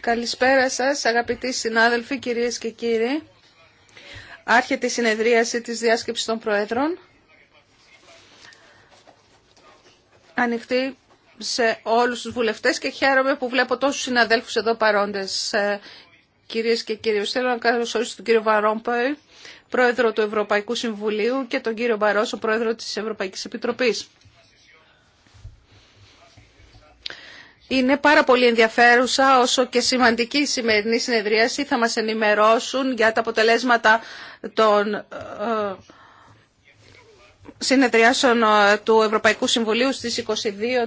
Καλησπέρα σας αγαπητοί συνάδελφοι, κυρίες και κύριοι. Άρχεται η συνεδρίαση της διάσκεψης των Προέδρων. Ανοιχτή σε όλους τους βουλευτές και χαίρομαι που βλέπω τόσους συναδέλφους εδώ παρόντες. Ε, κυρίες και κύριοι, θέλω να καλωσορίσω τον κύριο Βαρόμπαϊ, πρόεδρο του Ευρωπαϊκού Συμβουλίου και τον κύριο Μπαρόσο, πρόεδρο της Ευρωπαϊκής Επιτροπής. Είναι πάρα πολύ ενδιαφέρουσα όσο και σημαντική η σημερινή συνεδρίαση. Θα μας ενημερώσουν για τα αποτελέσματα των ε, συνεδριάσεων ε, του Ευρωπαϊκού Συμβουλίου στις 22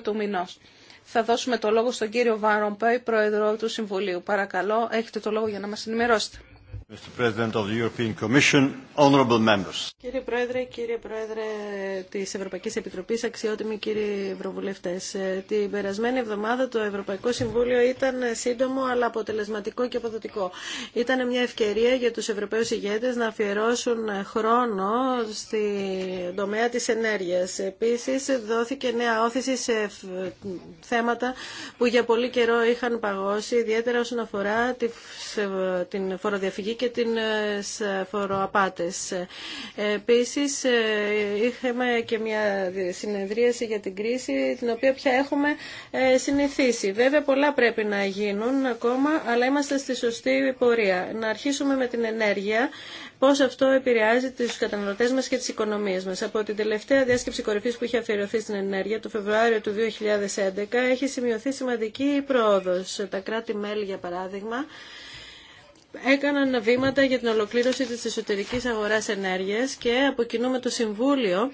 του μηνός. Θα δώσουμε το λόγο στον κύριο Βάρον Πέι, Πρόεδρο του Συμβουλίου. Παρακαλώ, έχετε το λόγο για να μας ενημερώσετε. Κύριε Πρόεδρε, κύριε Πρόεδρε της Ευρωπαϊκής Επιτροπής, αξιότιμοι κύριοι Ευρωβουλευτές, ε, την περασμένη εβδομάδα το Ευρωπαϊκό Συμβούλιο ήταν σύντομο αλλά αποτελεσματικό και αποδοτικό. Ήταν μια ευκαιρία για τους Ευρωπαίους ηγέτες να αφιερώσουν χρόνο στη τομέα της ενέργειας. Επίσης δόθηκε νέα όθηση σε θέματα που για πολύ καιρό είχαν παγώσει, ιδιαίτερα όσον αφορά την φοροδιαφυγή και τις ε, φοροαπάτες. Ε, επίσης, ε, είχαμε και μια συνεδρίαση για την κρίση, την οποία πια έχουμε συνηθίσει. Βέβαια, πολλά πρέπει να γίνουν ακόμα, αλλά είμαστε στη σωστή πορεία. Να αρχίσουμε με την ενέργεια, πώς αυτό επηρεάζει τους καταναλωτές μας και τις οικονομίες μας. Από την τελευταία διάσκεψη κορυφής που είχε αφιερωθεί στην ενέργεια, το Φεβρουάριο του 2011, έχει σημειωθεί σημαντική πρόοδος. Τα κράτη-μέλη, για παράδειγμα, έκαναν βήματα για την ολοκλήρωση της εσωτερικής αγοράς ενέργειας και από κοινού με το Συμβούλιο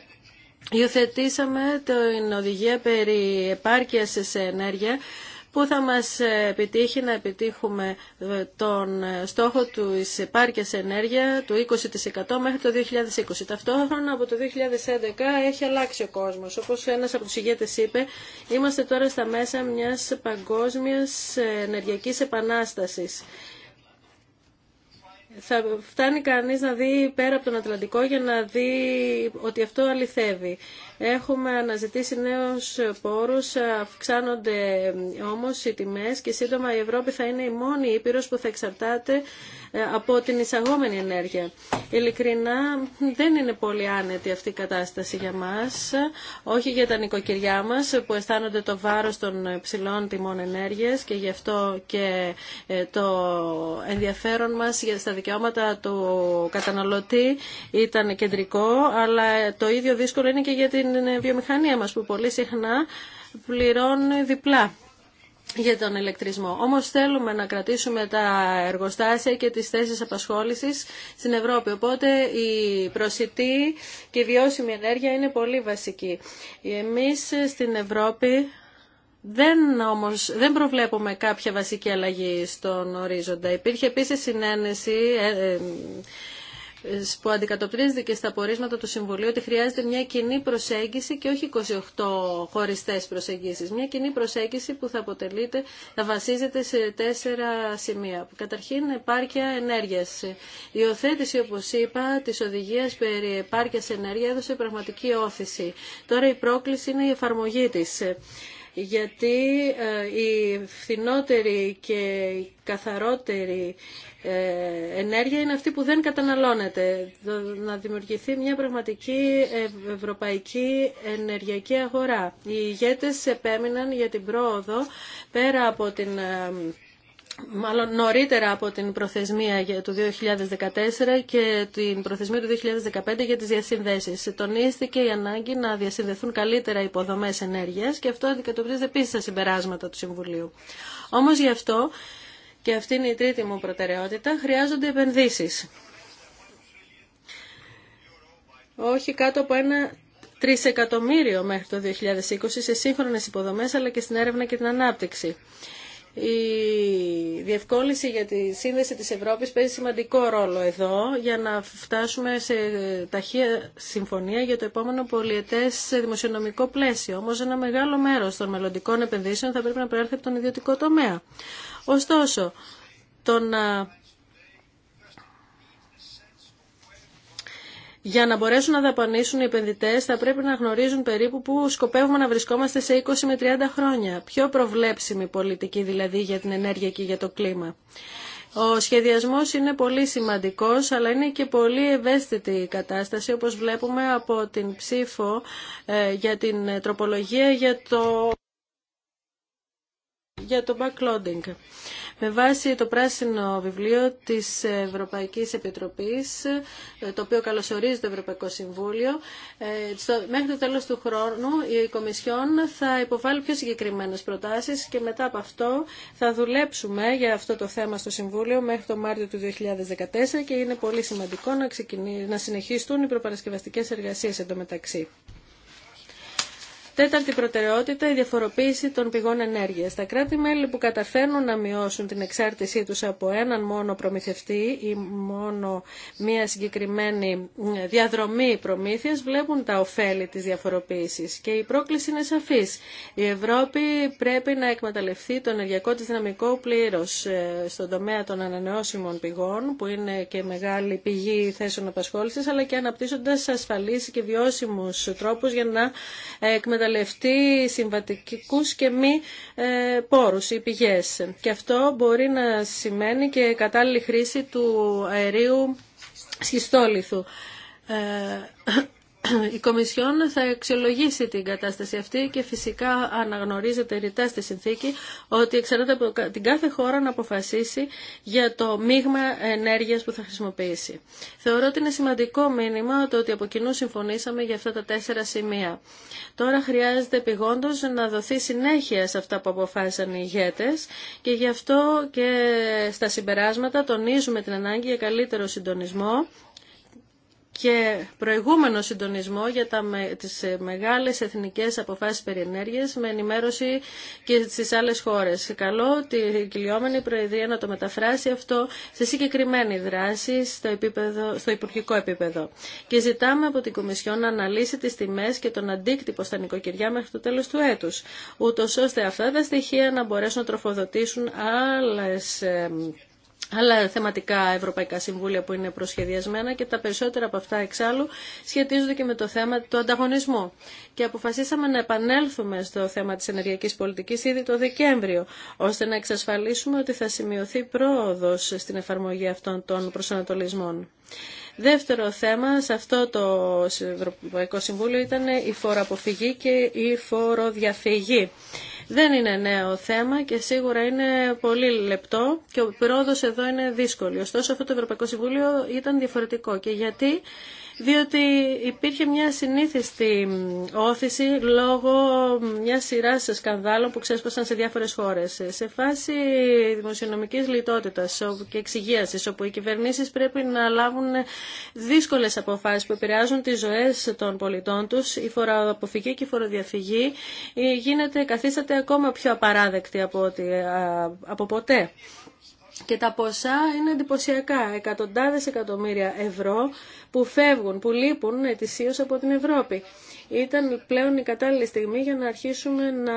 υιοθετήσαμε την οδηγία περί επάρκειας σε ενέργεια που θα μας επιτύχει να επιτύχουμε ε, τον στόχο του επάρκειας ενέργεια του 20% μέχρι το 2020. Ταυτόχρονα από το 2011 έχει αλλάξει ο κόσμος. Όπως ένας από τους ηγέτες είπε, είμαστε τώρα στα μέσα μιας παγκόσμιας ενεργειακής επανάστασης θα φτάνει κανείς να δει πέρα από τον Ατλαντικό για να δει ότι αυτό αληθεύει. Έχουμε αναζητήσει νέους πόρους, αυξάνονται όμως οι τιμές και σύντομα η Ευρώπη θα είναι η μόνη ήπειρος που θα εξαρτάται ε, από την εισαγόμενη ενέργεια. Ειλικρινά δεν είναι πολύ άνετη αυτή η κατάσταση για μας, όχι για τα νοικοκυριά μας που αισθάνονται το βάρος των ψηλών τιμών ενέργειας και γι' αυτό και ε, το ενδιαφέρον μας στα δικαιώματα του καταναλωτή ήταν κεντρικό, αλλά το ίδιο δύσκολο είναι και για την την ε, βιομηχανία μας που πολύ συχνά πληρώνει διπλά για τον ηλεκτρισμό. Όμως θέλουμε να κρατήσουμε τα εργοστάσια και τις θέσεις απασχόλησης στην Ευρώπη. Οπότε η προσιτή και η βιώσιμη ενέργεια είναι πολύ βασική. Εμείς στην Ευρώπη δεν, όμως, δεν προβλέπουμε κάποια βασική αλλαγή στον ορίζοντα. Υπήρχε επίσης συνένεση, ε, ε, που αντικατοπτρίζεται και στα πορίσματα του Συμβουλίου ότι χρειάζεται μια κοινή προσέγγιση και όχι 28 χωριστέ προσεγγίσεις. Μια κοινή προσέγγιση που θα, αποτελείται, θα βασίζεται σε τέσσερα σημεία. Καταρχήν, επάρκεια ενέργεια. Η υιοθέτηση, όπω είπα, της οδηγίας περί επάρκεια ενέργεια έδωσε πραγματική όθηση. Τώρα η πρόκληση είναι η εφαρμογή τη γιατί ε, η φθηνότερη και η καθαρότερη ε, ενέργεια είναι αυτή που δεν καταναλώνεται. Να δημιουργηθεί μια πραγματική ε, ευρωπαϊκή ενεργειακή αγορά. Οι ηγέτες επέμειναν για την πρόοδο πέρα από την μάλλον νωρίτερα από την προθεσμία του 2014 και την προθεσμία του 2015 για τις διασυνδέσεις. Τονίστηκε η ανάγκη να διασυνδεθούν καλύτερα οι υποδομές ενέργειας και αυτό αντικατοπτρίζεται επίση στα συμπεράσματα του Συμβουλίου. Όμως γι' αυτό, και αυτή είναι η τρίτη μου προτεραιότητα, χρειάζονται επενδύσεις. Όχι κάτω από ένα τρισεκατομμύριο μέχρι το 2020 σε σύγχρονες υποδομές αλλά και στην έρευνα και την ανάπτυξη. Η διευκόλυνση για τη σύνδεση της Ευρώπης παίζει σημαντικό ρόλο εδώ για να φτάσουμε σε ταχεία συμφωνία για το επόμενο πολιετές δημοσιονομικό πλαίσιο. Όμως ένα μεγάλο μέρος των μελλοντικών επενδύσεων θα πρέπει να προέρχεται από τον ιδιωτικό τομέα. Ωστόσο, το να Για να μπορέσουν να δαπανίσουν οι επενδυτέ, θα πρέπει να γνωρίζουν περίπου πού σκοπεύουμε να βρισκόμαστε σε 20 με 30 χρόνια. Πιο προβλέψιμη πολιτική δηλαδή για την ενέργεια και για το κλίμα. Ο σχεδιασμός είναι πολύ σημαντικός, αλλά είναι και πολύ ευαίσθητη η κατάσταση, όπως βλέπουμε από την ψήφο ε, για την τροπολογία για το, για το backloading με βάση το πράσινο βιβλίο της Ευρωπαϊκής Επιτροπής, το οποίο καλωσορίζει το Ευρωπαϊκό Συμβούλιο. Ε, μέχρι το τέλος του χρόνου η Κομισιόν θα υποβάλει πιο συγκεκριμένες προτάσεις και μετά από αυτό θα δουλέψουμε για αυτό το θέμα στο Συμβούλιο μέχρι το Μάρτιο του 2014 και είναι πολύ σημαντικό να, να συνεχίσουν οι προπαρασκευαστικές εργασίες εντωμεταξύ. Τέταρτη προτεραιότητα, η διαφοροποίηση των πηγών ενέργεια. Τα κράτη-μέλη που καταφέρνουν να μειώσουν την εξάρτησή του από έναν μόνο προμηθευτή ή μόνο μία συγκεκριμένη διαδρομή προμήθεια βλέπουν τα ωφέλη τη διαφοροποίηση. Και η πρόκληση είναι σαφή. Η Ευρώπη πρέπει να εκμεταλλευτεί το ενεργειακό τη δυναμικό πλήρω ε, στον τομέα των ανανεώσιμων πηγών, που είναι και μεγάλη πηγή θέσεων απασχόληση, αλλά και αναπτύσσοντα ασφαλεί και βιώσιμου τρόπου για να ε, εκμεταλλευτεί εκμεταλλευτεί συμβατικούς και μη ε, πόρους ή πηγές. Και αυτό μπορεί να σημαίνει και κατάλληλη χρήση του αερίου σχιστόλιθου. Ε, η Κομισιόν θα αξιολογήσει την κατάσταση αυτή και φυσικά αναγνωρίζεται ρητά στη συνθήκη ότι εξαρτάται από την κάθε χώρα να αποφασίσει για το μείγμα ενέργειας που θα χρησιμοποιήσει. Θεωρώ ότι είναι σημαντικό μήνυμα το ότι από κοινού συμφωνήσαμε για αυτά τα τέσσερα σημεία. Τώρα χρειάζεται επιγόντως να δοθεί συνέχεια σε αυτά που αποφάσισαν οι ηγέτες και γι' αυτό και στα συμπεράσματα τονίζουμε την ανάγκη για καλύτερο συντονισμό και προηγούμενο συντονισμό για τα, τις ε, μεγάλες εθνικές αποφάσεις περί ενέργειας με ενημέρωση και στις άλλες χώρες. Καλό η κυλιόμενη Προεδρία να το μεταφράσει αυτό σε συγκεκριμένη δράση στο, επίπεδο, στο υπουργικό επίπεδο. Και ζητάμε από την Κομισιόν να αναλύσει τις τιμές και τον αντίκτυπο στα νοικοκυριά μέχρι το τέλος του έτους, ούτως ώστε αυτά τα στοιχεία να μπορέσουν να τροφοδοτήσουν άλλες ε, άλλα θεματικά ευρωπαϊκά συμβούλια που είναι προσχεδιασμένα και τα περισσότερα από αυτά εξάλλου σχετίζονται και με το θέμα του ανταγωνισμού. Και αποφασίσαμε να επανέλθουμε στο θέμα της ενεργειακής πολιτικής ήδη το Δεκέμβριο, ώστε να εξασφαλίσουμε ότι θα σημειωθεί πρόοδος στην εφαρμογή αυτών των προσανατολισμών. Δεύτερο θέμα σε αυτό το Ευρωπαϊκό Συμβούλιο ήταν η φοροαποφυγή και η φοροδιαφυγή. Δεν είναι νέο θέμα και σίγουρα είναι πολύ λεπτό και ο πρόοδος εδώ είναι δύσκολη. Ωστόσο αυτό το Ευρωπαϊκό Συμβούλιο ήταν διαφορετικό και γιατί διότι υπήρχε μια συνήθιστη όθηση λόγω μια σειρά σκανδάλων που ξέσπασαν σε διάφορες χώρες. Σε φάση δημοσιονομικής λιτότητας και εξυγίασης, όπου οι κυβερνήσεις πρέπει να λάβουν δύσκολες αποφάσεις που επηρεάζουν τις ζωές των πολιτών τους, η φοροαποφυγή και η φοροδιαφυγή ε, γίνεται, καθίσταται ακόμα πιο απαράδεκτη από, ε, από ποτέ. Και τα ποσά είναι εντυπωσιακά, εκατοντάδες εκατομμύρια ευρώ που φεύγουν, που λείπουν ετησίως από την Ευρώπη. Ήταν πλέον η κατάλληλη στιγμή για να αρχίσουμε να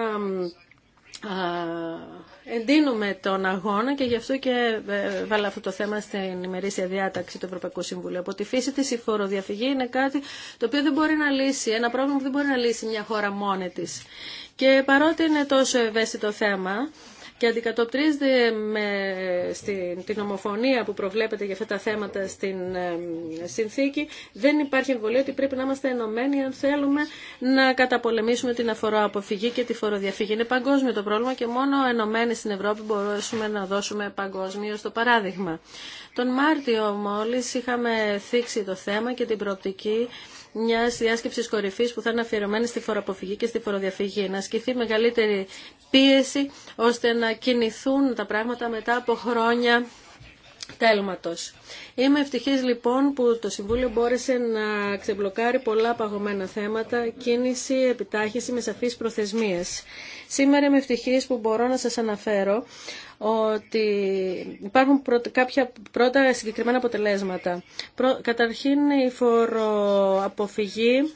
εντείνουμε τον αγώνα και γι' αυτό και ε, βάλα αυτό το θέμα στην ημερήσια διάταξη του Ευρωπαϊκού Συμβουλίου. Από τη φύση της η φοροδιαφυγή είναι κάτι το οποίο δεν μπορεί να λύσει, ένα πρόβλημα που δεν μπορεί να λύσει μια χώρα μόνη της. Και παρότι είναι τόσο ευαίσθητο θέμα, και αντικατοπτρίζεται με στην, την ομοφωνία που προβλέπεται για αυτά τα θέματα στην ε, συνθήκη, δεν υπάρχει εμβολία ότι πρέπει να είμαστε ενωμένοι αν θέλουμε να καταπολεμήσουμε την αφοροαποφυγή και τη φοροδιαφυγή. Είναι παγκόσμιο το πρόβλημα και μόνο ενωμένοι στην Ευρώπη μπορούμε να δώσουμε παγκόσμιο στο παράδειγμα. Τον Μάρτιο μόλις είχαμε θίξει το θέμα και την προοπτική μια διάσκεψη κορυφή που θα είναι αφιερωμένη στη φοροαποφυγή και στη φοροδιαφυγή. Να ασκηθεί μεγαλύτερη πίεση ώστε να κινηθούν τα πράγματα μετά από χρόνια τέλματος. Είμαι ευτυχής λοιπόν που το Συμβούλιο μπόρεσε να ξεμπλοκάρει πολλά παγωμένα θέματα, κίνηση, επιτάχυση με σαφείς προθεσμίες. Σήμερα είμαι ευτυχής που μπορώ να σας αναφέρω ότι υπάρχουν κάποια πρώτα συγκεκριμένα αποτελέσματα. Καταρχήν η φοροαποφυγή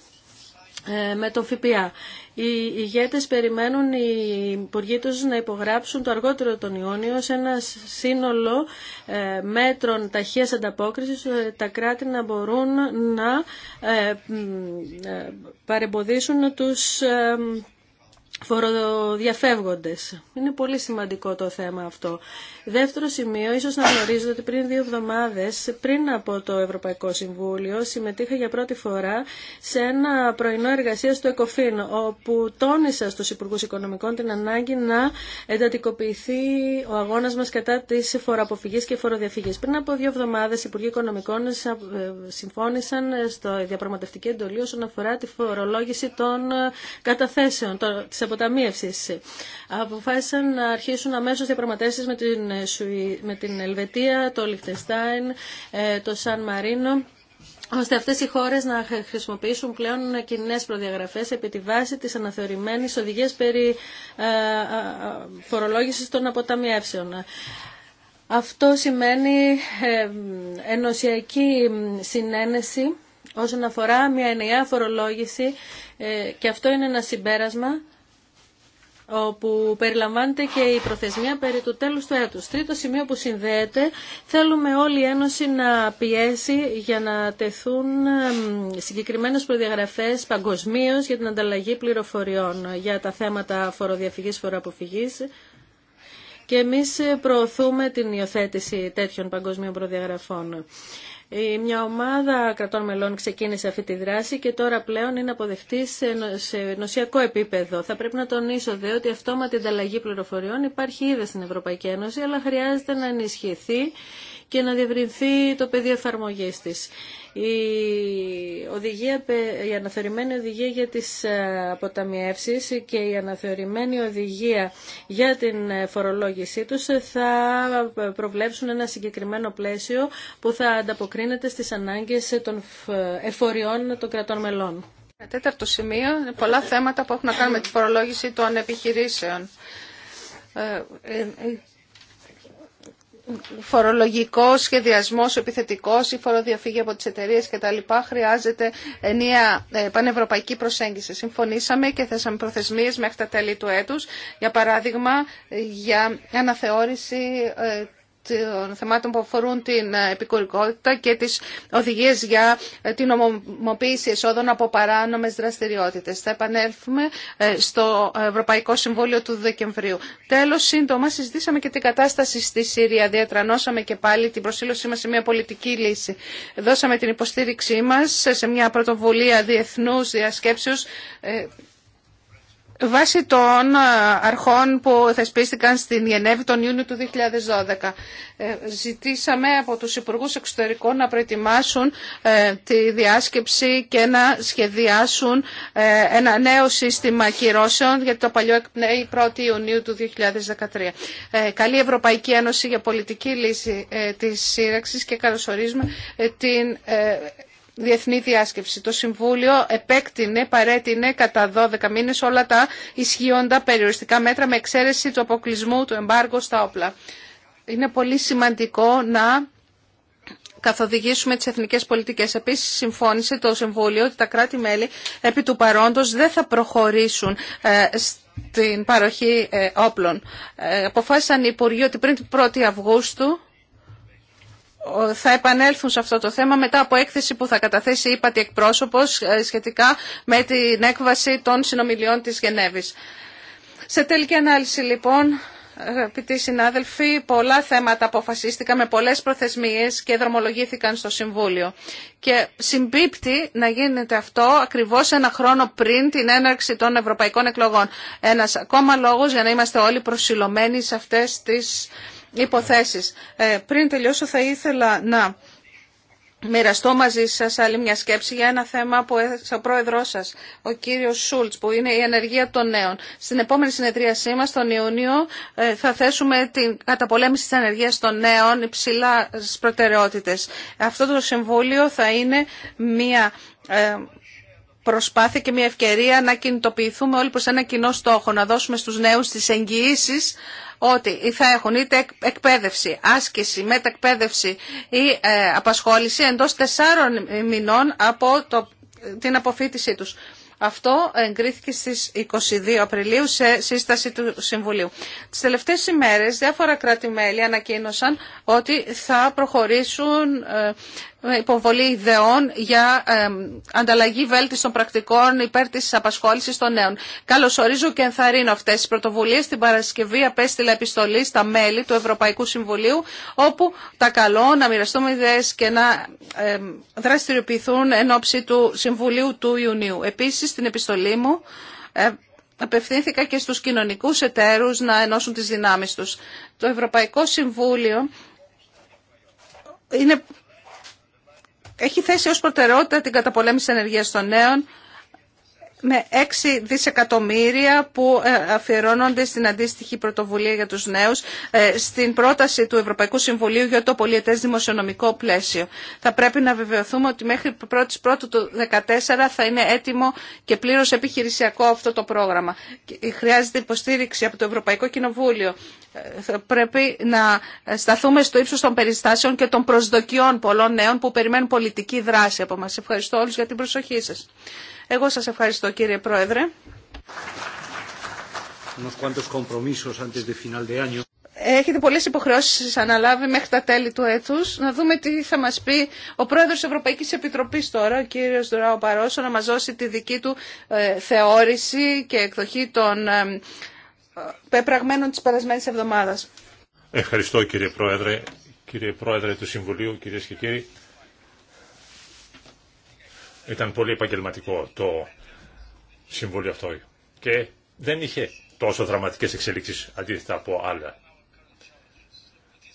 ε, με το ΦΠΑ. Οι ηγέτες περιμένουν οι υπουργοί τους να υπογράψουν το αργότερο τον Ιονίο σε ένα σύνολο ε, μέτρων ταχείας ανταπόκρισης ε, τα κράτη να μπορούν να παρεμποδίσουν τους φοροδιαφεύγοντες. Είναι πολύ σημαντικό το θέμα αυτό. Δεύτερο σημείο, ίσως να γνωρίζετε ότι πριν δύο εβδομάδες, πριν από το Ευρωπαϊκό Συμβούλιο, συμμετείχα για πρώτη φορά σε ένα πρωινό εργασία στο ΕΚΟΦΗΝ, όπου τόνισα στους υπουργού Οικονομικών την ανάγκη να εντατικοποιηθεί ο αγώνας μας κατά της φοροαποφυγής και φοροδιαφυγής. Πριν από δύο εβδομάδες, οι υπουργοί Οικονομικών ε, συμφώνησαν στο διαπραγματευτική εντολή αφορά τη φορολόγηση των ε, καταθέσεων, Αποφάσισαν να αρχίσουν αμέσω διαπραγματεύσεις με την, Ελβετία, το Λιχτεστάιν, ε, το Σαν Μαρίνο ώστε αυτές οι χώρες να χρησιμοποιήσουν πλέον κοινέ προδιαγραφές επί τη βάση της αναθεωρημένης οδηγίας περί ε, ε, φορολόγησης των αποταμιεύσεων. Αυτό σημαίνει ενωσιακή συνένεση όσον αφορά μια ενιαία φορολόγηση και αυτό είναι ένα συμπέρασμα όπου περιλαμβάνεται και η προθεσμία περί του τέλους του έτους. Τρίτο σημείο που συνδέεται, θέλουμε όλη η Ένωση να πιέσει για να τεθούν συγκεκριμένες προδιαγραφές παγκοσμίω για την ανταλλαγή πληροφοριών για τα θέματα φοροδιαφυγής, φοροαποφυγής και εμείς προωθούμε την υιοθέτηση τέτοιων παγκοσμίων προδιαγραφών. Μια ομάδα κρατών μελών ξεκίνησε αυτή τη δράση και τώρα πλέον είναι αποδεκτή σε νοσιακό επίπεδο. Θα πρέπει να τονίσω δε ότι αυτόματη ανταλλαγή πληροφοριών υπάρχει ήδη στην Ευρωπαϊκή Ένωση, αλλά χρειάζεται να ενισχυθεί και να διευρυνθεί το πεδίο εφαρμογή της. Η, οδηγία, η αναθεωρημένη οδηγία για τις ε, αποταμιεύσεις και η αναθεωρημένη οδηγία για την ε, φορολόγησή τους θα προβλέψουν ένα συγκεκριμένο πλαίσιο που θα ανταποκρίνεται στις ανάγκες των ε, εφοριών των κρατών μελών. Τέταρτο σημείο, πολλά θέματα που έχουν να κάνουν με τη φορολόγηση των επιχειρήσεων φορολογικό σχεδιασμό επιθετικό ή φοροδιαφύγη από τι εταιρείε κτλ. χρειάζεται ενία ε, πανευρωπαϊκή προσέγγιση. Συμφωνήσαμε και θέσαμε προθεσμίε μέχρι τα τέλη του έτου, για παράδειγμα, για αναθεώρηση ε, των θεμάτων που αφορούν την ε, επικουρικότητα και τις οδηγίες για ε, την ομοποίηση εσόδων από παράνομες δραστηριότητες. Θα επανέλθουμε ε, στο Ευρωπαϊκό Συμβούλιο του Δεκεμβρίου. Τέλος, σύντομα, συζητήσαμε και την κατάσταση στη Συρία. Διατρανώσαμε και πάλι την προσήλωσή μας σε μια πολιτική λύση. Δώσαμε την υποστήριξή μας σε μια πρωτοβουλία διεθνούς διασκέψεως βάσει των ε, αρχών που θεσπίστηκαν στην Γενέβη τον Ιούνιο του 2012. Ε, ζητήσαμε από τους Υπουργούς Εξωτερικών να προετοιμάσουν ε, τη διάσκεψη και να σχεδιάσουν ένα νέο σύστημα κυρώσεων για το παλιό εκπνέει 1η Ιουνίου του 2013. Καλή Ευρωπαϊκή Ένωση για πολιτική λύση της σύραξης και καλωσορίζουμε την διεθνή διάσκεψη. Το Συμβούλιο επέκτηνε, παρέτεινε κατά 12 μήνες όλα τα ισχύοντα περιοριστικά μέτρα με εξαίρεση του αποκλεισμού του εμπάργου στα όπλα. Είναι πολύ σημαντικό να καθοδηγήσουμε τις εθνικές πολιτικές. Επίσης συμφώνησε το Συμβούλιο ότι τα κράτη-μέλη επί του παρόντος δεν θα προχωρήσουν ε, στην παροχή ε, όπλων. Ε, αποφάσισαν οι Υπουργοί ότι πριν την 1η Αυγούστου θα επανέλθουν σε αυτό το θέμα μετά από έκθεση που θα καταθέσει η ΥΠΑΤΗ εκπρόσωπος ε, σχετικά με την έκβαση των συνομιλιών της Γενέβης. Σε τελική ανάλυση λοιπόν, αγαπητοί συνάδελφοι, πολλά θέματα αποφασίστηκαν με πολλές προθεσμίες και δρομολογήθηκαν στο Συμβούλιο. Και συμπίπτει να γίνεται αυτό ακριβώς ένα χρόνο πριν την έναρξη των ευρωπαϊκών εκλογών. Ένας ακόμα λόγος για να είμαστε όλοι προσιλωμένοι σε αυτές τις υποθέσεις. Ε, πριν τελειώσω θα ήθελα να μοιραστώ μαζί σας άλλη μια σκέψη για ένα θέμα που έθεσε ο πρόεδρός σας, ο κύριος Σούλτς, που είναι η ενεργεία των νέων. Στην επόμενη συνεδρίασή μας, τον Ιούνιο, ε, θα θέσουμε την καταπολέμηση της ενέργειας των νέων υψηλά στις προτεραιότητες. Αυτό το συμβούλιο θα είναι μια ε, προσπάθεια και μια ευκαιρία να κινητοποιηθούμε όλοι προς ένα κοινό στόχο, να δώσουμε στους νέους τις εγγυήσεις ότι θα έχουν είτε εκπαίδευση, άσκηση, μετακπαίδευση ή ε, απασχόληση εντός τεσσάρων μηνών από την αποφύτισή τους. Αυτό εγκρίθηκε στις 22 Απριλίου σε σύσταση του Συμβουλίου. Τις τελευταίες ημέρες διάφορα κράτη-μέλη ανακοίνωσαν ότι θα προχωρήσουν ε, με υποβολή ιδεών για ε, ανταλλαγή βέλτιστων πρακτικών υπέρ τη απασχόληση των νέων. Καλωσορίζω και ενθαρρύνω αυτέ τι πρωτοβουλίε. Την Παρασκευή απέστειλα επιστολή στα μέλη του Ευρωπαϊκού Συμβουλίου, όπου τα καλώ να μοιραστούμε ιδέε και να δραστηριοποιηθούν εν ώψη του Συμβουλίου του Ιουνίου. Επίση, στην επιστολή μου. απευθύνθηκα και στους κοινωνικούς εταίρους να ενώσουν τις δυνάμεις τους. Το Ευρωπαϊκό Συμβούλιο είναι έχει θέσει ως προτεραιότητα την καταπολέμηση της ενεργείας των νέων με 6 δισεκατομμύρια που ε, αφιερώνονται στην αντίστοιχη πρωτοβουλία για τους νέους ε, στην πρόταση του Ευρωπαϊκού Συμβουλίου για το πολιετές δημοσιονομικό πλαίσιο. Θα πρέπει να βεβαιωθούμε ότι μέχρι πρώτου του 2014 θα είναι έτοιμο και πλήρως επιχειρησιακό αυτό το πρόγραμμα. Χρειάζεται υποστήριξη από το Ευρωπαϊκό Κοινοβούλιο. Θα ε, πρέπει να σταθούμε στο ύψος των περιστάσεων και των προσδοκιών πολλών νέων που περιμένουν πολιτική δράση από μας. Ευχαριστώ όλους για την προσοχή σας. Εγώ σας ευχαριστώ κύριε Πρόεδρε. Έχετε πολλές υποχρεώσεις αναλάβει μέχρι τα τέλη του έτους. Να δούμε τι θα μας πει ο πρόεδρος της Ευρωπαϊκής Επιτροπής τώρα, ο κύριος Δουράου Παρόσο, να μας δώσει τη δική του ε, θεώρηση και εκδοχή των ε, πεπραγμένων της περασμένης εβδομάδας. Ευχαριστώ κύριε Πρόεδρε, κύριε Πρόεδρε του Συμβουλίου, κύριε και κύριοι. Ήταν πολύ επαγγελματικό το συμβούλιο αυτό και δεν είχε τόσο δραματικές εξελίξεις αντίθετα από άλλα.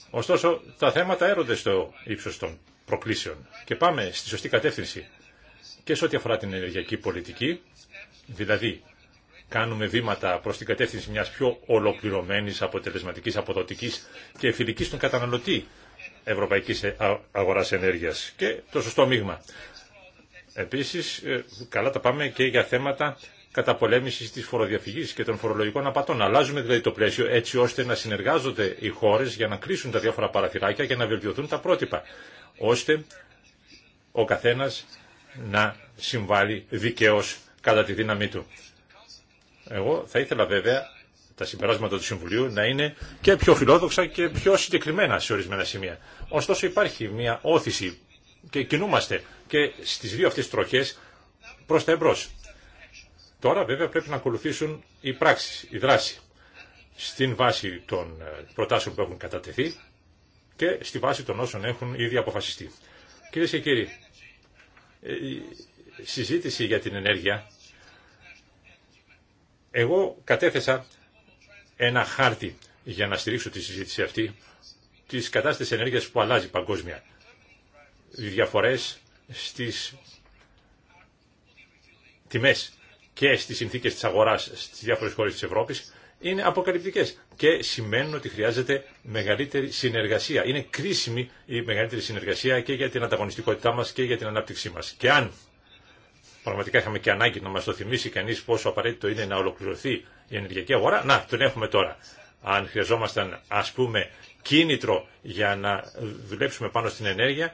Ωστόσο, τα θέματα έρονται στο ύψος των προκλήσεων και πάμε στη σωστή κατεύθυνση και σε ό,τι αφορά την ενεργειακή πολιτική, δηλαδή κάνουμε βήματα προς την κατεύθυνση μιας πιο ολοκληρωμένης, αποτελεσματικής, αποδοτικής και φιλικής στον καταναλωτή ευρωπαϊκής ε, αγοράς ενέργειας και το σωστό μείγμα. Επίσης, ε, καλά τα πάμε και για θέματα καταπολέμησης της φοροδιαφυγής και των φορολογικών απατών. Αλλάζουμε δηλαδή το πλαίσιο έτσι ώστε να συνεργάζονται οι χώρες για να κλείσουν τα διάφορα παραθυράκια και να βελτιωθούν τα πρότυπα, ώστε ο καθένας να συμβάλλει δικαίως κατά τη δύναμή του. Εγώ θα ήθελα βέβαια τα συμπεράσματα του Συμβουλίου να είναι και πιο φιλόδοξα και πιο συγκεκριμένα σε ορισμένα σημεία. Ωστόσο υπάρχει μια όθηση και κινούμαστε και στις δύο αυτές τροχές προς τα εμπρός. Τώρα βέβαια πρέπει να ακολουθήσουν οι πράξεις, η δράση, στην βάση των ε, προτάσεων που έχουν κατατεθεί και στη βάση των όσων έχουν ήδη αποφασιστεί. Κυρίε και κύριοι, ε, η συζήτηση για την ενέργεια, εγώ κατέθεσα ένα χάρτη για να στηρίξω τη συζήτηση αυτή της κατάστασης ενέργειας που αλλάζει παγκόσμια. Οι διαφορές στις τιμές και στις συνθήκες της αγοράς στις διάφορες χώρες της Ευρώπης είναι αποκαλυπτικές και σημαίνουν ότι χρειάζεται μεγαλύτερη συνεργασία. Είναι κρίσιμη η μεγαλύτερη συνεργασία και για την ανταγωνιστικότητά μας και για την ανάπτυξή μας. Και αν πραγματικά είχαμε και ανάγκη να μας το θυμίσει κανείς πόσο απαραίτητο είναι να ολοκληρωθεί η ενεργειακή αγορά, να, τον έχουμε τώρα. Αν χρειαζόμασταν, ας πούμε, κίνητρο για να δουλέψουμε πάνω στην ενέργεια,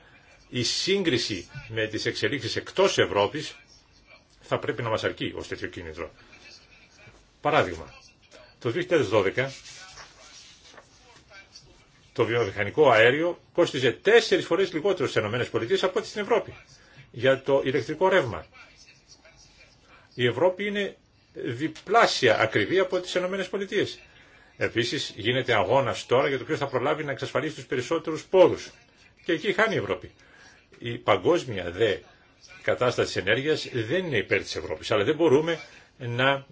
η σύγκριση με τις εξελίξεις εκτός Ευρώπης θα πρέπει να μας αρκεί ως τέτοιο κίνητρο. Παράδειγμα, το 2012 το βιομηχανικό αέριο κόστιζε τέσσερις φορές λιγότερο στις ΗΠΑ από ό,τι στην Ευρώπη για το ηλεκτρικό ρεύμα. Η Ευρώπη είναι διπλάσια ακριβή από τις ΗΠΑ. Επίσης γίνεται αγώνας τώρα για το ποιος θα προλάβει να εξασφαλίσει τους περισσότερους πόρους. Και εκεί χάνει η Ευρώπη. Η παγκόσμια δε κατάσταση ενέργειας δεν είναι υπέρ της Ευρώπης, αλλά δεν μπορούμε να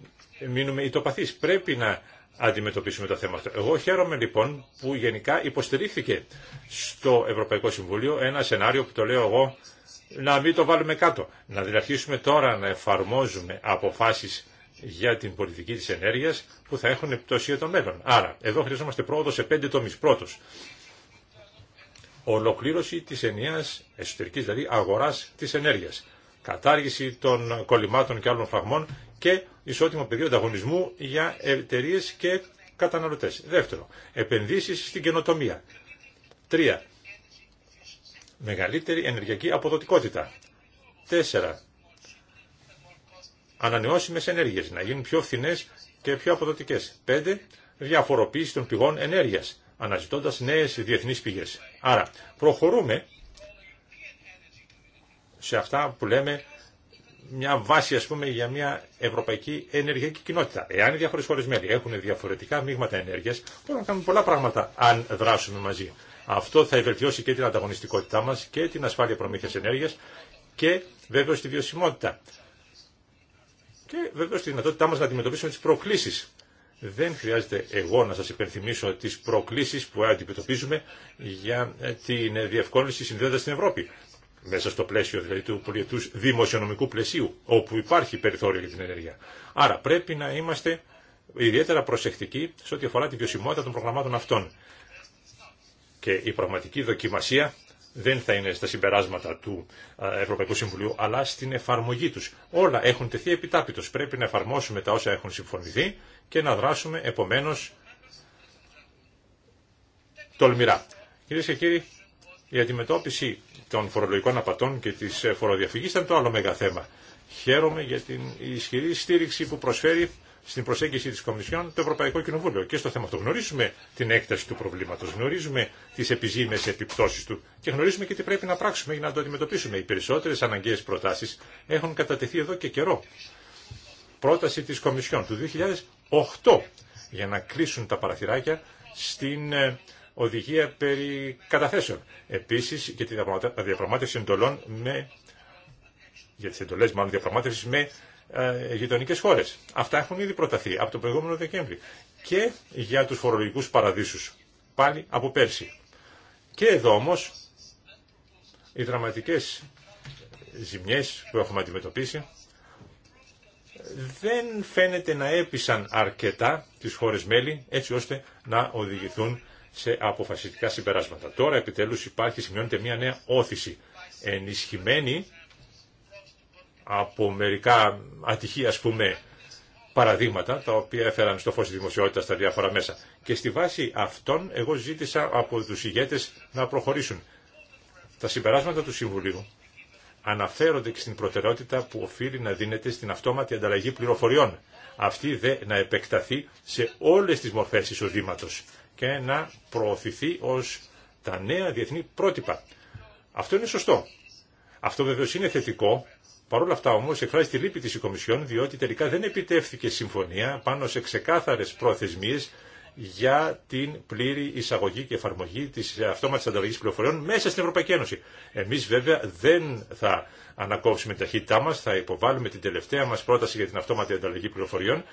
μείνουμε ητοπαθείς. Πρέπει να αντιμετωπίσουμε το θέμα αυτό. Εγώ χαίρομαι λοιπόν που γενικά υποστηρίχθηκε στο Ευρωπαϊκό Συμβούλιο ένα σενάριο που το λέω εγώ να μην το βάλουμε κάτω. Να αρχίσουμε τώρα να εφαρμόζουμε αποφάσεις για την πολιτική της ενέργειας που θα έχουν επιπτώσει για το μέλλον. Άρα, εδώ χρειαζόμαστε πρόοδο σε πέντε τομείς. Πρώτος, ολοκλήρωση της ενιαίας εσωτερικής δηλαδή αγοράς της ενέργειας, κατάργηση των κολλημάτων και άλλων φραγμών και ισότιμο πεδίο ανταγωνισμού για εταιρείε και καταναλωτές. Δεύτερο, επενδύσεις στην καινοτομία. Τρία, μεγαλύτερη ενεργειακή αποδοτικότητα. Τέσσερα, ανανεώσιμες ενέργειες να γίνουν πιο φθηνές και πιο αποδοτικές. Πέντε, διαφοροποίηση των πηγών ενέργειας αναζητώντας νέες διεθνείς πηγές. Άρα προχωρούμε σε αυτά που λέμε μια βάση ας πούμε για μια ευρωπαϊκή ενεργειακή κοινότητα. Εάν οι διάφορες χώρες μέλη έχουν διαφορετικά μείγματα ενέργειας, μπορούμε να κάνουμε πολλά πράγματα αν δράσουμε μαζί. Αυτό θα ευελτιώσει και την ανταγωνιστικότητά μας και την ασφάλεια προμήθειας ενέργειας και βέβαια τη βιωσιμότητα. Και βέβαια τη δυνατότητά μας να αντιμετωπίσουμε τις προκλήσεις δεν χρειάζεται εγώ να σας υπενθυμίσω τις προκλήσεις που αντιμετωπίζουμε για ε, την διευκόλυνση συνδέοντας στην Ευρώπη. Μέσα στο πλαίσιο δηλαδή του πολιετού δημοσιονομικού πλαισίου, όπου υπάρχει περιθώριο για την ενέργεια. Άρα πρέπει να είμαστε ιδιαίτερα προσεκτικοί σε ό,τι αφορά τη βιωσιμότητα των προγραμμάτων αυτών. Και η πραγματική δοκιμασία δεν θα είναι στα συμπεράσματα του Ευρωπαϊκού Συμβουλίου, αλλά στην εφαρμογή τους. Όλα έχουν τεθεί επιτάπητος. Πρέπει να εφαρμόσουμε τα όσα έχουν συμφωνηθεί και να δράσουμε επομένως τολμηρά. Κυρίε και κύριοι, η αντιμετώπιση των φορολογικών απατών και της φοροδιαφυγής ήταν το άλλο μεγάλο θέμα. Χαίρομαι για την ισχυρή στήριξη που προσφέρει στην προσέγγιση της Κομισιόν το Ευρωπαϊκό Κοινοβούλιο. Και στο θέμα αυτό γνωρίζουμε την έκταση του προβλήματος, γνωρίζουμε τις επιζήμες επιπτώσεις του και γνωρίζουμε και τι πρέπει να πράξουμε για να το αντιμετωπίσουμε. Οι περισσότερες αναγκαίες προτάσεις έχουν κατατεθεί εδώ και καιρό. Πρόταση της Κομισιόν του 2008 για να κλείσουν τα παραθυράκια στην ε, οδηγία περί καταθέσεων. Επίσης για τη διαπραγμάτευση εντολών με για τις μάλλον διαπραγμάτευσης με ε, γειτονικέ χώρε. Αυτά έχουν ήδη προταθεί από τον προηγούμενο Δεκέμβρη. Και για τους φορολογικούς παραδείσου, πάλι από πέρσι. Και εδώ όμω οι δραματικές ζημιές που έχουμε αντιμετωπίσει δεν φαίνεται να έπεισαν αρκετά τις χώρες μέλη έτσι ώστε να οδηγηθούν σε αποφασιστικά συμπεράσματα. Τώρα επιτέλους υπάρχει, σημειώνεται μια νέα όθηση ενισχυμένη από μερικά ατυχή πούμε παραδείγματα τα οποία έφεραν στο φως της δημοσιότητας στα διάφορα μέσα. Και στη βάση αυτών εγώ ζήτησα από τους ηγέτες να προχωρήσουν. Τα συμπεράσματα του Συμβουλίου αναφέρονται και στην προτεραιότητα που οφείλει να δίνεται στην αυτόματη ανταλλαγή πληροφοριών. Αυτή δε να επεκταθεί σε όλες τις μορφές εισοδήματος και να προωθηθεί ως τα νέα διεθνή πρότυπα. Αυτό είναι σωστό. Αυτό βεβαίω είναι θετικό Παρ' όλα αυτά όμω εκφράζει τη λύπη τη η Κομισιόν διότι τελικά δεν επιτεύθηκε συμφωνία πάνω σε ξεκάθαρε πρόθεσμίε για την πλήρη εισαγωγή και εφαρμογή τη αυτομάτη ανταλλαγή πληροφοριών μέσα στην Ευρωπαϊκή Ένωση. Εμεί βέβαια δεν θα ανακόψουμε την ταχύτητά μα, θα υποβάλουμε την τελευταία μα πρόταση για την αυτόματη ανταλλαγή πληροφοριών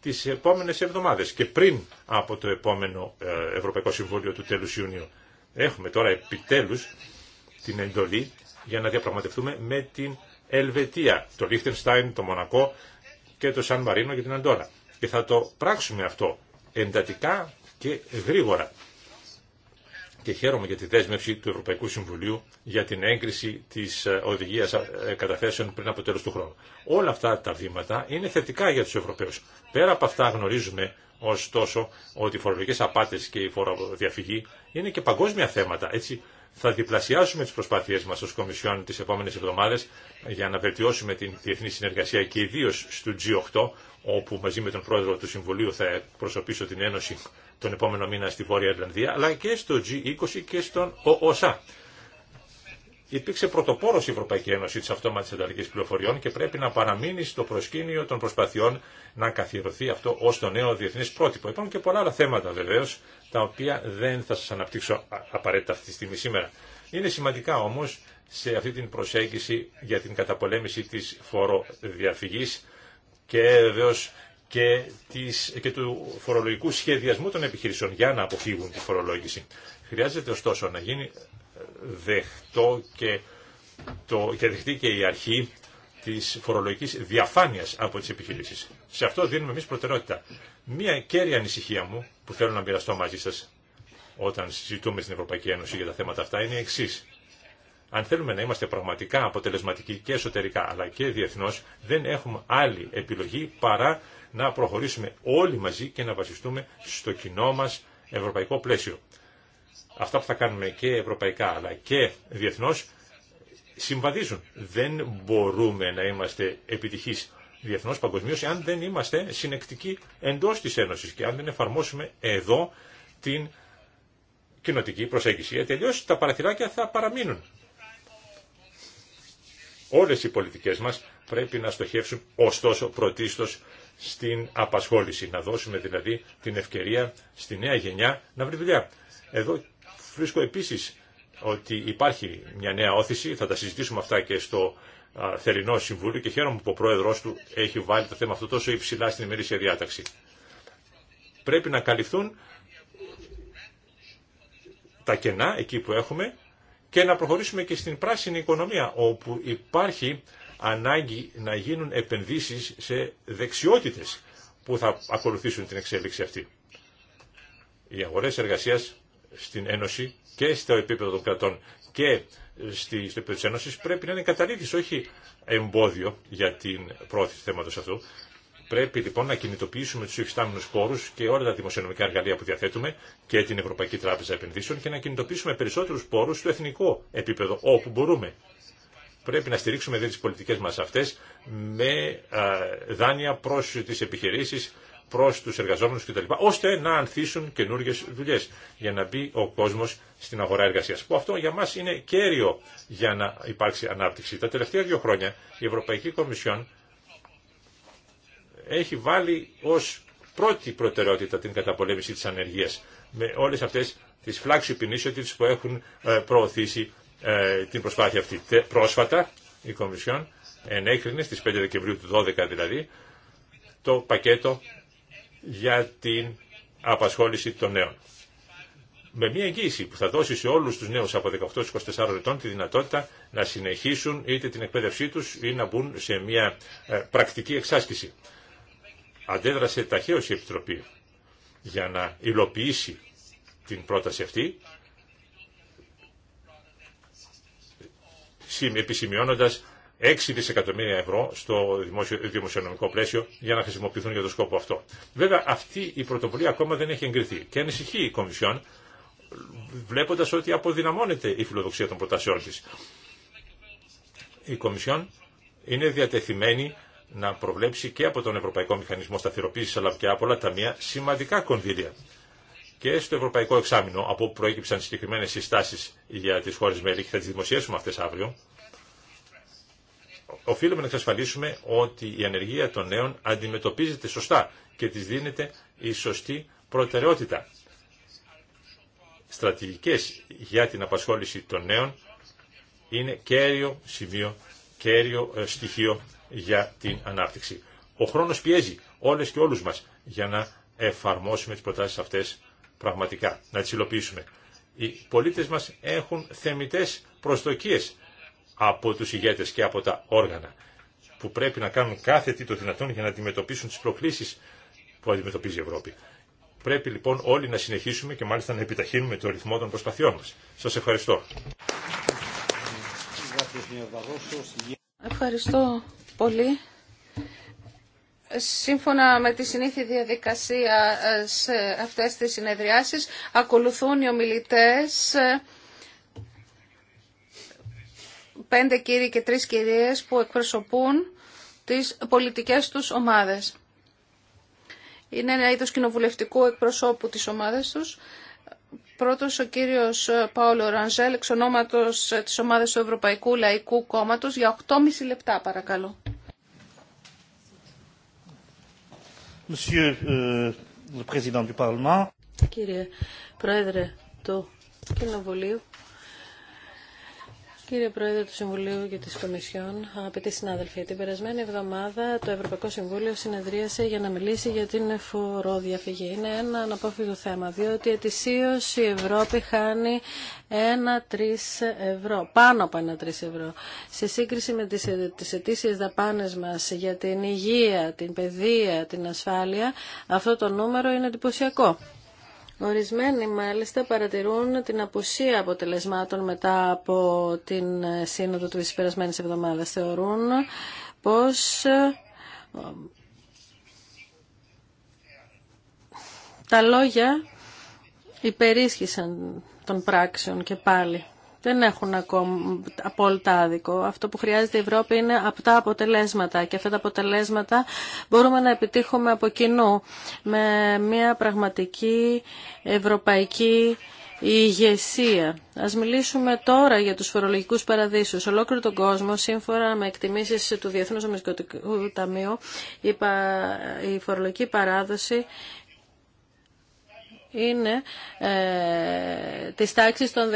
τι επόμενε εβδομάδε. και πριν από το επόμενο ε, Ευρωπαϊκό Συμβούλιο του τέλου Ιουνίου. Έχουμε τώρα επιτέλου την εντολή για να διαπραγματευτούμε με την Ελβετία, το Λίχτενστάιν, το Μονακό και το Σαν Μαρίνο και την αντονά. Και θα το πράξουμε αυτό εντατικά και γρήγορα. Και χαίρομαι για τη δέσμευση του Ευρωπαϊκού Συμβουλίου για την έγκριση τη ε, οδηγία ε, καταθέσεων πριν από τέλο του χρόνου. Όλα αυτά τα βήματα είναι θετικά για του Ευρωπαίου. Πέρα από αυτά γνωρίζουμε ωστόσο ότι οι φορολογικέ απάτε και η φοροδιαφυγή είναι και παγκόσμια θέματα. Έτσι θα διπλασιάσουμε τις προσπάθειές μας ως Κομισιόν τις επόμενες εβδομάδες για να βελτιώσουμε την διεθνή συνεργασία και ιδίω στο G8, όπου μαζί με τον πρόεδρο του Συμβουλίου θα προσωπήσω την Ένωση τον επόμενο μήνα στη Βόρεια Ιρλανδία, αλλά και στο G20 και στον ΟΟΣΑ υπήρξε πρωτοπόρο η Ευρωπαϊκή Ένωση της αυτόματης ανταλλαγής πληροφοριών και πρέπει να παραμείνει στο προσκήνιο των προσπαθειών να καθιερωθεί αυτό ω το νέο διεθνέ πρότυπο. Υπάρχουν και πολλά άλλα θέματα βεβαίω, τα οποία δεν θα σα αναπτύξω απαραίτητα αυτή τη στιγμή σήμερα. Είναι σημαντικά όμω σε αυτή την προσέγγιση για την καταπολέμηση τη φοροδιαφυγής και βεβαίω και, και του φορολογικού σχεδιασμού των επιχειρήσεων για να αποφύγουν τη φορολόγηση. Χρειάζεται ωστόσο να γίνει Δεχτώ και, το, και δεχτεί και η αρχή της φορολογικής διαφάνειας από τις επιχειρήσεις. Σε αυτό δίνουμε εμείς προτεραιότητα. Μία κέρια ανησυχία μου που θέλω να μοιραστώ μαζί σας όταν συζητούμε στην Ευρωπαϊκή Ένωση για τα θέματα αυτά είναι η εξή. Αν θέλουμε να είμαστε πραγματικά αποτελεσματικοί και εσωτερικά αλλά και διεθνώ, δεν έχουμε άλλη επιλογή παρά να προχωρήσουμε όλοι μαζί και να βασιστούμε στο κοινό μα ευρωπαϊκό πλαίσιο αυτά που θα κάνουμε και ευρωπαϊκά αλλά και διεθνώς συμβαδίζουν. Δεν μπορούμε να είμαστε επιτυχεί διεθνώς παγκοσμίως αν δεν είμαστε συνεκτικοί εντό της Ένωσης και αν δεν εφαρμόσουμε εδώ την κοινοτική προσέγγιση. Γιατί τα παραθυράκια θα παραμείνουν. Όλες οι πολιτικές μας πρέπει να στοχεύσουν ωστόσο πρωτίστως στην απασχόληση. Να δώσουμε δηλαδή την ευκαιρία στη νέα γενιά να βρει δουλειά βρίσκω επίσης ότι υπάρχει μια νέα όθηση, θα τα συζητήσουμε αυτά και στο θερινό συμβούλιο και χαίρομαι που ο πρόεδρος του έχει βάλει το θέμα αυτό τόσο υψηλά στην ημερήσια διάταξη. Πρέπει να καλυφθούν τα κενά εκεί που έχουμε και να προχωρήσουμε και στην πράσινη οικονομία όπου υπάρχει ανάγκη να γίνουν επενδύσεις σε δεξιότητες που θα ακολουθήσουν την εξέλιξη αυτή. Οι αγορές εργασίας στην Ένωση και στο επίπεδο των κρατών και στο επίπεδο της Ένωσης πρέπει να είναι καταλήτης, όχι εμπόδιο για την πρόθεση του θέματος αυτού. Πρέπει λοιπόν να κινητοποιήσουμε τους υφιστάμενους πόρους και όλα τα δημοσιονομικά εργαλεία που διαθέτουμε και την Ευρωπαϊκή Τράπεζα Επενδύσεων και να κινητοποιήσουμε περισσότερους πόρους στο εθνικό επίπεδο όπου μπορούμε. Πρέπει να στηρίξουμε δε τις πολιτικές μας αυτές με δάνεια προς τις επιχειρήσεις Προ του εργαζόμενου κτλ. ώστε να ανθίσουν καινούργιε δουλειέ για να μπει ο κόσμο στην αγορά εργασία. Που αυτό για μας είναι κέριο για να υπάρξει ανάπτυξη. Τα τελευταία δύο χρόνια η Ευρωπαϊκή Κομισιόν έχει βάλει ω πρώτη προτεραιότητα την καταπολέμηση τη ανεργία με όλες αυτές τις flagship initiatives που έχουν ε, προωθήσει ε, την προσπάθεια αυτή. Πρόσφατα η Κομισιόν ενέκρινε στις 5 Δεκεμβρίου του 2012 δηλαδή το πακέτο για την απασχόληση των νέων. Με μια εγγύηση που θα δώσει σε όλους τους νέους από 18-24 ετών τη δυνατότητα να συνεχίσουν είτε την εκπαίδευσή τους ή να μπουν σε μια ε, πρακτική εξάσκηση. Αντέδρασε ταχαίως η Επιτροπή για να υλοποιήσει την πρόταση αυτή επισημειώνοντας 6 δισεκατομμύρια ευρώ στο δημοσιονομικό πλαίσιο για να χρησιμοποιηθούν για τον σκόπο αυτό. Βέβαια αυτή η πρωτοβουλία ακόμα δεν έχει εγκριθεί και ανησυχεί η Κομισιόν βλέποντα ότι αποδυναμώνεται η φιλοδοξία των προτάσεών τη. Η Κομισιόν είναι διατεθειμένη να προβλέψει και από τον Ευρωπαϊκό Μηχανισμό Σταθεροποίηση αλλά και από όλα μία σημαντικά κονδύλια. Και στο Ευρωπαϊκό Εξάμεινο, από όπου προέκυψαν συγκεκριμένε συστάσει για τι χώρε μέλη, και θα τι δημοσιεύσουμε αυτέ αύριο, οφείλουμε να εξασφαλίσουμε ότι η ανεργία των νέων αντιμετωπίζεται σωστά και της δίνεται η σωστή προτεραιότητα. Στρατηγικές για την απασχόληση των νέων είναι κέριο σημείο, κέριο ε, στοιχείο για την ανάπτυξη. Ο χρόνος πιέζει όλες και όλους μας για να εφαρμόσουμε τις προτάσεις αυτές πραγματικά, να τις υλοποιήσουμε. Οι πολίτες μας έχουν θεμητές προσδοκίες από τους ηγέτες και από τα όργανα που πρέπει να κάνουν κάθε τι το δυνατόν για να αντιμετωπίσουν τις προκλήσεις που αντιμετωπίζει η Ευρώπη. Πρέπει λοιπόν όλοι να συνεχίσουμε και μάλιστα να επιταχύνουμε το ρυθμό των προσπαθειών μας. Σας ευχαριστώ. Ευχαριστώ πολύ. Σύμφωνα με τη συνήθη διαδικασία ε, σε αυτές τις συνεδριάσεις ακολουθούν οι ομιλητές ε, πέντε κύριοι και τρεις κυρίες που εκπροσωπούν τις πολιτικές τους ομάδες. Είναι ένα είδος κοινοβουλευτικού εκπροσώπου της ομάδας τους. Πρώτος ο κύριος Παόλο Ρανζέλ, εξ ονόματος της ομάδας του Ευρωπαϊκού Λαϊκού Κόμματος, για 8,5 λεπτά παρακαλώ. Euh, Κύριε Πρόεδρε του Κοινοβουλίου, Κύριε Πρόεδρε του Συμβουλίου και τη Κομισιόν, αγαπητοί συνάδελφοι, την περασμένη εβδομάδα το Ευρωπαϊκό Συμβούλιο συνεδρίασε για να μιλήσει για την φοροδιαφυγή. Είναι ένα αναπόφευκτο θέμα, διότι ετησίω η Ευρώπη χάνει ένα τρει ευρώ, πάνω από ένα τρει ευρώ. Σε σύγκριση με τι ετήσιε δαπάνε μα για την υγεία, την παιδεία, την ασφάλεια, αυτό το νούμερο είναι εντυπωσιακό. Ορισμένοι μάλιστα παρατηρούν την απουσία αποτελεσμάτων μετά από την σύνοδο του περασμένης εβδομάδας. Θεωρούν πως ε, τα λόγια υπερίσχυσαν των πράξεων και πάλι δεν έχουν ακόμα απόλυτα άδικο. Αυτό που χρειάζεται η Ευρώπη είναι αυτά αποτελέσματα και αυτά τα αποτελέσματα μπορούμε να επιτύχουμε από κοινού με μια πραγματική ευρωπαϊκή ηγεσία. Ας μιλήσουμε τώρα για τους φορολογικούς παραδείσους. Ολόκληρο τον κόσμο, σύμφωνα με εκτιμήσεις του Διεθνούς Ομισκοτικού Ταμείου, η φορολογική παράδοση είναι ε, της τάξης των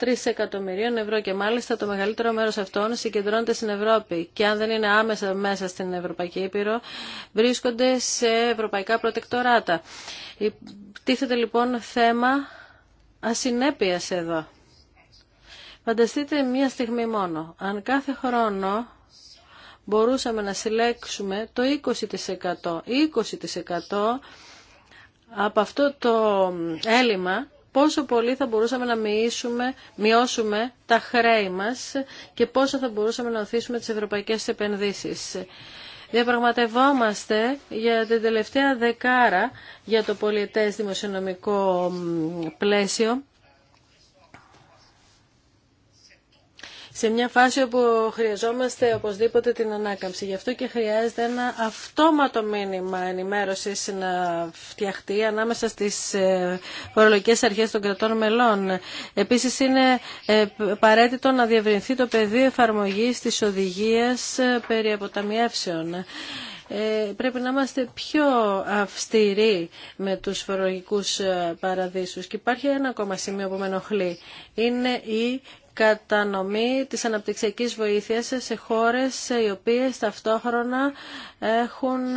14-3 εκατομμυρίων ευρώ και μάλιστα το μεγαλύτερο μέρος αυτών συγκεντρώνεται στην Ευρώπη και αν δεν είναι άμεσα μέσα στην Ευρωπαϊκή Ήπειρο βρίσκονται σε ευρωπαϊκά προτεκτοράτα. Τίθεται λοιπόν θέμα ασυνέπειας εδώ. Φανταστείτε μία στιγμή μόνο. Αν κάθε χρόνο μπορούσαμε να συλλέξουμε το 20%, 20% από αυτό το έλλειμμα πόσο πολύ θα μπορούσαμε να μειώσουμε, μειώσουμε τα χρέη μας και πόσο θα μπορούσαμε να οθήσουμε τις ευρωπαϊκές επενδύσεις. Διαπραγματευόμαστε για την τελευταία δεκάρα για το πολιετές δημοσιονομικό πλαίσιο σε μια φάση όπου χρειαζόμαστε οπωσδήποτε την ανάκαμψη. Γι' αυτό και χρειάζεται ένα αυτόματο μήνυμα ενημέρωσης να φτιαχτεί ανάμεσα στις ε, φορολογικέ αρχές των κρατών μελών. Επίσης είναι ε, απαραίτητο να διευρυνθεί το πεδίο εφαρμογής της οδηγίας ε, περί αποταμιεύσεων. Πρέπει να είμαστε πιο αυστηροί με τους φορολογικούς παραδείσους. Και υπάρχει ένα ακόμα σημείο που με ενοχλεί. Είναι η κατανομή της αναπτυξιακής βοήθειας σε χώρες οι οποίες ταυτόχρονα έχουν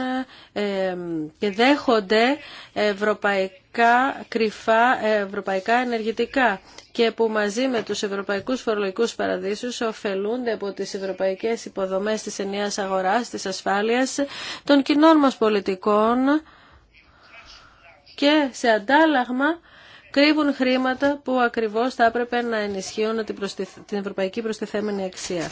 ε, και δέχονται ευρωπαϊκά κρυφά ευρωπαϊκά ενεργητικά και που μαζί με τους ευρωπαϊκούς φορολογικούς παραδείσους ωφελούνται από τις ευρωπαϊκές υποδομές της ενιαίας αγοράς, της ασφάλειας, των κοινών μας πολιτικών και σε αντάλλαγμα κρύβουν χρήματα που ακριβώς θα έπρεπε να ενισχύουν την ευρωπαϊκή προστιθέμενη αξία.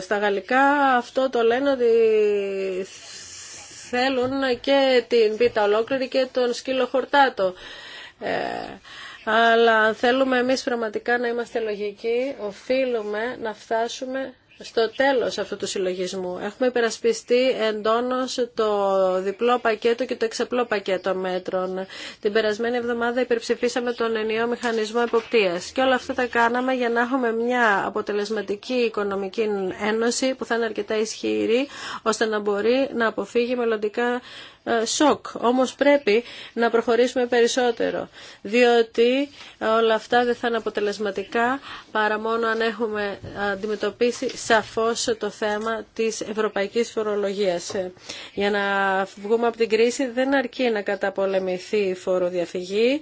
Στα γαλλικά αυτό το λένε ότι θέλουν και την πίτα ολόκληρη και τον σκύλο χορτάτο. Ε, αλλά αν θέλουμε εμείς πραγματικά να είμαστε λογικοί, οφείλουμε να φτάσουμε στο τέλος αυτού του συλλογισμού. Έχουμε υπερασπιστεί εντόνως το διπλό πακέτο και το εξαπλό πακέτο μέτρων. Την περασμένη εβδομάδα υπερψηφίσαμε τον ενιαίο μηχανισμό εποπτείας. Και όλα αυτά τα κάναμε για να έχουμε μια αποτελεσματική οικονομική ένωση που θα είναι αρκετά ισχυρή, ώστε να μπορεί να αποφύγει μελλοντικά ε, σοκ. Όμως πρέπει να προχωρήσουμε περισσότερο, διότι όλα αυτά δεν θα είναι αποτελεσματικά παρά μόνο αν έχουμε αντιμετωπίσει σαφώς το θέμα της ευρωπαϊκής φορολογίας. Ε, για να βγούμε από την κρίση δεν αρκεί να καταπολεμηθεί η φοροδιαφυγή,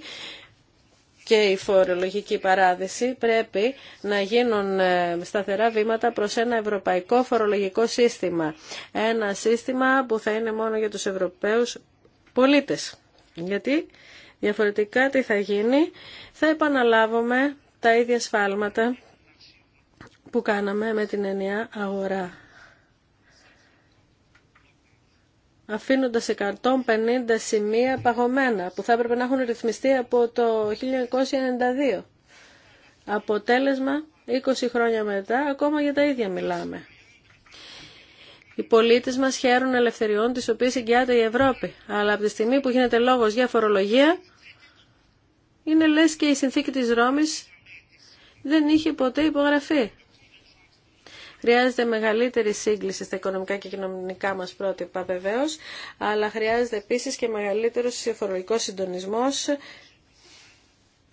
και η φορολογική παράδειση πρέπει να γίνουν ε, σταθερά βήματα προς ένα ευρωπαϊκό φορολογικό σύστημα. Ένα σύστημα που θα είναι μόνο για τους Ευρωπαίους πολίτες. Γιατί διαφορετικά τι θα γίνει, θα επαναλάβουμε τα ίδια σφάλματα που κάναμε με την ενιαία αγορά. αφήνοντας 150 σημεία παγωμένα που θα έπρεπε να έχουν ρυθμιστεί από το 1992. Αποτέλεσμα, 20 χρόνια μετά, ακόμα για τα ίδια μιλάμε. Οι πολίτες μας χαίρουν ελευθεριών τις οποίες εγκιάται η Ευρώπη, αλλά από τη στιγμή που γίνεται λόγος για φορολογία, είναι λες και η συνθήκη της Ρώμης δεν είχε ποτέ υπογραφεί. Χρειάζεται μεγαλύτερη σύγκληση στα οικονομικά και κοινωνικά μας πρότυπα βεβαίω, αλλά χρειάζεται επίσης και μεγαλύτερο φορολογικό συντονισμό,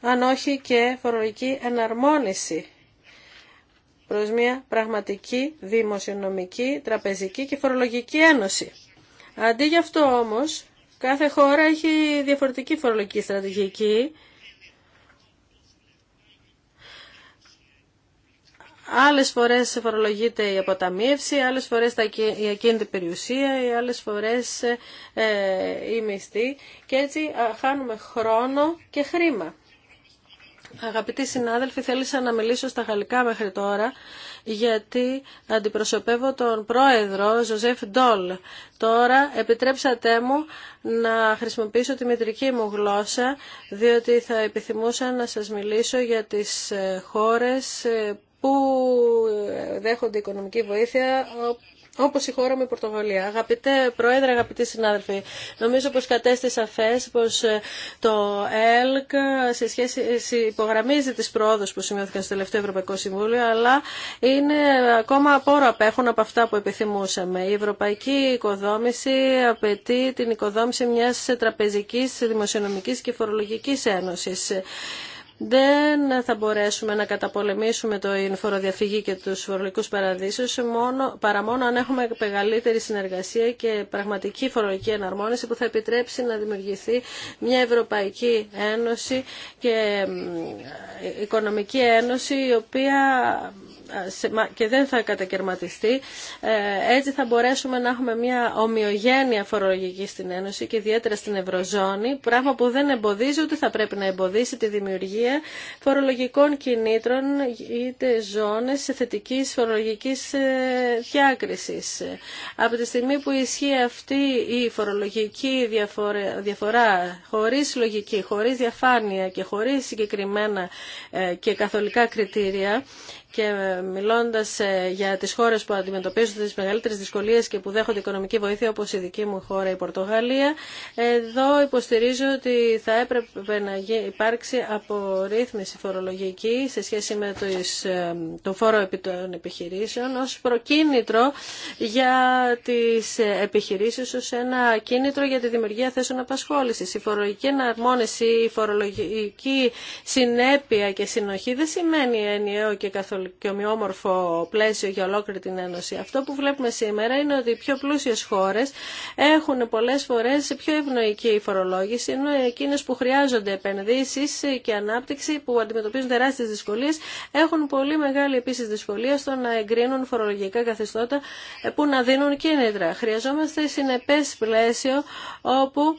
αν όχι και φορολογική εναρμόνιση προ μια πραγματική δημοσιονομική, τραπεζική και φορολογική ένωση. Αντί γι' αυτό όμως, κάθε χώρα έχει διαφορετική φορολογική στρατηγική Άλλε φορές φορολογείται η αποταμίευση, άλλε φορές η ακίνητη περιουσία, άλλε άλλες φορές ε, η μισθή και έτσι χάνουμε χρόνο και χρήμα. Αγαπητοί συνάδελφοι, θέλησα να μιλήσω στα γαλλικά μέχρι τώρα, γιατί αντιπροσωπεύω τον πρόεδρο Ζωζεφ Ντόλ. Τώρα επιτρέψατε μου να χρησιμοποιήσω τη μητρική μου γλώσσα, διότι θα επιθυμούσα να σας μιλήσω για τις ε, χώρες ε, που δέχονται οικονομική βοήθεια όπως η χώρα με η Πορτογαλία. Αγαπητέ Πρόεδρε, αγαπητοί συνάδελφοι, νομίζω πως κατέστη σαφέ πως ε, το ΕΛΚ ε, σε σχέση, ε, υπογραμμίζει τις πρόοδους που σημειώθηκαν στο τελευταίο Ευρωπαϊκό Συμβούλιο, αλλά είναι ακόμα απόρο απέχουν από αυτά που επιθυμούσαμε. Η ευρωπαϊκή οικοδόμηση απαιτεί την οικοδόμηση μιας τραπεζική, δημοσιονομικής και φορολογικής ένωσης δεν θα μπορέσουμε να καταπολεμήσουμε το φοροδιαφυγή και τους φορολογικούς παραδείσους μόνο, παρά μόνο αν έχουμε μεγαλύτερη συνεργασία και πραγματική φορολογική εναρμόνιση που θα επιτρέψει να δημιουργηθεί μια Ευρωπαϊκή Ένωση και Οικονομική Ένωση η οποία ε, και δεν θα κατακαιρματιστεί. Ε, έτσι θα μπορέσουμε να έχουμε μια ομοιογένεια φορολογική στην Ένωση και ιδιαίτερα στην Ευρωζώνη, πράγμα που δεν εμποδίζει ούτε θα πρέπει να εμποδίσει τη δημιουργία φορολογικών κινήτρων είτε ζώνε σε θετικής φορολογικής ε, Από τη στιγμή που ισχύει αυτή η φορολογική διαφορά, διαφορά χωρίς λογική, χωρίς διαφάνεια και χωρί συγκεκριμένα και καθολικά κριτήρια, και μιλώντα ε, για τι χώρε που αντιμετωπίζουν τι μεγαλύτερε δυσκολίε και που δέχονται οικονομική βοήθεια όπω η δική μου χώρα η Πορτογαλία εδώ υποστηρίζω ότι θα έπρεπε να υπάρξει απορρίθμιση φορολογική σε σχέση με ε, το φόρο επί των επιχειρήσεων ω προκίνητρο για τι ε, επιχειρήσει ω ένα κίνητρο για τη δημιουργία θέσεων απασχόληση. Η φορολογική εναρμόνιση, η φορολογική συνέπεια και συνοχή δεν σημαίνει ενιαίο και καθολικό και ομοιόμορφο πλαίσιο για ολόκληρη την Ένωση. Αυτό που βλέπουμε σήμερα είναι ότι οι πιο πλούσιε χώρες έχουν πολλές φορές πιο ευνοϊκή φορολόγηση, ενώ εκείνε που χρειάζονται επενδύσεις και ανάπτυξη που αντιμετωπίζουν τεράστιε δυσκολίες έχουν πολύ μεγάλη επίση δυσκολία στο να εγκρίνουν φορολογικά καθεστώτα που να δίνουν κίνητρα. Χρειαζόμαστε συνεπέ πλαίσιο όπου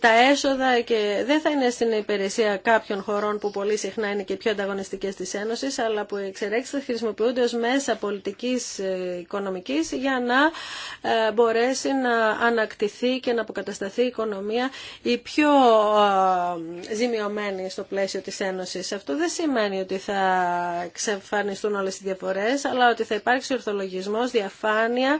τα έσοδα και δεν θα είναι στην υπηρεσία κάποιων χωρών που πολύ συχνά είναι και πιο ανταγωνιστικές της Ένωσης, αλλά που θα χρησιμοποιούνται ως μέσα πολιτικής ε, οικονομικής για να ε, μπορέσει να ανακτηθεί και να αποκατασταθεί η οικονομία η πιο ε, ζημιωμένη στο πλαίσιο της Ένωσης. Αυτό δεν σημαίνει ότι θα εξαφανιστούν όλες οι διαφορές, αλλά ότι θα υπάρξει ορθολογισμός, διαφάνεια,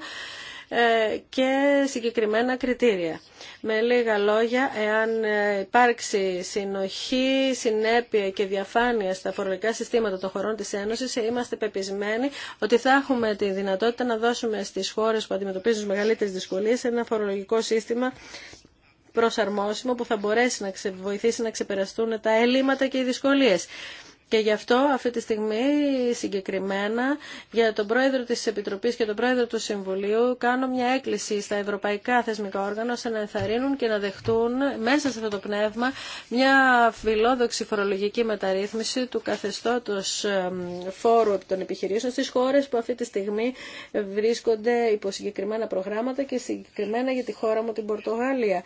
ε, και συγκεκριμένα κριτήρια. Με λίγα λόγια, εάν ε, υπάρξει συνοχή, συνέπεια και διαφάνεια στα φορολογικά συστήματα των χωρών της Ένωσης, είμαστε πεπισμένοι ότι θα έχουμε τη δυνατότητα να δώσουμε στις χώρες που αντιμετωπίζουν μεγαλύτερες δυσκολίες ένα φορολογικό σύστημα προσαρμόσιμο που θα μπορέσει να βοηθήσει να ξεπεραστούν τα ελλείμματα και οι δυσκολίες. Και γι' αυτό αυτή τη στιγμή συγκεκριμένα για τον πρόεδρο της Επιτροπής και τον πρόεδρο του Συμβουλίου κάνω μια έκκληση στα ευρωπαϊκά θεσμικά όργανα ώστε να ενθαρρύνουν και να δεχτούν μέσα σε αυτό το πνεύμα μια φιλόδοξη φορολογική μεταρρύθμιση του καθεστώτος φόρου των επιχειρήσεων στις χώρες που αυτή τη στιγμή βρίσκονται υπό συγκεκριμένα προγράμματα και συγκεκριμένα για τη χώρα μου την Πορτογαλία.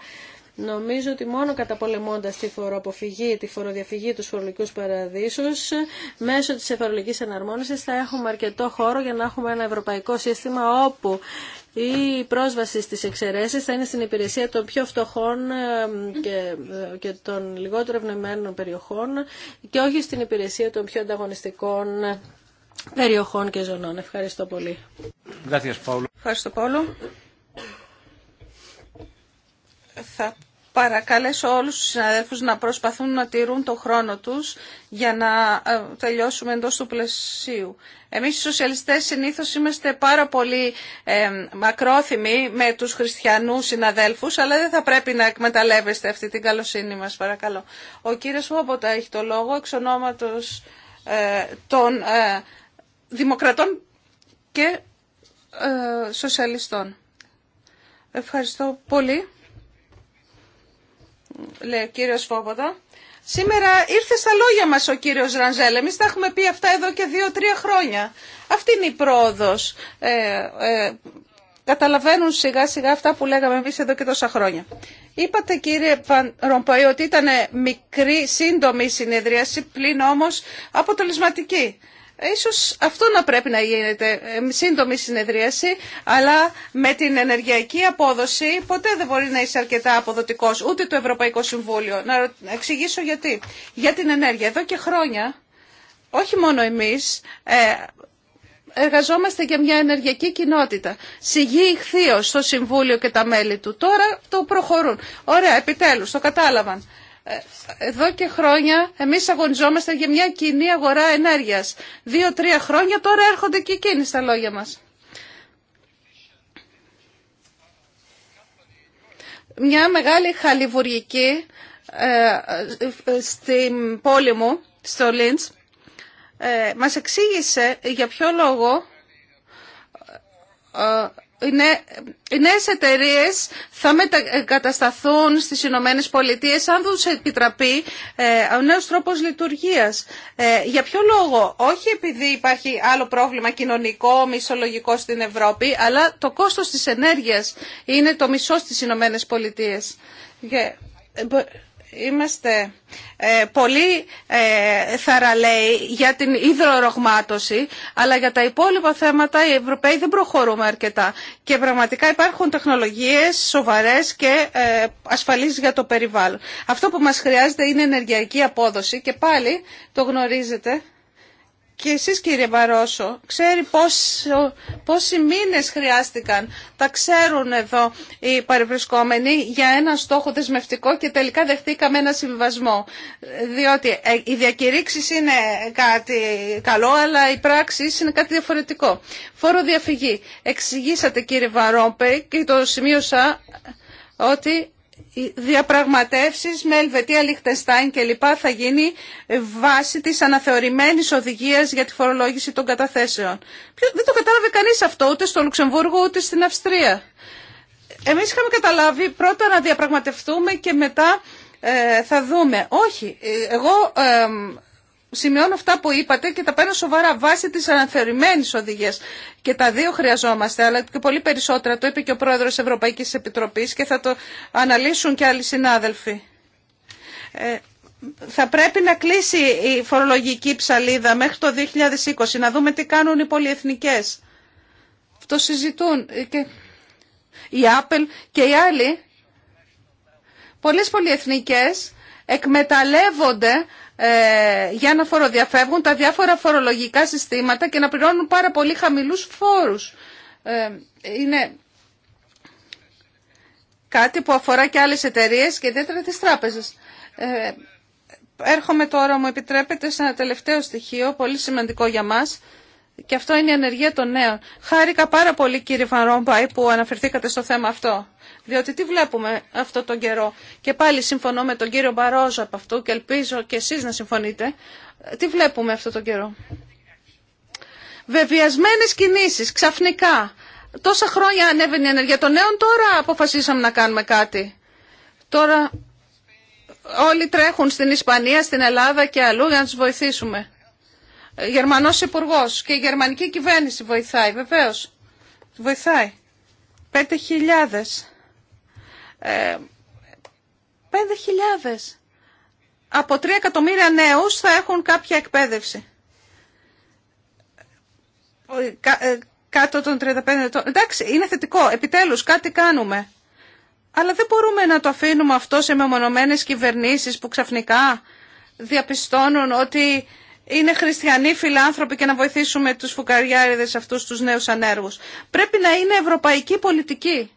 Νομίζω ότι μόνο καταπολεμώντα τη φοροαποφυγή, τη φοροδιαφυγή, του φορολογικού παραδείσους, μέσω τη εφορολογικής εναρμόνισης θα έχουμε αρκετό χώρο για να έχουμε ένα ευρωπαϊκό σύστημα όπου η πρόσβαση στις εξαιρέσεις θα είναι στην υπηρεσία των πιο φτωχών ε, ε, και, των λιγότερο ευνεμένων περιοχών και όχι στην υπηρεσία των πιο ανταγωνιστικών περιοχών και ζωνών. Ευχαριστώ πολύ. Ευχαριστώ, Παύλο θα παρακαλέσω όλους τους συναδέλφους να προσπαθούν να τηρούν το χρόνο τους για να ε, τελειώσουμε εντός του πλαισίου. Εμείς οι σοσιαλιστές συνήθως είμαστε πάρα πολύ ε, μακρόθυμοι με τους χριστιανούς συναδέλφους, αλλά δεν θα πρέπει να εκμεταλλεύεστε αυτή την καλοσύνη μας, παρακαλώ. Ο κύριος Βόμποτα έχει το λόγο, εξ ονόματος ε, των δημοκρατών και σοσιαλιστών. Ευχαριστώ πολύ λέει ο κύριος Φόβοδα. Σήμερα ήρθε στα λόγια μας ο κύριος Ρανζέλ. εμεί τα έχουμε πει αυτά εδώ και δύο-τρία χρόνια. Αυτή είναι η πρόοδος. Ε, ε, καταλαβαίνουν σιγά-σιγά αυτά που λέγαμε εμείς εδώ και τόσα χρόνια. Είπατε κύριε Ρομπαϊ ότι ήταν μικρή, σύντομη συνεδρίαση, πλην όμως αποτελεσματική. Ίσως αυτό να πρέπει να γίνεται ε, σύντομη συνεδρίαση, αλλά με την ενεργειακή απόδοση ποτέ δεν μπορεί να είσαι αρκετά αποδοτικός, ούτε το Ευρωπαϊκό Συμβούλιο. Να εξηγήσω γιατί. Για την ενέργεια. Εδώ και χρόνια, όχι μόνο εμείς, ε, εργαζόμαστε για μια ενεργειακή κοινότητα. Συγγεί χθείως στο Συμβούλιο και τα μέλη του. Τώρα το προχωρούν. Ωραία, επιτέλους, το κατάλαβαν. Εδώ και χρόνια εμείς αγωνιζόμαστε για μια κοινή αγορά ενέργειας. Δύο-τρία χρόνια τώρα έρχονται και εκείνοι στα λόγια μας. Μια μεγάλη χαλιβουργική ε, στην πόλη μου, στο Λίντς, ε, μας εξήγησε για ποιο λόγο ε, οι νέε εταιρείε θα μετακατασταθούν στις Ηνωμένε Πολιτείε αν του επιτραπεί ε, ο νέος τρόπος λειτουργίας. Ε, για ποιο λόγο, όχι επειδή υπάρχει άλλο πρόβλημα κοινωνικό, μισολογικό στην Ευρώπη, αλλά το κόστος της ενέργειας είναι το μισό στις Ηνωμένε Πολιτείε είμαστε ε, πολύ ε, θαραλέοι για την υδρορογμάτωση, αλλά για τα υπόλοιπα θέματα οι Ευρωπαίοι δεν προχωρούμε αρκετά. Και πραγματικά υπάρχουν τεχνολογίες σοβαρές και ε, ασφαλείς για το περιβάλλον. Αυτό που μας χρειάζεται είναι ενεργειακή απόδοση και πάλι το γνωρίζετε και εσείς κύριε Βαρόσο, ξέρει πόσο, πόσοι μήνες χρειάστηκαν, τα ξέρουν εδώ οι παρευρισκόμενοι, για ένα στόχο δεσμευτικό και τελικά δεχτήκαμε ένα συμβασμό, Διότι ε, οι διακηρύξεις είναι κάτι καλό, αλλά οι πράξεις είναι κάτι διαφορετικό. Φόρο διαφυγή. Εξηγήσατε κύριε Βαρόπε και το σημείωσα ότι οι διαπραγματεύσεις με Ελβετία, Λιχτεστάιν και λοιπά θα γίνει βάση της αναθεωρημένης οδηγίας για τη φορολόγηση των καταθέσεων. δεν το κατάλαβε κανείς αυτό ούτε στο Λουξεμβούργο ούτε στην Αυστρία. Εμείς είχαμε καταλάβει πρώτα να διαπραγματευτούμε και μετά ε, θα δούμε. Όχι, ε, εγώ ε, σημειώνω αυτά που είπατε και τα παίρνω σοβαρά βάση της αναθεωρημένης οδηγίας. Και τα δύο χρειαζόμαστε, αλλά και πολύ περισσότερα. Το είπε και ο πρόεδρος Ευρωπαϊκής Επιτροπής και θα το αναλύσουν και άλλοι συνάδελφοι. Ε, θα πρέπει να κλείσει η φορολογική ψαλίδα μέχρι το 2020, να δούμε τι κάνουν οι πολυεθνικές. Αυτό συζητούν και η Apple και οι άλλοι. Πολλές πολυεθνικές εκμεταλλεύονται ε, για να φοροδιαφεύγουν τα διάφορα φορολογικά συστήματα και να πληρώνουν πάρα πολύ χαμηλούς φόρους. Ε, είναι κάτι που αφορά και άλλες εταιρείες και ιδιαίτερα τις τράπεζες. Ε, έρχομαι τώρα, μου επιτρέπετε, σε ένα τελευταίο στοιχείο, πολύ σημαντικό για μας, και αυτό είναι η ανεργία των νέων. Χάρηκα πάρα πολύ κύριε Βαν που αναφερθήκατε στο θέμα αυτό. Διότι τι βλέπουμε αυτό τον καιρό. Και πάλι συμφωνώ με τον κύριο Μπαρόζα από αυτού και ελπίζω και εσείς να συμφωνείτε. Τι βλέπουμε αυτό τον καιρό. Βεβιασμένες κινήσεις, ξαφνικά. Τόσα χρόνια ανέβαινε η ενέργεια των νέων, τώρα αποφασίσαμε να κάνουμε κάτι. Τώρα όλοι τρέχουν στην Ισπανία, στην Ελλάδα και αλλού για να τους βοηθήσουμε. Γερμανός υπουργό και η γερμανική κυβέρνηση βοηθάει, βεβαίως. Βοηθάει. Πέντε 5.000 ε, από 3 εκατομμύρια νέους θα έχουν κάποια εκπαίδευση. Ε, κάτω των 35 ετών. Εντάξει, είναι θετικό. Επιτέλους, κάτι κάνουμε. Αλλά δεν μπορούμε να το αφήνουμε αυτό σε μεμονωμένες κυβερνήσεις που ξαφνικά διαπιστώνουν ότι είναι χριστιανοί φιλάνθρωποι και να βοηθήσουμε τους φουκαριάριδες αυτούς τους νέους ανέργους. Πρέπει να είναι ευρωπαϊκή πολιτική.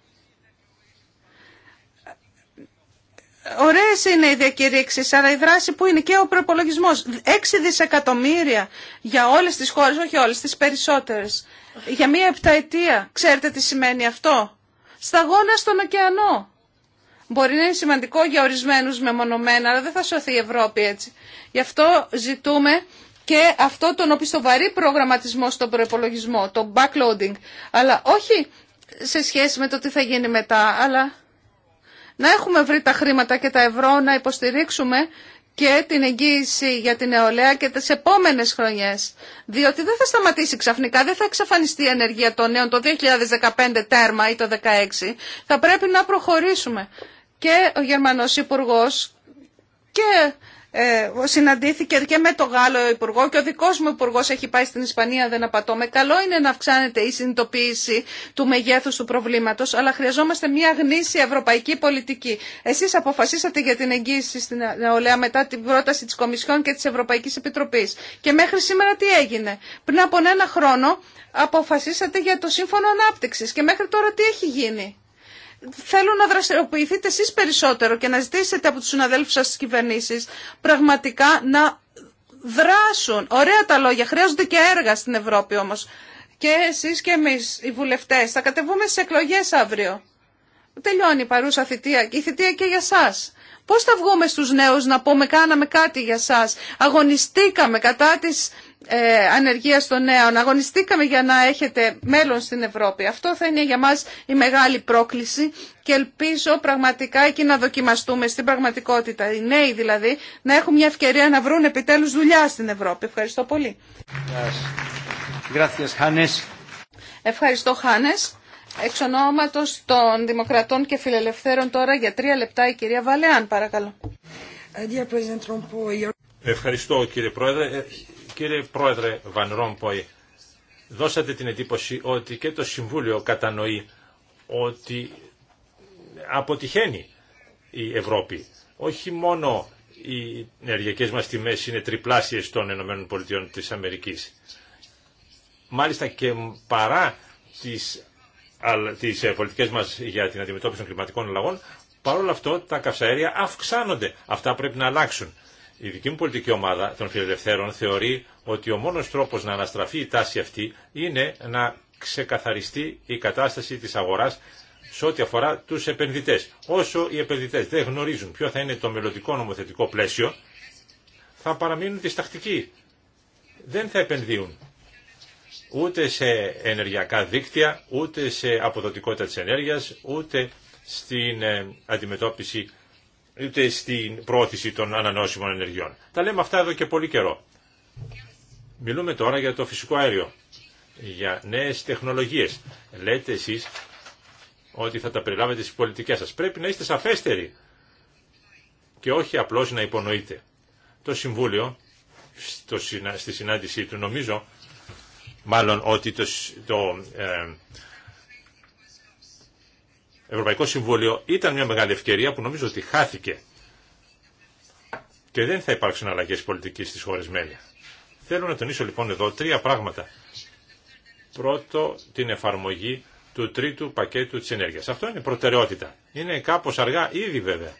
Ωραίε είναι οι διακηρύξει, αλλά η δράση που είναι και ο προπολογισμό. 6 δισεκατομμύρια για όλε τι χώρε, όχι όλε, τι περισσότερε. Για μία επταετία. Ξέρετε τι σημαίνει αυτό. Σταγόνα στον ωκεανό. Μπορεί να είναι σημαντικό για ορισμένους μεμονωμένα, αλλά δεν θα σωθεί η Ευρώπη έτσι. Γι' αυτό ζητούμε και αυτό τον οπισθοβαρή προγραμματισμό στον προπολογισμό, το backloading. Αλλά όχι σε σχέση με το τι θα γίνει μετά, αλλά να έχουμε βρει τα χρήματα και τα ευρώ να υποστηρίξουμε και την εγγύηση για την νεολαία και τις επόμενες χρονιές. Διότι δεν θα σταματήσει ξαφνικά, δεν θα εξαφανιστεί η ενεργεία των νέων το 2015 τέρμα ή το 2016. Θα πρέπει να προχωρήσουμε. Και ο Γερμανός Υπουργός και ε, συναντήθηκε και με τον Γάλλο Υπουργό και ο δικό μου υπουργό έχει πάει στην Ισπανία, δεν με. Καλό είναι να αυξάνεται η συνειδητοποίηση του μεγέθου του προβλήματο, αλλά χρειαζόμαστε μια γνήσια ευρωπαϊκή πολιτική. Εσεί αποφασίσατε για την εγγύηση στην νεολαία μετά την πρόταση τη Κομισιόν και τη Ευρωπαϊκή Επιτροπή. Και μέχρι σήμερα τι έγινε. Πριν από ένα χρόνο αποφασίσατε για το Σύμφωνο ανάπτυξη και μέχρι τώρα τι έχει γίνει θέλω να δραστηριοποιηθείτε εσείς περισσότερο και να ζητήσετε από τους συναδέλφους σας στις κυβερνήσεις πραγματικά να δράσουν. Ωραία τα λόγια, χρειάζονται και έργα στην Ευρώπη όμως. Και εσείς και εμείς οι βουλευτές θα κατεβούμε στις εκλογές αύριο. Τελειώνει η παρούσα θητεία, η θητεία και για σας. Πώς θα βγούμε στους νέους να πούμε κάναμε κάτι για σας, αγωνιστήκαμε κατά της ε, ανεργία των νέων. Αγωνιστήκαμε για να έχετε μέλλον στην Ευρώπη. Αυτό θα είναι για μας η μεγάλη πρόκληση και ελπίζω πραγματικά εκεί να δοκιμαστούμε στην πραγματικότητα. Οι νέοι δηλαδή να έχουν μια ευκαιρία να βρουν επιτέλους δουλειά στην Ευρώπη. Ευχαριστώ πολύ. Ευχαριστώ Χάνες. Εξ ονόματος των Δημοκρατών και Φιλελευθέρων τώρα για τρία λεπτά η κυρία Βαλεάν παρακαλώ. Ε, Ευχαριστώ κύριε Πρόεδρε. Ε, Κύριε Πρόεδρε Βαν Ρόμποϊ, δώσατε την εντύπωση ότι και το Συμβούλιο κατανοεί ότι αποτυχαίνει η Ευρώπη. Όχι μόνο οι ενεργειακές μας τιμές είναι τριπλάσιες των ΗΠΑ της Αμερικής. Μάλιστα και παρά τις, τις ε, πολιτικές μας για την αντιμετώπιση των κλιματικών αλλαγών, παρόλα αυτό τα καυσαέρια αυξάνονται. Αυτά πρέπει να αλλάξουν. Η δική μου πολιτική ομάδα των φιλελευθέρων θεωρεί ότι ο μόνος τρόπος να αναστραφεί η τάση αυτή είναι να ξεκαθαριστεί η κατάσταση της αγοράς σε ό,τι αφορά τους επενδυτές. Όσο οι επενδυτές δεν γνωρίζουν ποιο θα είναι το μελλοντικό νομοθετικό πλαίσιο, θα παραμείνουν διστακτικοί. Δεν θα επενδύουν ούτε σε ενεργειακά δίκτυα, ούτε σε αποδοτικότητα της ενέργειας, ούτε στην ε, αντιμετώπιση ούτε στην πρόθεση των ανανεώσιμων ενεργειών. Τα λέμε αυτά εδώ και πολύ καιρό. Μιλούμε τώρα για το φυσικό αέριο, για νέες τεχνολογίες. Λέτε εσείς ότι θα τα περιλάβετε στις πολιτικές σας. Πρέπει να είστε σαφέστεροι και όχι απλώς να υπονοείτε. Το Συμβούλιο στο, στη συνάντησή του νομίζω μάλλον ότι το, ε, Ευρωπαϊκό Συμβούλιο ήταν μια μεγάλη ευκαιρία που νομίζω ότι χάθηκε και δεν θα υπάρξουν αλλαγέ πολιτική στι χώρε μέλη. Θέλω να τονίσω λοιπόν εδώ τρία πράγματα. Πρώτο, την εφαρμογή του τρίτου πακέτου τη ενέργεια. Αυτό είναι προτεραιότητα. Είναι κάπω αργά ήδη βέβαια,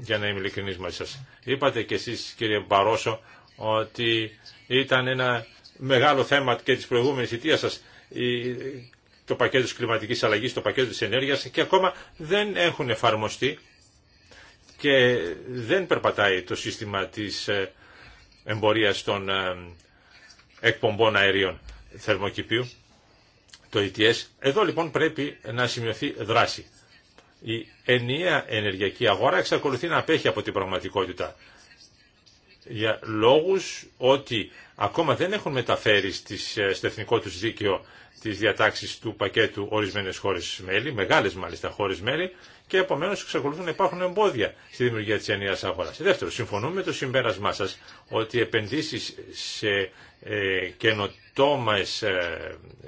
για να είμαι ειλικρινή μαζί σα. Είπατε κι εσεί κύριε Μπαρόσο ότι ήταν ένα μεγάλο θέμα και τη προηγούμενη θητεία σα το πακέτο της κλιματικής αλλαγής, το πακέτο της ενέργειας και ακόμα δεν έχουν εφαρμοστεί και δεν περπατάει το σύστημα της ε, εμπορίας των ε, εκπομπών αερίων θερμοκηπίου, το ETS. Εδώ λοιπόν πρέπει να σημειωθεί δράση. Η ενιαία ενεργειακή αγορά εξακολουθεί να απέχει από την πραγματικότητα για λόγους ότι ακόμα δεν έχουν μεταφέρει στις, ε, στο εθνικό τους δίκαιο τις διατάξεις του πακέτου ορισμένες χώρες μέλη, μεγάλες μάλιστα χώρες μέλη, και επομένω εξακολουθούν να υπάρχουν εμπόδια στη δημιουργία τη ενιαία αγορά. Ε, Δεύτερον, συμφωνούμε με το συμπέρασμά σα ότι οι επενδύσει σε ε, ε,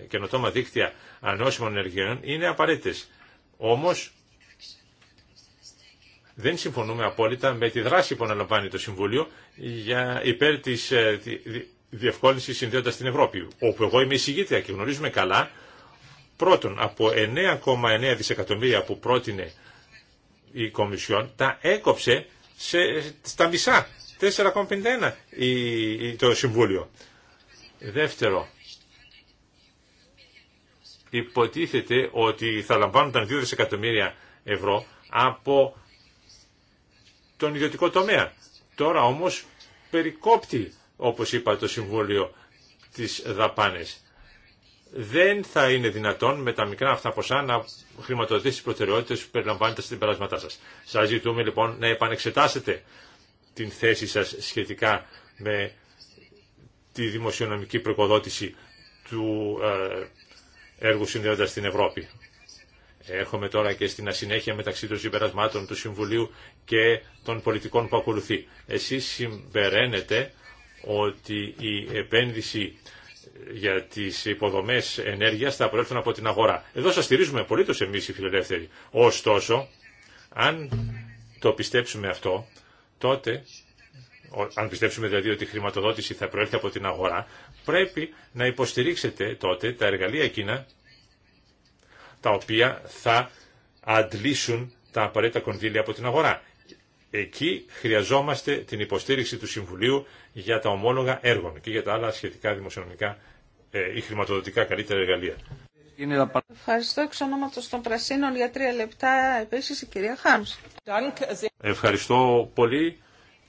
καινοτόμα δίκτυα ανανεώσιμων ενεργειών είναι απαραίτητε. Όμω, δεν συμφωνούμε απόλυτα με τη δράση που αναλαμβάνει το Συμβούλιο για υπέρ τη διευκόλυνση συνδέοντα την Ευρώπη, όπου εγώ είμαι εισηγήτρια και γνωρίζουμε καλά, πρώτον από 9,9 δισεκατομμύρια που πρότεινε η Κομισιόν, τα έκοψε σε, στα μισά, 4,51 το Συμβούλιο. Δεύτερο, υποτίθεται ότι θα λαμβάνονταν 2 δισεκατομμύρια ευρώ από τον ιδιωτικό τομέα. Τώρα όμως περικόπτει όπως είπα το Συμβούλιο, της δαπάνες. Δεν θα είναι δυνατόν με τα μικρά αυτά ποσά να χρηματοδοτήσει τι προτεραιότητες που περιλαμβάνετε στην περάσματά σας. Σας ζητούμε λοιπόν να επανεξετάσετε την θέση σας σχετικά με τη δημοσιονομική προκοδότηση του ε, έργου συνδέοντα στην Ευρώπη. Έχουμε τώρα και στην ασυνέχεια μεταξύ των συμπερασμάτων του Συμβουλίου και των πολιτικών που ακολουθεί. Εσείς συμπεραίνετε ότι η επένδυση για τις υποδομές ενέργειας θα προέλθουν από την αγορά. Εδώ σας στηρίζουμε απολύτως εμείς οι φιλελεύθεροι. Ωστόσο, αν το πιστέψουμε αυτό, τότε, αν πιστέψουμε δηλαδή ότι η χρηματοδότηση θα προέλθει από την αγορά, πρέπει να υποστηρίξετε τότε τα εργαλεία εκείνα τα οποία θα αντλήσουν τα απαραίτητα κονδύλια από την αγορά. Εκεί χρειαζόμαστε την υποστήριξη του Συμβουλίου για τα ομόλογα έργων και για τα άλλα σχετικά δημοσιονομικά ε, ή χρηματοδοτικά καλύτερα εργαλεία. Ευχαριστώ εξ ονόματος των Πρασίνων για τρία λεπτά επίσης η κυρία Χάμς. Ε, Ευχαριστώ πολύ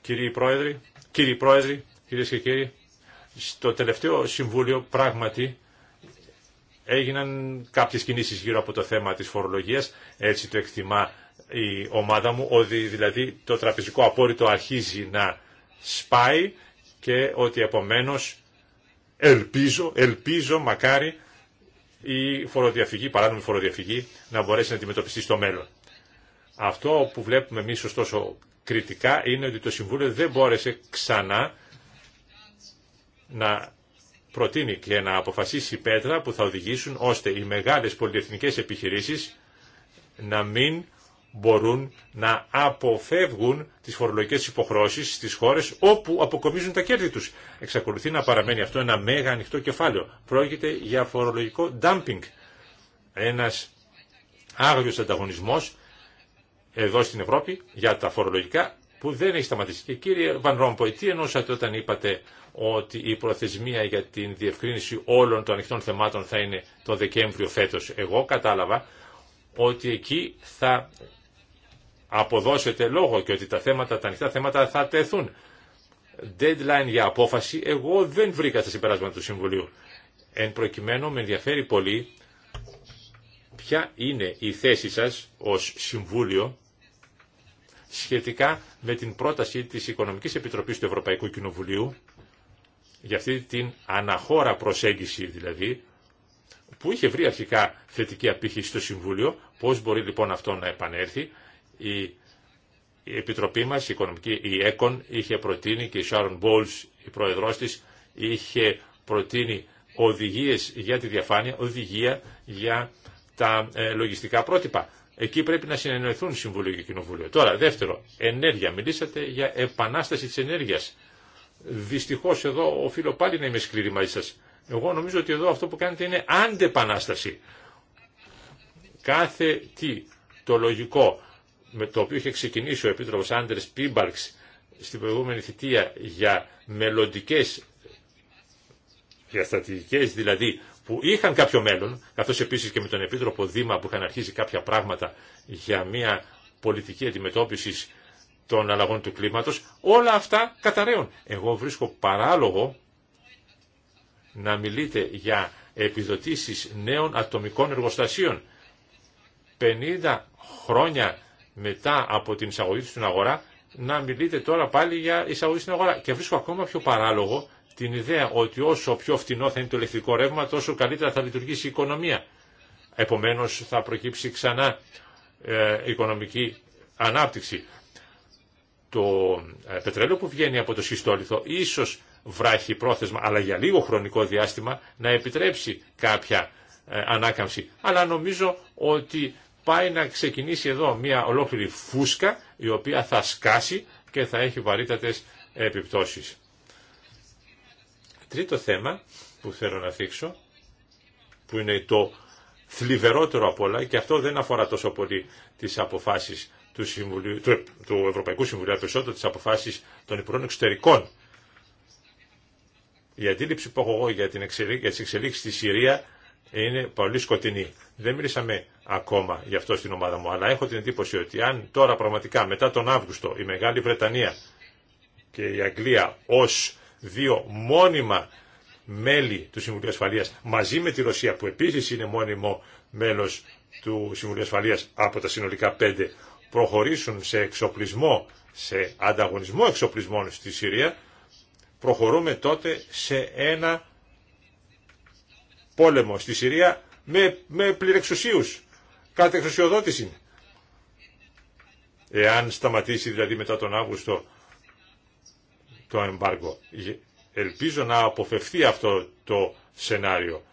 κύριε Πρόεδρε, κύριε Πρόεδρε, κυρίες και κύριοι. Στο τελευταίο Συμβούλιο πράγματι έγιναν κάποιες κινήσεις γύρω από το θέμα της φορολογίας, έτσι το εκτιμά η ομάδα μου ότι δηλαδή το τραπεζικό απόρριτο αρχίζει να σπάει και ότι επομένως ελπίζω, ελπίζω μακάρι η φοροδιαφυγή, η παράνομη φοροδιαφυγή να μπορέσει να αντιμετωπιστεί στο μέλλον. Αυτό που βλέπουμε εμεί ωστόσο κριτικά είναι ότι το Συμβούλιο δεν μπόρεσε ξανά να προτείνει και να αποφασίσει πέτρα που θα οδηγήσουν ώστε οι μεγάλες πολυεθνικές επιχειρήσεις να μην μπορούν να αποφεύγουν τις φορολογικές υποχρώσεις στις χώρες όπου αποκομίζουν τα κέρδη τους. Εξακολουθεί να παραμένει αυτό ένα μέγα ανοιχτό κεφάλαιο. Πρόκειται για φορολογικό dumping. Ένας άγριος ανταγωνισμός εδώ στην Ευρώπη για τα φορολογικά που δεν έχει σταματήσει. Και κύριε Βαν Ρόμποϊ, τι εννοούσατε όταν είπατε ότι η προθεσμία για την διευκρίνηση όλων των ανοιχτών θεμάτων θα είναι το Δεκέμβριο φέτος. Εγώ κατάλαβα ότι εκεί θα αποδώσετε λόγο και ότι τα θέματα, τα ανοιχτά θέματα θα τεθούν. Deadline για απόφαση, εγώ δεν βρήκα τα συμπεράσματα του Συμβουλίου. Εν προκειμένου με ενδιαφέρει πολύ ποια είναι η θέση σας ως Συμβούλιο σχετικά με την πρόταση της Οικονομικής Επιτροπής του Ευρωπαϊκού Κοινοβουλίου για αυτή την αναχώρα προσέγγιση δηλαδή που είχε βρει αρχικά θετική απήχηση στο Συμβούλιο, πώς μπορεί λοιπόν αυτό να επανέλθει η Επιτροπή μας, η, οικονομική, η ΕΚΟΝ, είχε προτείνει και η Sharon Bowles, η πρόεδρός της, είχε προτείνει οδηγίες για τη διαφάνεια, οδηγία για τα ε, λογιστικά πρότυπα. Εκεί πρέπει να συνεννοηθούν Συμβούλιο και Κοινοβούλιο. Τώρα, δεύτερο, ενέργεια. Μιλήσατε για επανάσταση της ενέργειας. Δυστυχώς εδώ οφείλω πάλι να είμαι σκληρή μαζί σας. Εγώ νομίζω ότι εδώ αυτό που κάνετε είναι αντεπανάσταση. Κάθε τι, το λογικό, με το οποίο είχε ξεκινήσει ο Επίτροπος Άντρες Πίμπαρξ στην προηγούμενη θητεία για μελλοντικέ για στρατηγικές δηλαδή που είχαν κάποιο μέλλον, καθώς επίσης και με τον Επίτροπο Δήμα που είχαν αρχίσει κάποια πράγματα για μια πολιτική αντιμετώπιση των αλλαγών του κλίματος, όλα αυτά καταραίουν Εγώ βρίσκω παράλογο να μιλείτε για επιδοτήσεις νέων ατομικών εργοστασίων. 50 χρόνια μετά από την εισαγωγή του στην αγορά να μιλείτε τώρα πάλι για εισαγωγή στην αγορά. Και βρίσκω ακόμα πιο παράλογο την ιδέα ότι όσο πιο φτηνό θα είναι το ηλεκτρικό ρεύμα, τόσο καλύτερα θα λειτουργήσει η οικονομία. Επομένω, θα προκύψει ξανά ε, οικονομική ανάπτυξη. Το ε, πετρέλαιο που βγαίνει από το σχιστόλιθο ίσω βράχει πρόθεσμα, αλλά για λίγο χρονικό διάστημα να επιτρέψει κάποια ε, ανάκαμψη. Αλλά νομίζω ότι πάει να ξεκινήσει εδώ μια ολόκληρη φούσκα η οποία θα σκάσει και θα έχει βαρύτατες επιπτώσεις. Τρίτο θέμα που θέλω να θίξω, που είναι το θλιβερότερο από όλα και αυτό δεν αφορά τόσο πολύ τις αποφάσεις του, του, του Ευρωπαϊκού Συμβουλίου, περισσότερο τις αποφάσεις των υπουργών εξωτερικών. Η αντίληψη που έχω εγώ για, την εξελίξη, για τις εξελίξεις στη Συρία είναι πολύ σκοτεινή. Δεν μίλησαμε ακόμα γι' αυτό στην ομάδα μου. Αλλά έχω την εντύπωση ότι αν τώρα πραγματικά μετά τον Αύγουστο η Μεγάλη Βρετανία και η Αγγλία ως δύο μόνιμα μέλη του Συμβουλίου Ασφαλείας μαζί με τη Ρωσία που επίσης είναι μόνιμο μέλος του Συμβουλίου Ασφαλείας από τα συνολικά πέντε προχωρήσουν σε εξοπλισμό, σε ανταγωνισμό εξοπλισμών στη Συρία προχωρούμε τότε σε ένα πόλεμο στη Συρία με, με πληρεξουσίους Κάτι εξουσιοδότηση Εάν σταματήσει δηλαδή μετά τον Αύγουστο το εμπάργκο. Ελπίζω να αποφευθεί αυτό το σενάριο.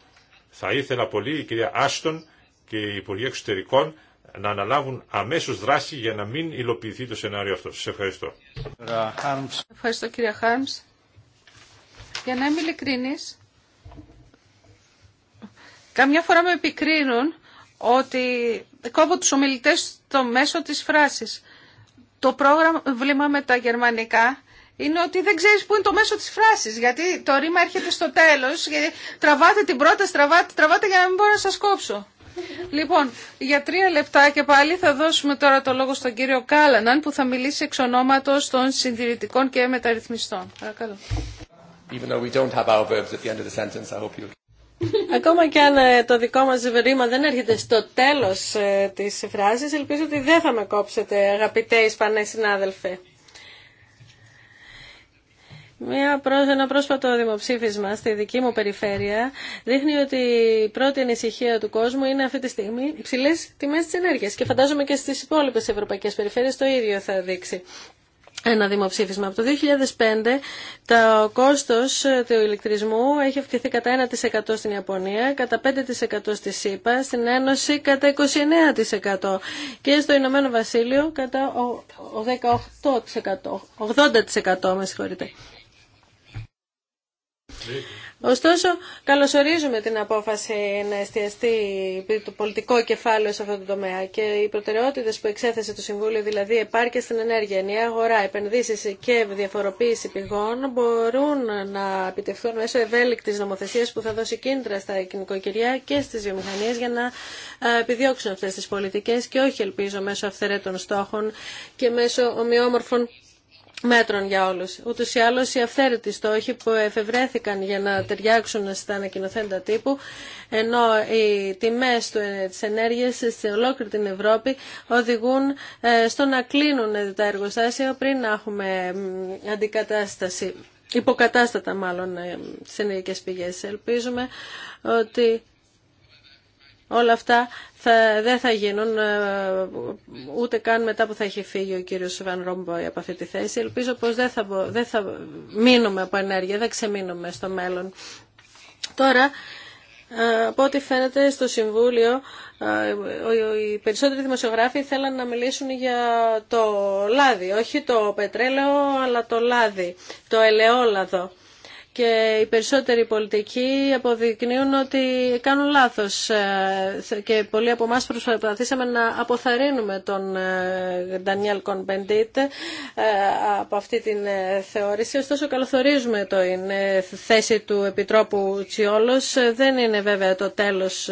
Θα ήθελα πολύ η κυρία Άστον και οι Υπουργοί Εξωτερικών να αναλάβουν αμέσως δράση για να μην υλοποιηθεί το σενάριο αυτό. Σας ευχαριστώ. Ευχαριστώ κυρία Χάρμς. Για να είμαι ειλικρινής, καμιά φορά με επικρίνουν ότι κόβω τους ομιλητές στο μέσο της φράσης. Το πρόβλημα με τα γερμανικά είναι ότι δεν ξέρεις πού είναι το μέσο της φράσης, γιατί το ρήμα έρχεται στο τέλος, γιατί τραβάτε την πρώτη, τραβάτε, τραβάτε για να μην μπορώ να σας κόψω. Λοιπόν, για τρία λεπτά και πάλι θα δώσουμε τώρα το λόγο στον κύριο Κάλαναν που θα μιλήσει εξ ονόματος των συντηρητικών και μεταρρυθμιστών. Παρακαλώ. Even though we don't have our verbs at the end of the sentence, Ακόμα και αν ε, το δικό μας ζευρήμα δεν έρχεται στο τέλος ε, της φράσης, ελπίζω ότι δεν θα με κόψετε, αγαπητέ Ισπανέ συνάδελφε. Μια ένα πρόσφατο δημοψήφισμα στη δική μου περιφέρεια δείχνει ότι η πρώτη ανησυχία του κόσμου είναι αυτή τη στιγμή ψηλές τιμές της ενέργειας Και φαντάζομαι και στις υπόλοιπες ευρωπαϊκές περιφέρειες το ίδιο θα δείξει ένα δημοψήφισμα. Από το 2005 το κόστος ε, του ηλεκτρισμού έχει αυξηθεί κατά 1% στην Ιαπωνία, κατά 5% στη ΣΥΠΑ, στην Ένωση κατά 29% και στο Ηνωμένο Βασίλειο κατά 18%, 80% με συγχωρείτε. Ωστόσο, καλωσορίζουμε την απόφαση να εστιαστεί το πολιτικό κεφάλαιο σε αυτό το τομέα και οι προτεραιότητε που εξέθεσε το Συμβούλιο, δηλαδή επάρκεια στην ενέργεια, ενιαία αγορά, επενδύσει και διαφοροποίηση πηγών, μπορούν να επιτευχθούν μέσω ευέλικτη νομοθεσία που θα δώσει κίνητρα στα κοινικοκυριά και στι βιομηχανίε για να επιδιώξουν αυτέ τι πολιτικέ και όχι, ελπίζω, μέσω αυθαιρέτων στόχων και μέσω ομοιόμορφων μέτρων για όλους. Ούτως ή άλλως οι αυθαίρετοι στόχοι που εφευρέθηκαν για να ταιριάξουν στα ανακοινοθέντα τύπου, ενώ οι τιμές ε, της ενέργειας σε ολόκληρη την Ευρώπη οδηγούν ε, στο να κλείνουν τα εργοστάσια πριν να έχουμε αντικατάσταση, υποκατάστατα μάλλον ε, στις ενεργειακές πηγές. Ελπίζουμε ότι όλα αυτά θα, δεν θα γίνουν ε, ούτε καν μετά που θα έχει φύγει ο κύριος Βαν Ρόμποϊ από αυτή τη θέση. Ελπίζω πως δεν θα, δεν θα μείνουμε από ενέργεια, δεν ξεμείνουμε στο μέλλον. Τώρα, ε, από ό,τι φαίνεται στο Συμβούλιο, ε, οι περισσότεροι δημοσιογράφοι θέλαν να μιλήσουν για το λάδι, όχι το πετρέλαιο, αλλά το λάδι, το ελαιόλαδο και οι περισσότεροι πολιτικοί αποδεικνύουν ότι κάνουν λάθος ε, και πολλοί από εμάς προσπαθήσαμε να αποθαρρύνουμε τον Ντανιέλ ε, Κονπεντίτ από αυτή την ε, θεώρηση. Ωστόσο καλωθορίζουμε το είναι θέση του Επιτρόπου Τσιόλος. Δεν είναι βέβαια το τέλος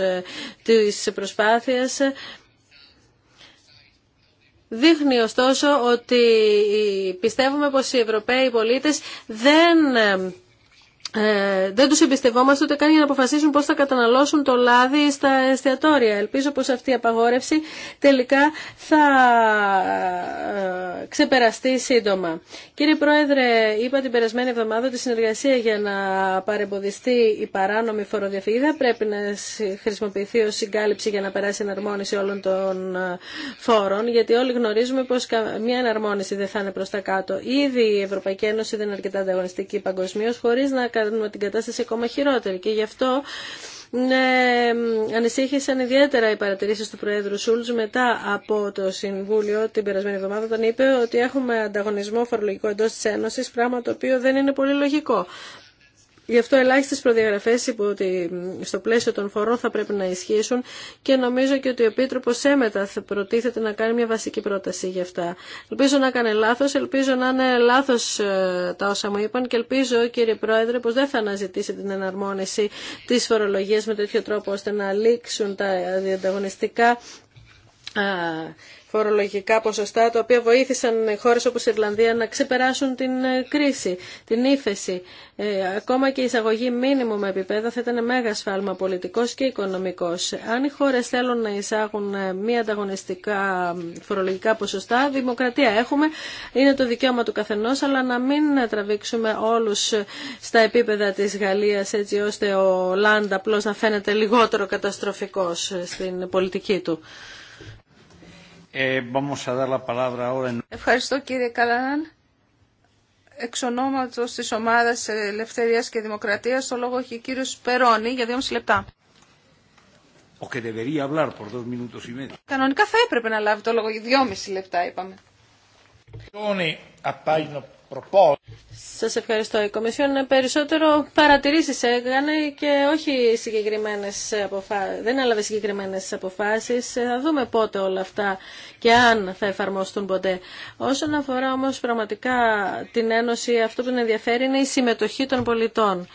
της προσπάθειας. Δείχνει ωστόσο ότι πιστεύουμε πως οι Ευρωπαίοι πολίτες δεν ε, δεν τους εμπιστευόμαστε ούτε καν για να αποφασίσουν πώς θα καταναλώσουν το λάδι στα εστιατόρια. Ελπίζω πως αυτή η απαγόρευση τελικά θα ε, ξεπεραστεί σύντομα. Κύριε Πρόεδρε, είπα την περασμένη εβδομάδα ότι η συνεργασία για να παρεμποδιστεί η παράνομη φοροδιαφυγή θα πρέπει να χρησιμοποιηθεί ως συγκάλυψη για να περάσει εναρμόνιση όλων των ε, φόρων, γιατί όλοι γνωρίζουμε πως μια εναρμόνιση δεν θα είναι προς τα κάτω. Ήδη η Ευρωπαϊκή Ένωση δεν είναι αρκετά ανταγωνιστική παγκοσμίω, χωρίς να κάνουμε την κατάσταση ακόμα χειρότερη. Και γι' αυτό ναι, ανησύχησαν ιδιαίτερα οι παρατηρήσει του Προέδρου Σούλτ μετά από το Συμβούλιο την περασμένη εβδομάδα όταν είπε ότι έχουμε ανταγωνισμό φορολογικό εντό τη Ένωση, πράγμα το οποίο δεν είναι πολύ λογικό. Γι' αυτό ελάχιστε προδιαγραφέ υπό ότι στο πλαίσιο των φορών θα πρέπει να ισχύσουν και νομίζω και ότι ο Επίτροπος έμετα θα προτίθεται να κάνει μια βασική πρόταση γι' αυτά. Ελπίζω να έκανε λάθος, ελπίζω να είναι λάθος ε, τα όσα μου είπαν και ελπίζω κύριε Πρόεδρε πως δεν θα αναζητήσει την εναρμόνιση της φορολογία με τέτοιο τρόπο ώστε να λήξουν τα διανταγωνιστικά φορολογικά ποσοστά τα οποία βοήθησαν χώρες όπως η Ιρλανδία να ξεπεράσουν την ε, κρίση, την ύφεση. Ε, ακόμα και η εισαγωγή μήνυμου με επίπεδα θα ήταν μέγα σφάλμα πολιτικός και οικονομικός. Αν οι χώρες θέλουν να εισάγουν ε, μη ανταγωνιστικά φορολογικά ποσοστά, δημοκρατία έχουμε, είναι το δικαίωμα του καθενός, αλλά να μην τραβήξουμε όλους ε, στα επίπεδα της Γαλλίας έτσι ώστε ο Λάντα απλώς να φαίνεται λιγότερο καταστροφικός στην πολιτική του. Ε, Ευχαριστώ κύριε Καλανάν. Εξ ονόματο της ομάδας Ελευθερία και Δημοκρατία, το λόγο έχει ο κύριο Περόνι για δύο λεπτά. Κανονικά θα έπρεπε να λάβει το λόγο για δυόμιση λεπτά, είπαμε. Σας ευχαριστώ. Η Κομισιόν περισσότερο παρατηρήσεις έκανε και όχι συγκεκριμένες αποφάσεις. Δεν έλαβε συγκεκριμένες αποφάσεις. Θα δούμε πότε όλα αυτά και αν θα εφαρμοστούν ποτέ. Όσον αφορά όμως πραγματικά την Ένωση, αυτό που ενδιαφέρει είναι η συμμετοχή των πολιτών.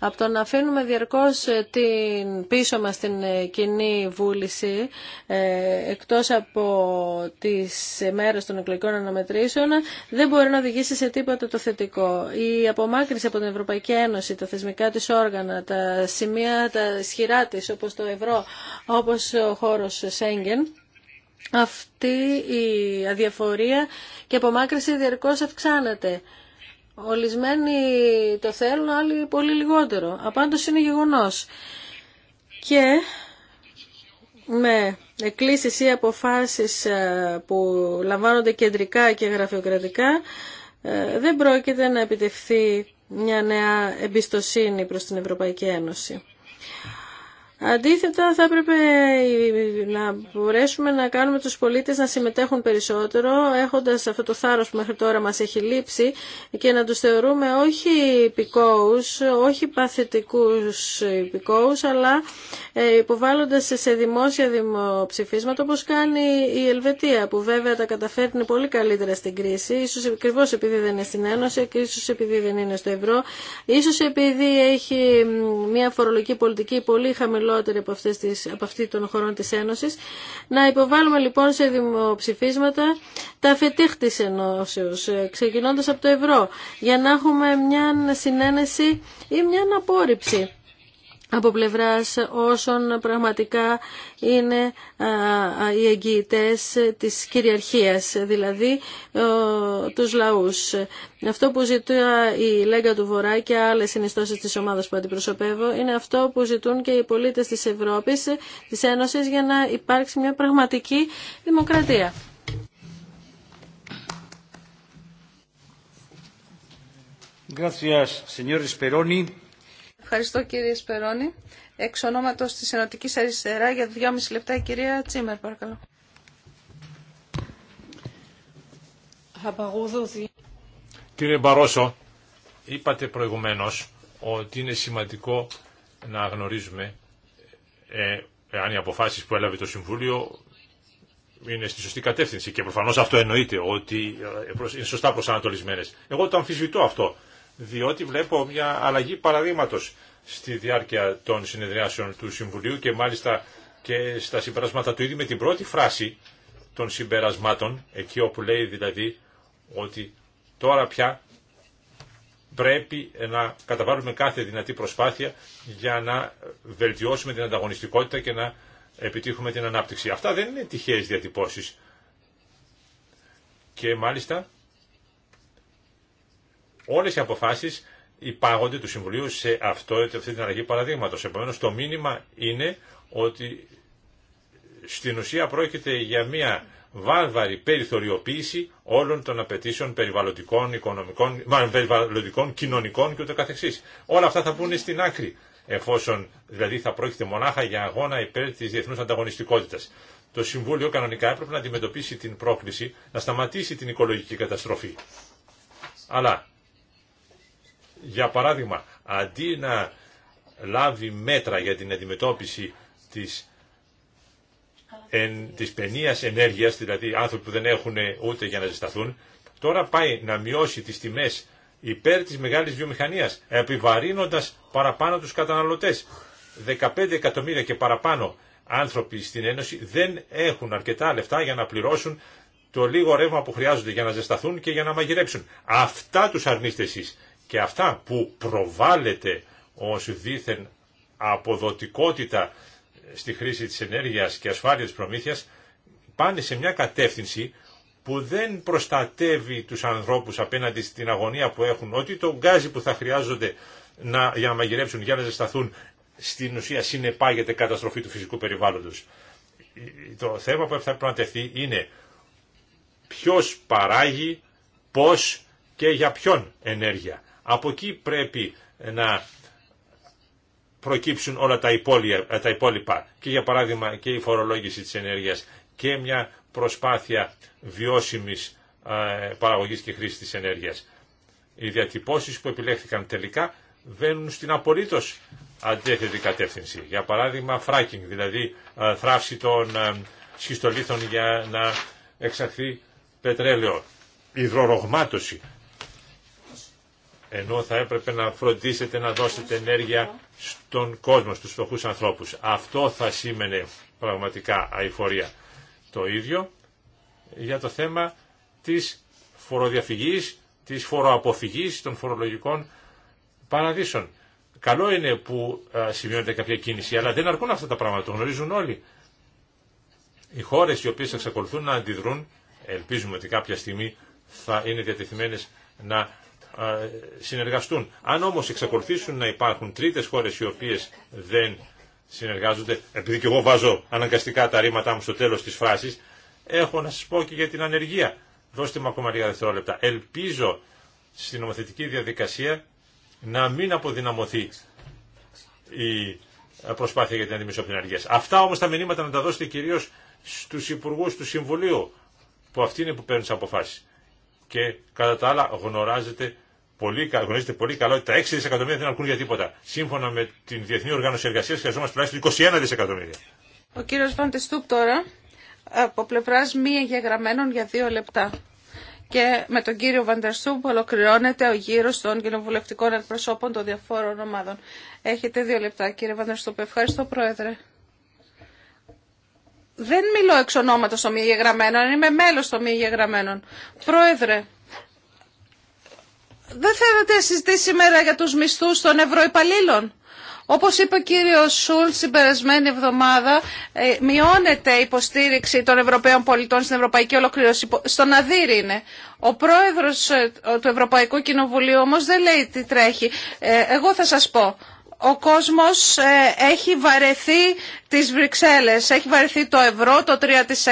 Από το να αφήνουμε διαρκώς ε, την πίσω μας την ε, κοινή βούληση, ε, εκτός από τις μέρες των εκλογικών αναμετρήσεων, δεν μπορεί να οδηγήσει σε τίποτα το θετικό. Η απομάκρυνση από την Ευρωπαϊκή Ένωση, τα θεσμικά της όργανα, τα σημεία τα ισχυρά της, όπως το ευρώ, όπως ο χώρος Σέγγεν, αυτή η αδιαφορία και απομάκρυνση διαρκώς αυξάνεται. Ολισμένοι το θέλουν, άλλοι πολύ λιγότερο. Απάντως είναι γεγονός. Και με εκκλήσεις ή αποφάσεις ε, που λαμβάνονται κεντρικά και γραφειοκρατικά ε, δεν πρόκειται να επιτευχθεί μια νέα εμπιστοσύνη προς την Ευρωπαϊκή Ένωση. Αντίθετα, θα έπρεπε να μπορέσουμε να κάνουμε τους πολίτες να συμμετέχουν περισσότερο, έχοντας αυτό το θάρρος που μέχρι τώρα μας έχει λείψει και να τους θεωρούμε όχι υπηκόους, όχι παθητικούς υπηκόους, αλλά ε, υποβάλλοντας σε δημόσια δημοψηφίσματα, όπως κάνει η Ελβετία, που βέβαια τα καταφέρνει πολύ καλύτερα στην κρίση, ίσως ακριβώ επειδή δεν είναι στην Ένωση, ίσως επειδή δεν είναι στο ευρώ, ίσως επειδή έχει μια φορολογική πολιτική πολύ χαμηλή από, αυτές τις, από αυτή των χωρών της Ένωσης. Να υποβάλουμε λοιπόν σε δημοψηφίσματα τα φετίχ της Ένωσης, ε, ξεκινώντας από το ευρώ, για να έχουμε μια συνένεση ή μια απόρριψη από πλευράς όσων πραγματικά είναι οι εγγυητές της κυριαρχίας, δηλαδή τους λαούς. Αυτό που ζητούν η Λέγκα του Βορρά και άλλες συνιστώσεις της ομάδας που αντιπροσωπεύω είναι αυτό που ζητούν και οι πολίτες της Ευρώπης, της Ένωσης, για να υπάρξει μια πραγματική δημοκρατία. Gracias, señor Speroni. Ευχαριστώ κύριε Σπερώνη. Εξ ονόματος της Ενωτικής Αριστερά για 2,5 λεπτά η κυρία Τσίμερ παρακαλώ. Κύριε Μπαρόσο, είπατε προηγουμένως ότι είναι σημαντικό να γνωρίζουμε ε, η οι αποφάσεις που έλαβε το Συμβούλιο είναι στη σωστή κατεύθυνση και προφανώς αυτό εννοείται ότι είναι σωστά προσανατολισμένες. Εγώ το αμφισβητώ αυτό διότι βλέπω μια αλλαγή παραδείγματος στη διάρκεια των συνεδριάσεων του Συμβουλίου και μάλιστα και στα συμπεράσματα του ήδη με την πρώτη φράση των συμπερασμάτων, εκεί όπου λέει δηλαδή ότι τώρα πια πρέπει να καταβάλουμε κάθε δυνατή προσπάθεια για να βελτιώσουμε την ανταγωνιστικότητα και να επιτύχουμε την ανάπτυξη. Αυτά δεν είναι τυχαίες διατυπώσεις. Και μάλιστα Όλε οι αποφάσει υπάγονται του Συμβουλίου σε αυτό, αυτή την αλλαγή παραδείγματο. Επομένω, το μήνυμα είναι ότι στην ουσία πρόκειται για μια βάρβαρη περιθωριοποίηση όλων των απαιτήσεων περιβαλλοντικών, οικονομικών, περιβαλλοντικών κοινωνικών και Όλα αυτά θα πούνε στην άκρη, εφόσον δηλαδή θα πρόκειται μονάχα για αγώνα υπέρ τη διεθνού ανταγωνιστικότητα. Το Συμβούλιο κανονικά έπρεπε να αντιμετωπίσει την πρόκληση να σταματήσει την οικολογική καταστροφή. Αλλά για παράδειγμα, αντί να λάβει μέτρα για την αντιμετώπιση της, εν, της παινίας ενέργειας, δηλαδή άνθρωποι που δεν έχουν ούτε για να ζεσταθούν, τώρα πάει να μειώσει τις τιμές υπέρ της μεγάλης βιομηχανίας, επιβαρύνοντας παραπάνω τους καταναλωτές. 15 εκατομμύρια και παραπάνω άνθρωποι στην Ένωση δεν έχουν αρκετά λεφτά για να πληρώσουν το λίγο ρεύμα που χρειάζονται για να ζεσταθούν και για να μαγειρέψουν. Αυτά τους αρνείστε εσείς και αυτά που προβάλλεται ως δίθεν αποδοτικότητα στη χρήση της ενέργειας και ασφάλεια της προμήθειας πάνε σε μια κατεύθυνση που δεν προστατεύει τους ανθρώπους απέναντι στην αγωνία που έχουν ότι το γκάζι που θα χρειάζονται να, για να μαγειρέψουν, για να ζεσταθούν στην ουσία συνεπάγεται καταστροφή του φυσικού περιβάλλοντος. Το θέμα που θα πρέπει είναι ποιος παράγει, πώς και για ποιον ενέργεια. Από εκεί πρέπει να προκύψουν όλα τα υπόλοιπα και για παράδειγμα και η φορολόγηση της ενέργειας και μια προσπάθεια βιώσιμης παραγωγής και χρήσης της ενέργειας. Οι διατυπώσεις που επιλέχθηκαν τελικά βαίνουν στην απολύτως αντίθετη κατεύθυνση. Για παράδειγμα fracking, δηλαδή θράψη των σχιστολίθων για να εξαχθεί πετρέλαιο, υδρορογμάτωση ενώ θα έπρεπε να φροντίσετε να δώσετε ενέργεια στον κόσμο, στους φτωχούς ανθρώπους. Αυτό θα σήμαινε πραγματικά αηφορία. Το ίδιο για το θέμα της φοροδιαφυγής, της φοροαποφυγής των φορολογικών παραδείσων. Καλό είναι που σημειώνεται κάποια κίνηση, αλλά δεν αρκούν αυτά τα πράγματα, το γνωρίζουν όλοι. Οι χώρες οι οποίες εξακολουθούν να αντιδρούν, ελπίζουμε ότι κάποια στιγμή θα είναι διατεθειμένες να συνεργαστούν. Αν όμως εξακολουθήσουν να υπάρχουν τρίτες χώρες οι οποίες δεν συνεργάζονται, επειδή και εγώ βάζω αναγκαστικά τα ρήματά μου στο τέλος της φράσης, έχω να σας πω και για την ανεργία. Δώστε μου ακόμα λίγα δευτερόλεπτα. Ελπίζω στην νομοθετική διαδικασία να μην αποδυναμωθεί η προσπάθεια για την αντιμετώπιση ανεργίας. Αυτά όμως τα μηνύματα να τα δώσετε κυρίως στους υπουργούς του Συμβουλίου, που αυτοί είναι που παίρνουν τις αποφάσεις. Και κατά τα άλλα γνωράζετε πολύ, γνωρίζετε πολύ καλό ότι τα 6 δισεκατομμύρια δεν αρκούν για τίποτα. Σύμφωνα με την Διεθνή Οργάνωση Εργασία χρειαζόμαστε τουλάχιστον 21 δισεκατομμύρια. Ο κύριο Βαντεστούπ τώρα από πλευρά μη εγγεγραμμένων για δύο λεπτά. Και με τον κύριο Βαντεστούπ ολοκληρώνεται ο γύρος των κοινοβουλευτικών εκπροσώπων των διαφόρων ομάδων. Έχετε δύο λεπτά κύριε Βαντεστούπ. Ευχαριστώ πρόεδρε. Δεν μιλώ εξ ονόματος των μη εγγεγραμμένων, είμαι μέλο των μη εγγεγραμμένων. Πρόεδρε, δεν θέλετε να σήμερα για τους μισθούς των ευρωϊπαλλήλων. Όπως είπε ο κύριος Σούλτ την περασμένη εβδομάδα, ε, μειώνεται η υποστήριξη των Ευρωπαίων πολιτών στην Ευρωπαϊκή Ολοκλήρωση. Στον Αδύρι είναι. Ο πρόεδρος ε, του Ευρωπαϊκού Κοινοβουλίου όμως δεν λέει τι τρέχει. Ε, εγώ θα σας πω ο κόσμος ε, έχει βαρεθεί τις Βρυξέλλες, έχει βαρεθεί το ευρώ, το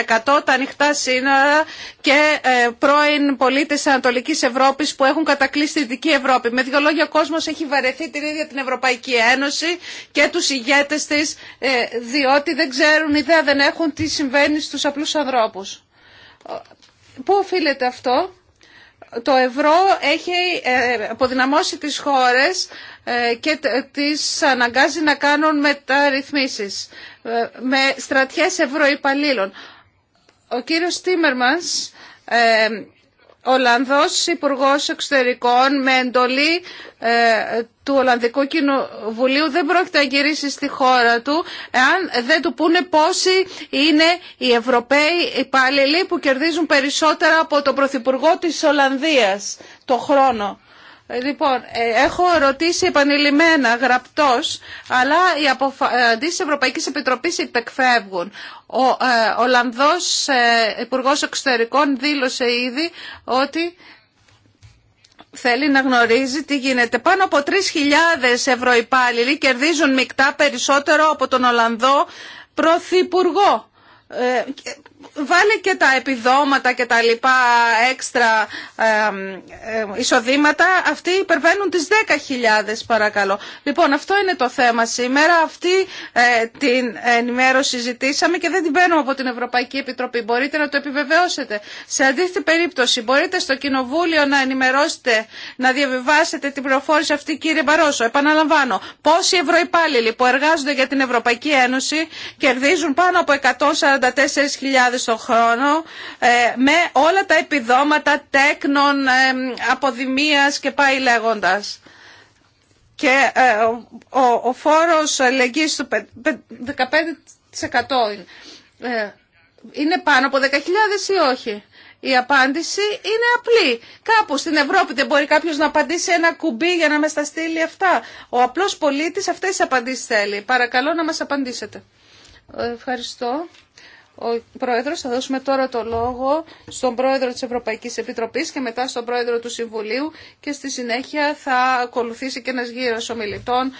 3%, τα ανοιχτά σύνορα και ε, πρώην πολίτες Ανατολικής Ευρώπης που έχουν κατακλείσει τη Δυτική Ευρώπη. Με δύο λόγια ο κόσμος έχει βαρεθεί την ίδια την Ευρωπαϊκή Ένωση και τους ηγέτες της, ε, διότι δεν ξέρουν ιδέα, δεν έχουν τι συμβαίνει στους απλούς ανθρώπους. Πού οφείλεται αυτό? το ευρώ έχει ε, αποδυναμώσει τις χώρες ε, και τις αναγκάζει να κάνουν μεταρρυθμίσεις ε, με στρατιές ευρωϊπαλλήλων. Ο κύριος Τίμερμανς Ολλανδός Υπουργός Εξωτερικών με εντολή ε, του Ολλανδικού Κοινοβουλίου δεν πρόκειται να γυρίσει στη χώρα του εάν δεν του πούνε πόσοι είναι οι Ευρωπαίοι υπάλληλοι που κερδίζουν περισσότερα από τον Πρωθυπουργό της Ολλανδίας το χρόνο. Λοιπόν, ε, έχω ρωτήσει επανειλημμένα, γραπτός, αλλά οι ε, της Ευρωπαϊκής Επιτροπής υπεκφεύγουν. Ο ε, Ολλανδός ε, Εξωτερικών δήλωσε ήδη ότι θέλει να γνωρίζει τι γίνεται. Πάνω από 3.000 ευρωϋπάλληλοι κερδίζουν μεικτά περισσότερο από τον Ολλανδό Πρωθυπουργό βάλε και τα επιδόματα και τα λοιπά έξτρα ε, ε, εισοδήματα, αυτοί υπερβαίνουν τις 10.000 παρακαλώ. Λοιπόν, αυτό είναι το θέμα σήμερα. Αυτή ε, την ενημέρωση ζητήσαμε και δεν την παίρνουμε από την Ευρωπαϊκή Επιτροπή. Μπορείτε να το επιβεβαιώσετε. Σε αντίθετη περίπτωση, μπορείτε στο Κοινοβούλιο να ενημερώσετε, να διαβιβάσετε την πληροφόρηση αυτή, κύριε Μπαρόσο. Επαναλαμβάνω, πόσοι ευρωϊπάλληλοι που εργάζονται για την Ευρωπαϊκή Ένωση κερδίζουν πάνω από 144.000 στο χρόνο ε, με όλα τα επιδόματα τέκνων, ε, αποδημίας και πάει λέγοντας. Και ε, ο, ο φόρος ελεγγύης του 15% είναι. πάνω από 10.000 ή όχι. Η απάντηση είναι απλή. Κάπου στην Ευρώπη δεν μπορεί κάποιος να απαντήσει ένα κουμπί για να μας τα στείλει αυτά. Ο απλός πολίτης αυτέ τις απαντήσει θέλει. Παρακαλώ να μας απαντήσετε. Ευχαριστώ ο Πρόεδρος. Θα δώσουμε τώρα το λόγο στον Πρόεδρο της Ευρωπαϊκής Επιτροπής και μετά στον Πρόεδρο του Συμβουλίου και στη συνέχεια θα ακολουθήσει και ένας γύρος ομιλητών,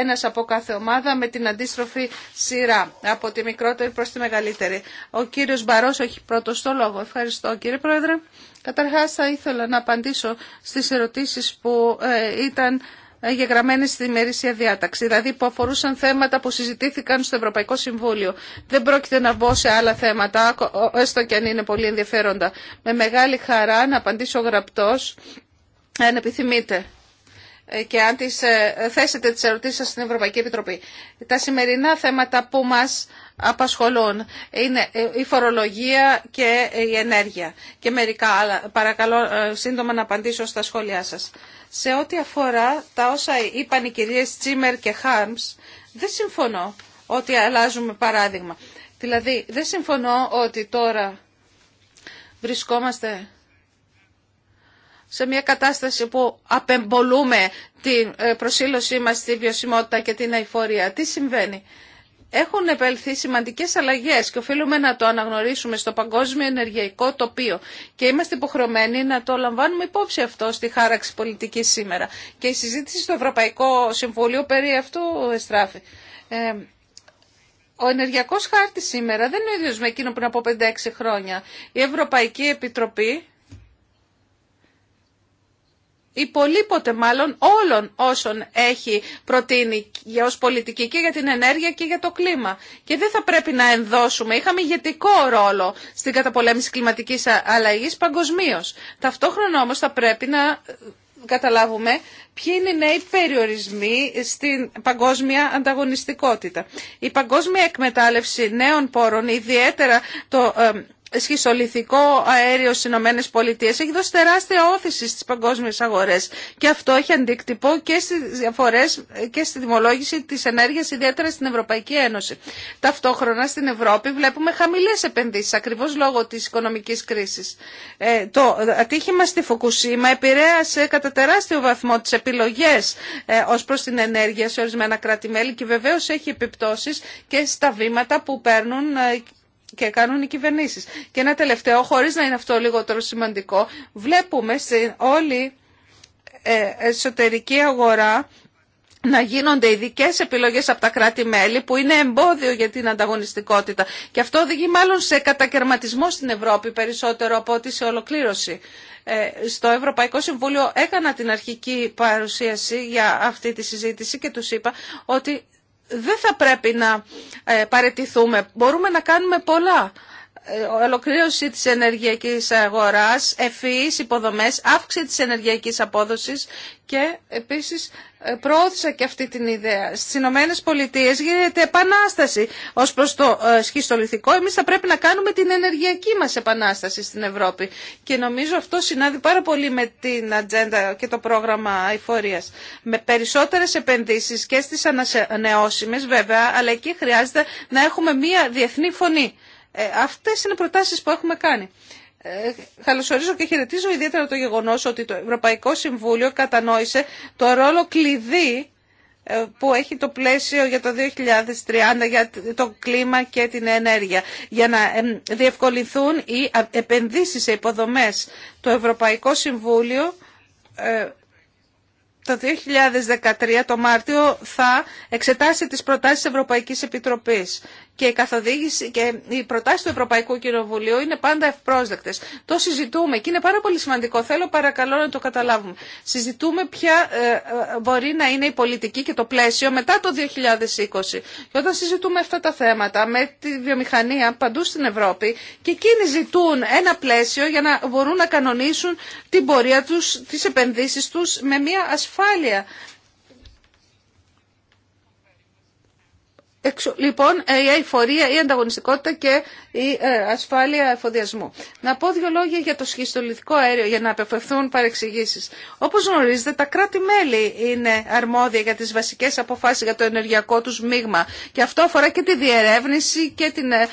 ένας από κάθε ομάδα με την αντίστροφη σειρά από τη μικρότερη προς τη μεγαλύτερη. Ο κύριος Μπαρός έχει πρώτο το λόγο. Ευχαριστώ κύριε Πρόεδρε. Καταρχάς θα ήθελα να απαντήσω στις ερωτήσεις που ε, ήταν εγγεγραμμένε στη μερίσια διάταξη, δηλαδή που αφορούσαν θέματα που συζητήθηκαν στο Ευρωπαϊκό Συμβούλιο. Δεν πρόκειται να μπω σε άλλα θέματα, έστω και αν είναι πολύ ενδιαφέροντα. Με μεγάλη χαρά να απαντήσω γραπτό αν επιθυμείτε ε, και αν τις ε, θέσετε τις ερωτήσεις σας στην Ευρωπαϊκή Επιτροπή. Τα σημερινά θέματα που μας απασχολούν. Είναι η φορολογία και η ενέργεια. Και μερικά άλλα. Παρακαλώ ε, σύντομα να απαντήσω στα σχόλιά σας. Σε ό,τι αφορά τα όσα είπαν οι κυρίες Τσίμερ και Χάρμς, δεν συμφωνώ ότι αλλάζουμε παράδειγμα. Δηλαδή, δεν συμφωνώ ότι τώρα βρισκόμαστε σε μια κατάσταση που απεμπολούμε την ε, προσήλωσή μας στη βιωσιμότητα και την αηφορία. Τι συμβαίνει έχουν επέλθει σημαντικές αλλαγέ και οφείλουμε να το αναγνωρίσουμε στο παγκόσμιο ενεργειακό τοπίο και είμαστε υποχρεωμένοι να το λαμβάνουμε υπόψη αυτό στη χάραξη πολιτικής σήμερα. Και η συζήτηση στο Ευρωπαϊκό Συμβούλιο περί αυτού εστράφει. Ε, ο ενεργειακό χάρτη σήμερα δεν είναι ο ίδιο με εκείνο πριν από 5-6 χρόνια. Η Ευρωπαϊκή Επιτροπή υπολείποτε μάλλον όλων όσων έχει προτείνει για ως πολιτική και για την ενέργεια και για το κλίμα. Και δεν θα πρέπει να ενδώσουμε. Είχαμε ηγετικό ρόλο στην καταπολέμηση κλιματικής αλλαγής παγκοσμίω. Ταυτόχρονα όμως θα πρέπει να ε, καταλάβουμε ποιοι είναι οι νέοι περιορισμοί στην παγκόσμια ανταγωνιστικότητα. Η παγκόσμια εκμετάλλευση νέων πόρων, ιδιαίτερα το ε, σχισολιθικό αέριο στι Ηνωμένε Πολιτείε έχει δώσει τεράστια όθηση στι παγκόσμιε αγορέ. Και αυτό έχει αντίκτυπο και στι διαφορέ και στη δημολόγηση τη ενέργεια, ιδιαίτερα στην Ευρωπαϊκή Ένωση. Ταυτόχρονα στην Ευρώπη βλέπουμε χαμηλέ επενδύσει, ακριβώ λόγω τη οικονομική κρίση. Ε, το ατύχημα στη Φουκουσίμα επηρέασε κατά τεράστιο βαθμό τι επιλογέ ε, ω προ την ενέργεια σε ορισμένα κράτη-μέλη και βεβαίω έχει επιπτώσει και στα βήματα που παίρνουν ε, και κάνουν οι κυβερνήσεις. Και ένα τελευταίο, χωρίς να είναι αυτό λιγότερο σημαντικό, βλέπουμε στην όλη ε, εσωτερική αγορά να γίνονται ειδικέ επιλογές από τα κράτη-μέλη που είναι εμπόδιο για την ανταγωνιστικότητα. Και αυτό οδηγεί μάλλον σε κατακαιρματισμό στην Ευρώπη περισσότερο από ότι σε ολοκλήρωση. Ε, στο Ευρωπαϊκό Συμβούλιο έκανα την αρχική παρουσίαση για αυτή τη συζήτηση και τους είπα ότι δεν θα πρέπει να ε, παρετηθούμε. Μπορούμε να κάνουμε πολλά. Ε, ολοκλήρωση της ενεργειακής αγοράς, ευφυείς υποδομές, αύξηση της ενεργειακής απόδοσης και επίσης ε, προώθησα και αυτή την ιδέα. Στις Ηνωμένε Πολιτείες γίνεται επανάσταση ως προς το ε, σχιστολιθικό. Εμείς θα πρέπει να κάνουμε την ενεργειακή μας επανάσταση στην Ευρώπη. Και νομίζω αυτό συνάδει πάρα πολύ με την ατζέντα και το πρόγραμμα αηφορίας. Με περισσότερες επενδύσεις και στις ανανεώσιμες βέβαια, αλλά εκεί χρειάζεται να έχουμε μία διεθνή φωνή. Ε, αυτές είναι προτάσεις που έχουμε κάνει. Ε, καλωσορίζω και χαιρετίζω ιδιαίτερα το γεγονός ότι το Ευρωπαϊκό Συμβούλιο κατανόησε το ρόλο κλειδί ε, που έχει το πλαίσιο για το 2030 για το κλίμα και την ενέργεια για να διευκολυνθούν οι επενδύσεις σε υποδομές. Το Ευρωπαϊκό Συμβούλιο το 2013 το Μάρτιο θα εξετάσει τις προτάσεις Ευρωπαϊκής Επιτροπής και καθοδήγηση και οι προτάσει του Ευρωπαϊκού Κοινοβουλίου είναι πάντα ευπρόσδεκτε. Το συζητούμε και είναι πάρα πολύ σημαντικό. Θέλω παρακαλώ να το καταλάβουμε. Συζητούμε ποια ε, ε, μπορεί να είναι η πολιτική και το πλαίσιο μετά το 2020. Και όταν συζητούμε αυτά τα θέματα με τη βιομηχανία παντού στην Ευρώπη και εκείνοι ζητούν ένα πλαίσιο για να μπορούν να κανονίσουν την πορεία του, τι επενδύσει του με μια ασφάλεια Εξου, λοιπόν, ε, η αηφορία, η ανταγωνιστικότητα και η ε, ασφάλεια εφοδιασμού. Να πω δύο λόγια για το σχιστολιθικό αέριο για να απευθευθούν παρεξηγήσεις. Όπω γνωρίζετε, τα κράτη-μέλη είναι αρμόδια για τι βασικέ αποφάσει για το ενεργειακό του μείγμα και αυτό αφορά και τη διερεύνηση και την ε,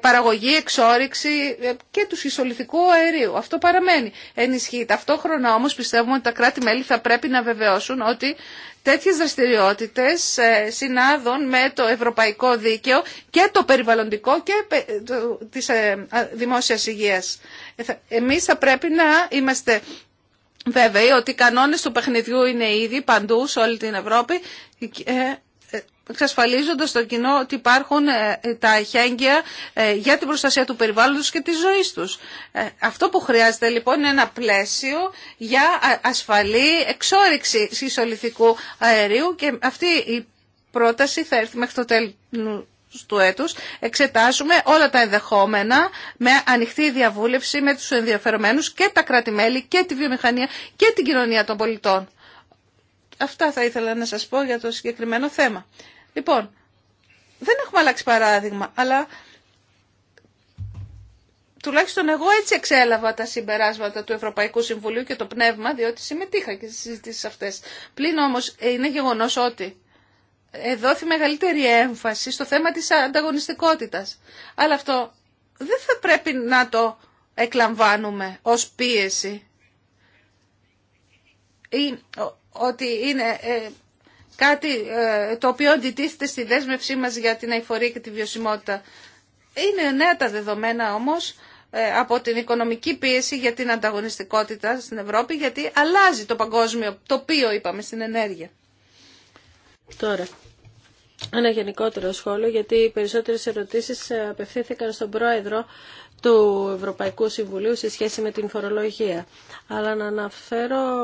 παραγωγή, εξόριξη και του σχιστολιθικού αερίου. Αυτό παραμένει ενισχύει. Ταυτόχρονα όμω, πιστεύουμε ότι τα κράτη-μέλη θα πρέπει να βεβαιώσουν ότι τέτοιες δραστηριότητες ε, συνάδων με το ευρωπαϊκό δίκαιο και το περιβαλλοντικό και της ε, δημόσιας υγείας. Ε, εμείς θα πρέπει να είμαστε βέβαιοι ότι οι κανόνες του παιχνιδιού είναι ήδη παντού σε όλη την Ευρώπη εξασφαλίζοντας στο κοινό ότι υπάρχουν ε, τα ε, για την προστασία του περιβάλλοντος και της ζωής τους. Ε, αυτό που χρειάζεται λοιπόν είναι ένα πλαίσιο για ασφαλή εξόριξη συσσωληθικού αερίου και αυτή η πρόταση θα έρθει μέχρι το τέλος του έτους εξετάζουμε όλα τα ενδεχόμενα με ανοιχτή διαβούλευση με τους ενδιαφερομένους και τα κρατη και τη βιομηχανία και την κοινωνία των πολιτών. Αυτά θα ήθελα να σας πω για το συγκεκριμένο θέμα. Λοιπόν, δεν έχουμε αλλάξει παράδειγμα, αλλά τουλάχιστον εγώ έτσι εξέλαβα τα συμπεράσματα του Ευρωπαϊκού Συμβουλίου και το πνεύμα, διότι συμμετείχα και στις συζητήσεις αυτές. Πλην όμως ε, είναι γεγονός ότι δόθη μεγαλύτερη έμφαση στο θέμα της ανταγωνιστικότητας. Αλλά αυτό δεν θα πρέπει να το εκλαμβάνουμε ως πίεση. Ή ότι είναι ε, κάτι ε, το οποίο αντιτίθεται στη δέσμευσή μας για την αηφορία και τη βιωσιμότητα. Είναι νέα τα δεδομένα όμως ε, από την οικονομική πίεση για την ανταγωνιστικότητα στην Ευρώπη, γιατί αλλάζει το παγκόσμιο τοπίο, είπαμε, στην ενέργεια. Τώρα, ένα γενικότερο σχόλιο, γιατί οι περισσότερες ερωτήσεις ε, απευθύνθηκαν στον πρόεδρο του Ευρωπαϊκού Συμβουλίου σε σχέση με την φορολογία. Αλλά να αναφέρω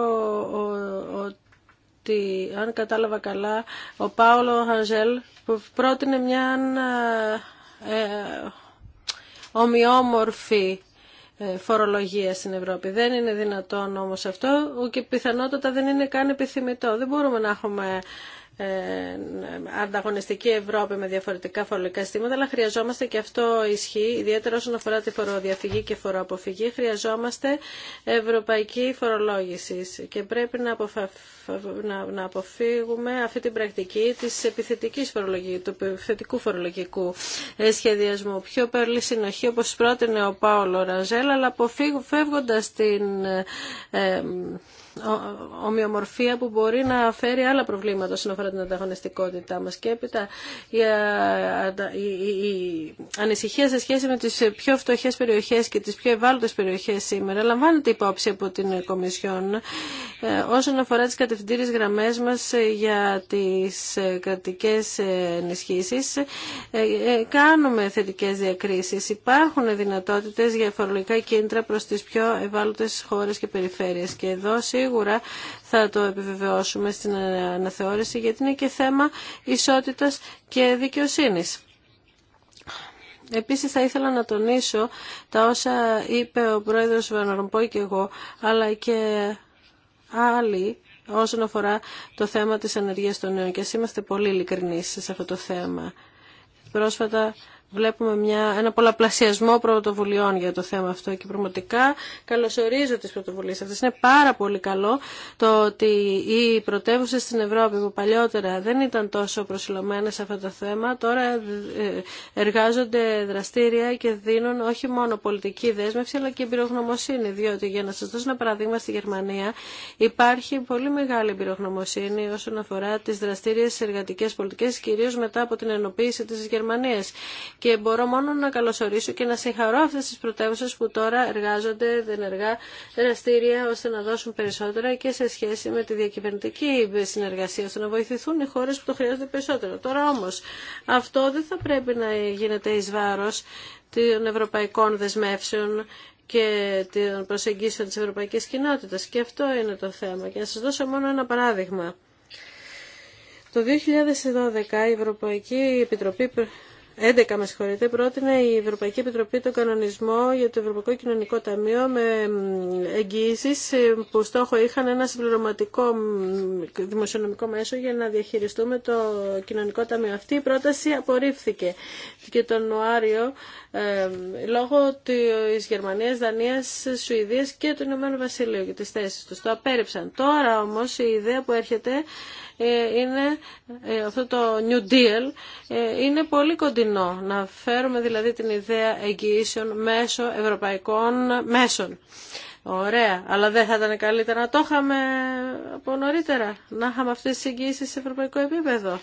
αν κατάλαβα καλά ο Πάολο Χαζέλ πρότεινε μια ε, ομοιόμορφη ε, φορολογία στην Ευρώπη. Δεν είναι δυνατόν όμως αυτό και πιθανότατα δεν είναι καν επιθυμητό. Δεν μπορούμε να έχουμε ε, ανταγωνιστική Ευρώπη με διαφορετικά φορολογικά συστήματα, αλλά χρειαζόμαστε και αυτό ισχύει, ιδιαίτερα όσον αφορά τη φοροδιαφυγή και φοροαποφυγή, χρειαζόμαστε ευρωπαϊκή φορολόγηση και πρέπει να, να αποφύγουμε αυτή την πρακτική της επιθετικής φορολογικής, του επιθετικού φορολογικού ε, σχεδιασμού. Πιο πολύ συνοχή, όπως πρότεινε ο Πάολο Ραζέλ, αλλά φεύγοντας την ε, ομοιομορφία που μπορεί να φέρει άλλα προβλήματα όσον αφορά την ανταγωνιστικότητά μας. Και έπειτα η, ανησυχία σε σχέση με τις πιο φτωχές περιοχές και τις πιο ευάλωτες περιοχές σήμερα λαμβάνεται υπόψη από την Κομισιόν ε, όσον αφορά τις κατευθυντήριες γραμμές μας για τις ε, κρατικές ενισχύσεις. Ε, κάνουμε θετικές διακρίσεις. Υπάρχουν δυνατότητες για φορολογικά κίνητρα προς τις πιο ευάλωτες χώρες και περιφέρειες. Και εδώ σίγουρα θα το επιβεβαιώσουμε στην αναθεώρηση γιατί είναι και θέμα ισότητας και δικαιοσύνης. Επίσης θα ήθελα να τονίσω τα όσα είπε ο πρόεδρος Βαναρομπόη και εγώ, αλλά και άλλοι όσον αφορά το θέμα της ανεργίας των νέων. Και είμαστε πολύ ειλικρινείς σε αυτό το θέμα. Πρόσφατα βλέπουμε μια, ένα πολλαπλασιασμό πρωτοβουλειών για το θέμα αυτό και πραγματικά καλωσορίζω τις πρωτοβουλίες αυτές. Είναι πάρα πολύ καλό το ότι οι πρωτεύουσε στην Ευρώπη που παλιότερα δεν ήταν τόσο προσιλωμένες σε αυτό το θέμα, τώρα ε, εργάζονται δραστήρια και δίνουν όχι μόνο πολιτική δέσμευση αλλά και εμπειρογνωμοσύνη, διότι για να σας δώσω ένα παραδείγμα στη Γερμανία υπάρχει πολύ μεγάλη εμπειρογνωμοσύνη όσον αφορά τις δραστήριες εργατικές πολιτικές, κυρίως μετά από την ενοποίηση της Γερμανίας. Και μπορώ μόνο να καλωσορίσω και να συγχαρώ αυτές τις πρωτεύουσε που τώρα εργάζονται ενεργά δραστήρια ώστε να δώσουν περισσότερα και σε σχέση με τη διακυβερνητική συνεργασία ώστε να βοηθηθούν οι χώρες που το χρειάζονται περισσότερο. Τώρα όμως αυτό δεν θα πρέπει να γίνεται εις βάρος των ευρωπαϊκών δεσμεύσεων και των προσεγγίσεων της ευρωπαϊκής κοινότητας. Και αυτό είναι το θέμα. Και να σας δώσω μόνο ένα παράδειγμα. Το 2012 η Ευρωπαϊκή Επιτροπή 11 με συγχωρείτε, πρότεινε η Ευρωπαϊκή Επιτροπή τον κανονισμό για το Ευρωπαϊκό Κοινωνικό Ταμείο με εγγυήσει ε, που στόχο είχαν ένα συμπληρωματικό δημοσιονομικό μέσο για να διαχειριστούμε το κοινωνικό ταμείο. Αυτή η πρόταση απορρίφθηκε και τον Νοάριο ε, λόγω τη Γερμανία, Δανία, Σουηδία και του Ηνωμένου Βασιλείου για τις θέσεις του. Το απέρριψαν. Τώρα όμω η ιδέα που έρχεται ε, είναι ε, αυτό το New Deal ε, είναι πολύ κοντινό να φέρουμε δηλαδή την ιδέα εγγυήσεων μέσω ευρωπαϊκών μέσων. Ωραία, αλλά δεν θα ήταν καλύτερα να το είχαμε από νωρίτερα, να είχαμε αυτές τις εγγυήσεις σε ευρωπαϊκό επίπεδο.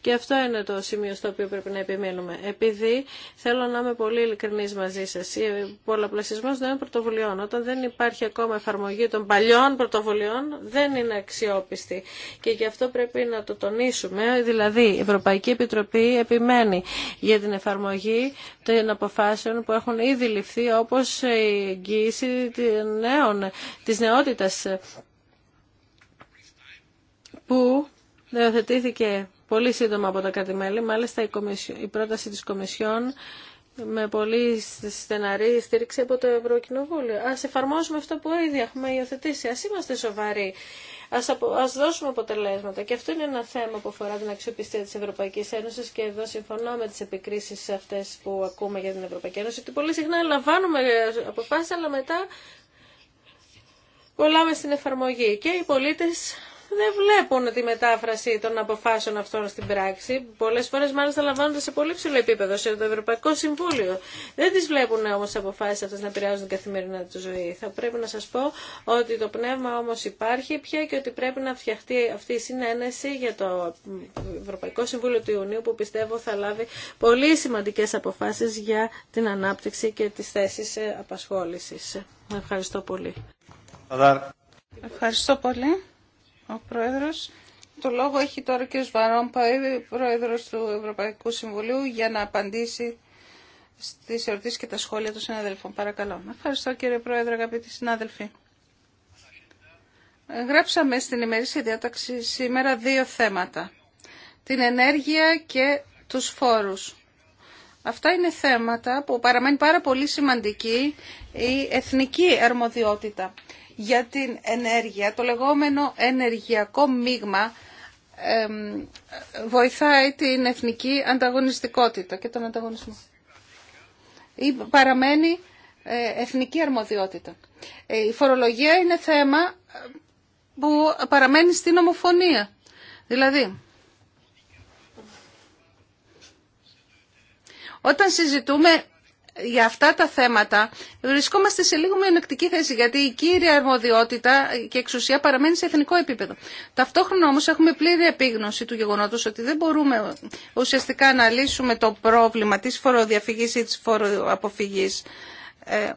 Και αυτό είναι το σημείο στο οποίο πρέπει να επιμείνουμε. Επειδή θέλω να είμαι πολύ ειλικρινή μαζί σα, ο πολλαπλασιασμό νέων πρωτοβουλειών, όταν δεν υπάρχει ακόμα εφαρμογή των παλιών πρωτοβουλειών, δεν είναι αξιόπιστη. Και γι' αυτό πρέπει να το τονίσουμε. Δηλαδή, η Ευρωπαϊκή Επιτροπή επιμένει για την εφαρμογή των αποφάσεων που έχουν ήδη ληφθεί, όπω η εγγύηση τη της που διοθετήθηκε ε, πολύ σύντομα από τα κράτη-μέλη. Μάλιστα η πρόταση της Κομισιόν με πολύ στεναρή στήριξη από το Ευρωκοινοβούλιο. Ας εφαρμόσουμε αυτό που ήδη έχουμε υιοθετήσει. Ας είμαστε σοβαροί. Ας, ας δώσουμε αποτελέσματα. Και αυτό είναι ένα θέμα που αφορά την αξιοπιστία της Ευρωπαϊκής Ένωσης και εδώ συμφωνώ με τις επικρίσεις αυτές που ακούμε για την Ευρωπαϊκή Ένωση ότι πολύ συχνά λαμβάνουμε αποφάσεις αλλά μετά κολλάμε στην εφαρμογή. Και οι πολίτες δεν βλέπουν τη μετάφραση των αποφάσεων αυτών στην πράξη. Πολλές φορές μάλιστα λαμβάνονται σε πολύ ψηλό επίπεδο, σε το Ευρωπαϊκό Συμβούλιο. Δεν τις βλέπουν όμως αποφάσεις αυτές να επηρεάζουν την καθημερινά του ζωή. Θα πρέπει να σας πω ότι το πνεύμα όμως υπάρχει πια και ότι πρέπει να φτιαχτεί αυτή η συνένεση για το Ευρωπαϊκό Συμβούλιο του Ιουνίου που πιστεύω θα λάβει πολύ σημαντικές αποφάσεις για την ανάπτυξη και τις θέσεις απασχόλησης. Ευχαριστώ πολύ. Ευχαριστώ πολύ ο Πρόεδρος. Το λόγο έχει τώρα ο κ. Βαρόν Πρόεδρος του Ευρωπαϊκού Συμβουλίου, για να απαντήσει στις ερωτήσεις και τα σχόλια των συναδέλφων. Παρακαλώ. Ευχαριστώ κύριε Πρόεδρε, αγαπητοί συνάδελφοι. Γράψαμε στην ημερήσια διάταξη σήμερα δύο θέματα. Την ενέργεια και τους φόρους. Αυτά είναι θέματα που παραμένει πάρα πολύ σημαντική η εθνική αρμοδιότητα για την ενέργεια, το λεγόμενο ενεργειακό μείγμα βοηθάει την εθνική ανταγωνιστικότητα και τον ανταγωνισμό. Ή παραμένει ε, εθνική αρμοδιότητα. Ε, η φορολογία είναι θέμα ε, που παραμένει στην ομοφωνία. Δηλαδή, όταν συζητούμε για αυτά τα θέματα βρισκόμαστε σε λίγο μειονεκτική θέση γιατί η κύρια αρμοδιότητα και εξουσία παραμένει σε εθνικό επίπεδο. Ταυτόχρονα όμως έχουμε πλήρη επίγνωση του γεγονότος ότι δεν μπορούμε ουσιαστικά να λύσουμε το πρόβλημα της φοροδιαφυγής ή της φοροαποφυγής. Ε,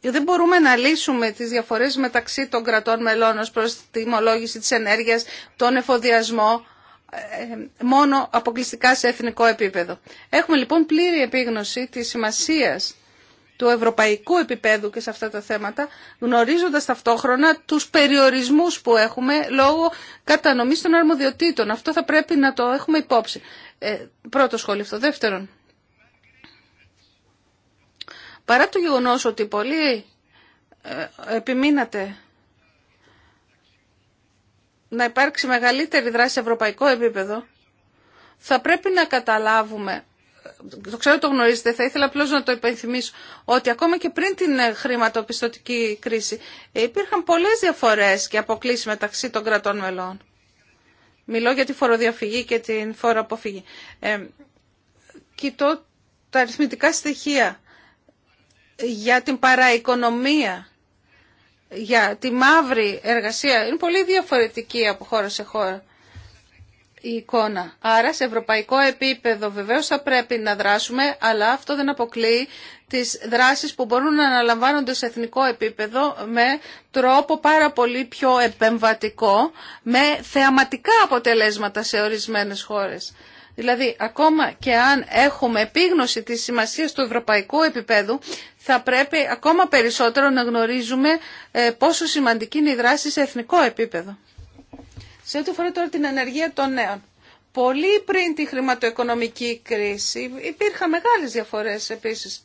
δεν μπορούμε να λύσουμε τις διαφορές μεταξύ των κρατών μελών ως προς τη τιμολόγηση της ενέργειας, τον εφοδιασμό ε, μόνο αποκλειστικά σε εθνικό επίπεδο. Έχουμε λοιπόν πλήρη επίγνωση της σημασίας του ευρωπαϊκού επίπεδου και σε αυτά τα θέματα, γνωρίζοντας ταυτόχρονα τους περιορισμούς που έχουμε λόγω κατανομής των αρμοδιοτήτων. Αυτό θα πρέπει να το έχουμε υπόψη. Ε, πρώτο σχόλιο αυτό. Δεύτερον, παρά το γεγονός ότι πολλοί ε, επιμείνατε να υπάρξει μεγαλύτερη δράση σε ευρωπαϊκό επίπεδο, θα πρέπει να καταλάβουμε, το ξέρω το γνωρίζετε, θα ήθελα απλώς να το υπενθυμίσω, ότι ακόμα και πριν την ε, χρηματοπιστωτική κρίση υπήρχαν πολλές διαφορές και αποκλήσεις μεταξύ των κρατών μελών. Μιλώ για τη φοροδιαφυγή και την φοροαποφυγή. Ε, κοιτώ τα αριθμητικά στοιχεία για την παραοικονομία για τη μαύρη εργασία είναι πολύ διαφορετική από χώρα σε χώρα η εικόνα. Άρα σε ευρωπαϊκό επίπεδο βεβαίως θα πρέπει να δράσουμε, αλλά αυτό δεν αποκλείει τις δράσεις που μπορούν να αναλαμβάνονται σε εθνικό επίπεδο με τρόπο πάρα πολύ πιο επεμβατικό, με θεαματικά αποτελέσματα σε ορισμένες χώρες. Δηλαδή, ακόμα και αν έχουμε επίγνωση της σημασίας του ευρωπαϊκού επίπεδου, θα πρέπει ακόμα περισσότερο να γνωρίζουμε ε, πόσο σημαντική είναι η δράση σε εθνικό επίπεδο. Σε ό,τι αφορά τώρα την ενέργεια των νέων. Πολύ πριν τη χρηματοοικονομική κρίση υπήρχαν μεγάλες διαφορές επίσης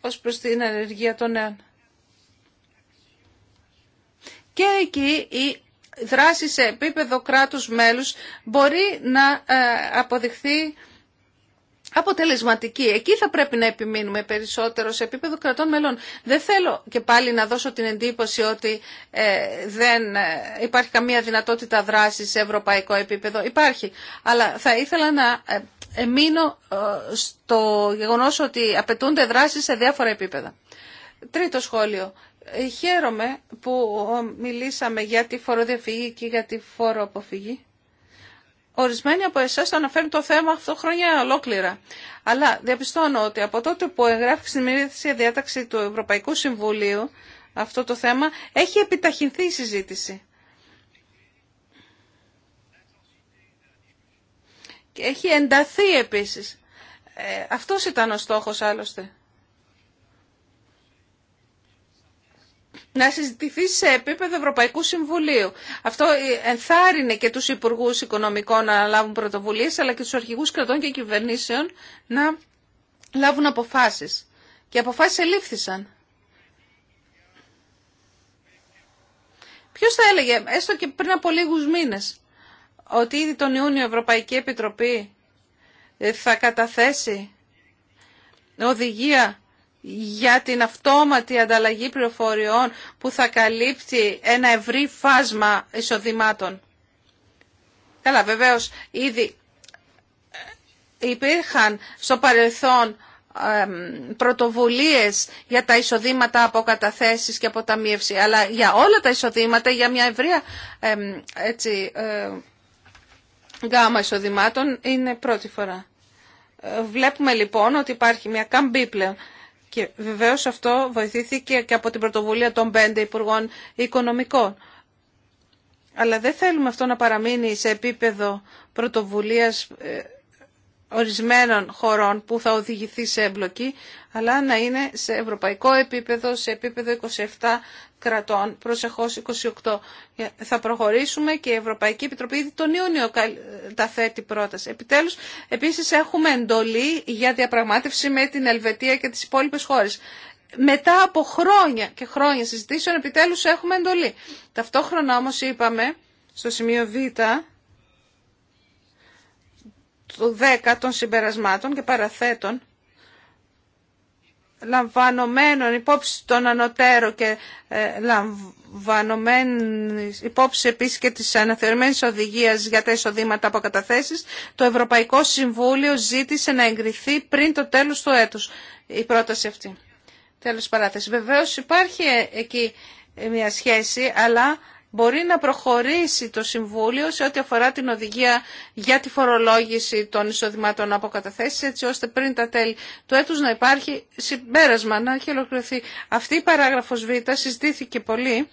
ως προς την ανεργία των νέων. Και εκεί η δράση σε επίπεδο κράτους μέλους μπορεί να ε, αποδειχθεί αποτελεσματική. Εκεί θα πρέπει να επιμείνουμε περισσότερο σε επίπεδο κρατών μελών. Δεν θέλω και πάλι να δώσω την εντύπωση ότι ε, δεν ε, υπάρχει καμία δυνατότητα δράσης σε ευρωπαϊκό επίπεδο. Υπάρχει. Αλλά θα ήθελα να εμείνω στο γεγονός ότι απαιτούνται δράσεις σε διάφορα επίπεδα. Τρίτο σχόλιο. Χαίρομαι που μιλήσαμε για τη φοροδιαφυγή και για τη φοροαποφυγή. Ορισμένοι από εσάς αναφέρουν το θέμα αυτό χρόνια ολόκληρα. Αλλά διαπιστώνω ότι από τότε που εγγράφηκε στην διάταξη του Ευρωπαϊκού Συμβουλίου αυτό το θέμα, έχει επιταχυνθεί η συζήτηση. Και έχει ενταθεί επίσης. Ε, αυτός ήταν ο στόχος άλλωστε. να συζητηθεί σε επίπεδο Ευρωπαϊκού Συμβουλίου. Αυτό ε, ενθάρρυνε και τους Υπουργούς Οικονομικών να λάβουν πρωτοβουλίες, αλλά και τους αρχηγούς κρατών και κυβερνήσεων να λάβουν αποφάσεις. Και αποφάσεις ελήφθησαν. Ποιος θα έλεγε, έστω και πριν από λίγους μήνες, ότι ήδη τον Ιούνιο η Ευρωπαϊκή Επιτροπή ε, θα καταθέσει οδηγία για την αυτόματη ανταλλαγή πληροφοριών που θα καλύπτει ένα ευρύ φάσμα εισοδημάτων. Καλά, βεβαίως, ήδη ε, υπήρχαν στο παρελθόν πρωτοβουλίες για τα εισοδήματα από καταθέσεις και από ταμείευση, αλλά για όλα τα εισοδήματα, για μια ευρεία έτσι, ε, γάμα εισοδημάτων, είναι πρώτη φορά. Ε, βλέπουμε λοιπόν ότι υπάρχει μια καμπή πλέον. Και βεβαίω αυτό βοηθήθηκε και από την πρωτοβουλία των πέντε Υπουργών Οικονομικών. Αλλά δεν θέλουμε αυτό να παραμείνει σε επίπεδο πρωτοβουλίας ε, ορισμένων χωρών που θα οδηγηθεί σε εμπλοκή, αλλά να είναι σε ευρωπαϊκό επίπεδο, σε επίπεδο 27 κρατών, προσεχώς 28. Ε, θα προχωρήσουμε και η Ευρωπαϊκή Επιτροπή ήδη τον Ιούνιο ε, τα θέτει πρόταση. Επιτέλους, επίσης έχουμε εντολή για διαπραγμάτευση με την Ελβετία και τις υπόλοιπες χώρες. Μετά από χρόνια και χρόνια συζητήσεων, επιτέλους έχουμε εντολή. Ταυτόχρονα όμως είπαμε, στο σημείο Β, του 10 των συμπερασμάτων και παραθέτων, λαμβανομένων υπόψη των ανωτέρων και ε, υπόψη επίσης και της αναθεωρημένης οδηγίας για τα εισοδήματα από καταθέσεις, το Ευρωπαϊκό Συμβούλιο ζήτησε να εγκριθεί πριν το τέλος του έτους η πρόταση αυτή. Τέλος παράθεση. Βεβαίως υπάρχει εκεί μια σχέση, αλλά μπορεί να προχωρήσει το Συμβούλιο σε ό,τι αφορά την οδηγία για τη φορολόγηση των εισοδημάτων από καταθέσεις, έτσι ώστε πριν τα τέλη του έτους να υπάρχει συμπέρασμα, να έχει ολοκληρωθεί. Αυτή η παράγραφος Β συζητήθηκε πολύ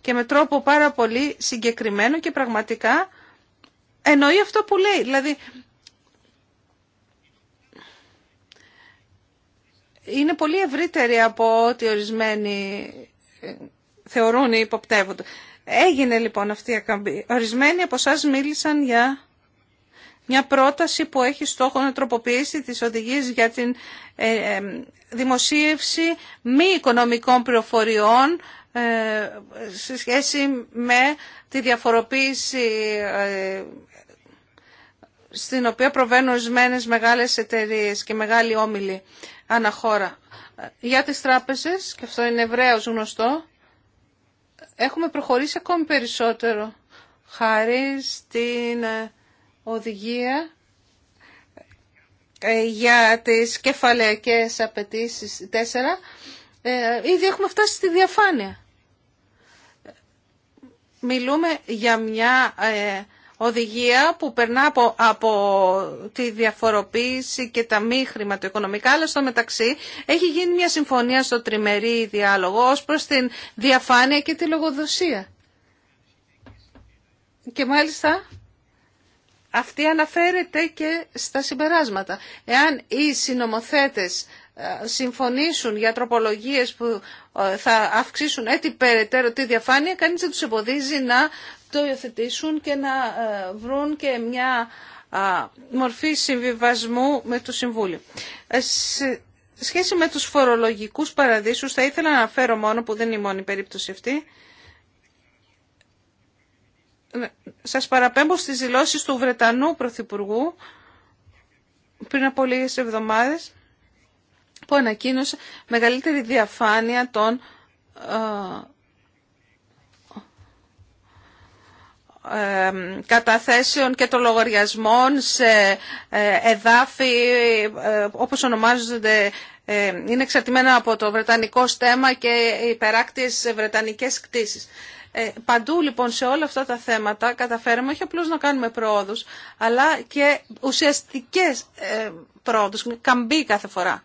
και με τρόπο πάρα πολύ συγκεκριμένο και πραγματικά εννοεί αυτό που λέει. Δηλαδή, είναι πολύ ευρύτερη από ό,τι ορισμένοι θεωρούν ή υποπτεύονται. Έγινε λοιπόν αυτή η ακαμπή. Ορισμένοι από εσά μίλησαν για μια πρόταση που έχει στόχο να τροποποιήσει τις οδηγίες για την ε, ε, δημοσίευση μη οικονομικών πληροφοριών ε, σε σχέση με τη διαφοροποίηση στην οποία προβαίνουν ορισμένε μεγάλες εταιρείες και μεγάλοι όμιλοι αναχώρα. Για τις τράπεζες, και αυτό είναι ευρέως γνωστό, έχουμε προχωρήσει ακόμη περισσότερο χάρη στην ε, οδηγία ε, για τις κεφαλαιακές απαιτήσει 4. Ε, ήδη έχουμε φτάσει στη διαφάνεια. Μιλούμε για μια οδηγία που περνά από, τη διαφοροποίηση και τα μη χρηματοοικονομικά, αλλά στο μεταξύ έχει γίνει μια συμφωνία στο τριμερή διάλογο ως προς την διαφάνεια και τη λογοδοσία. Και μάλιστα αυτή αναφέρεται και στα συμπεράσματα. Εάν οι συνομοθέτες ε, συμφωνήσουν για τροπολογίες που ε, θα αυξήσουν έτσι περαιτέρω τη διαφάνεια, κανείς δεν τους εμποδίζει να το υιοθετήσουν και να ε, βρουν και μια μορφή συμβιβασμού με το Συμβούλιο. Ε, σχέση με τους φορολογικούς παραδείσους θα ήθελα να αναφέρω μόνο που δεν είναι η μόνη περίπτωση αυτή. Ε, σας παραπέμπω στις δηλώσεις του Βρετανού Πρωθυπουργού πριν από λίγες εβδομάδες που ανακοίνωσε μεγαλύτερη διαφάνεια των καταθέσεων και των λογαριασμών σε ε, εδάφη ε, όπως ονομάζονται ε, είναι εξαρτημένα από το βρετανικό στέμα και υπεράκτιες βρετανικές κτίσεις. Παντού λοιπόν σε όλα αυτά τα θέματα καταφέραμε όχι απλώς να κάνουμε πρόοδους αλλά και ουσιαστικές πρόοδους, καμπή κάθε φορά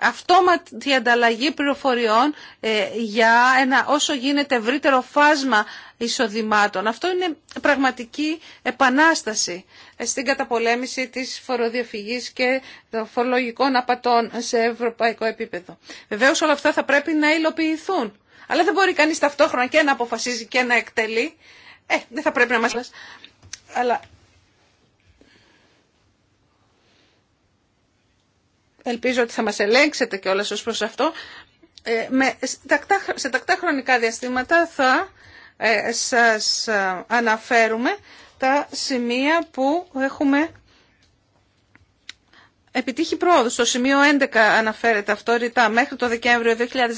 αυτόματη ανταλλαγή πληροφοριών ε, για ένα όσο γίνεται ευρύτερο φάσμα εισοδημάτων. Αυτό είναι πραγματική επανάσταση ε, στην καταπολέμηση της φοροδιαφυγής και των φορολογικών απατών σε ευρωπαϊκό επίπεδο. Βεβαίως όλα αυτά θα πρέπει να υλοποιηθούν. Αλλά δεν μπορεί κανείς ταυτόχρονα και να αποφασίζει και να εκτελεί. Ε, δεν θα πρέπει να μας... Αλλά ελπίζω ότι θα μας ελέγξετε και όλα ως προς αυτό, ε, με, σε τακτά χρονικά διαστήματα θα ε, σας ε, αναφέρουμε τα σημεία που έχουμε επιτύχει πρόοδο. Στο σημείο 11 αναφέρεται αυτό ρητά. Μέχρι το Δεκέμβριο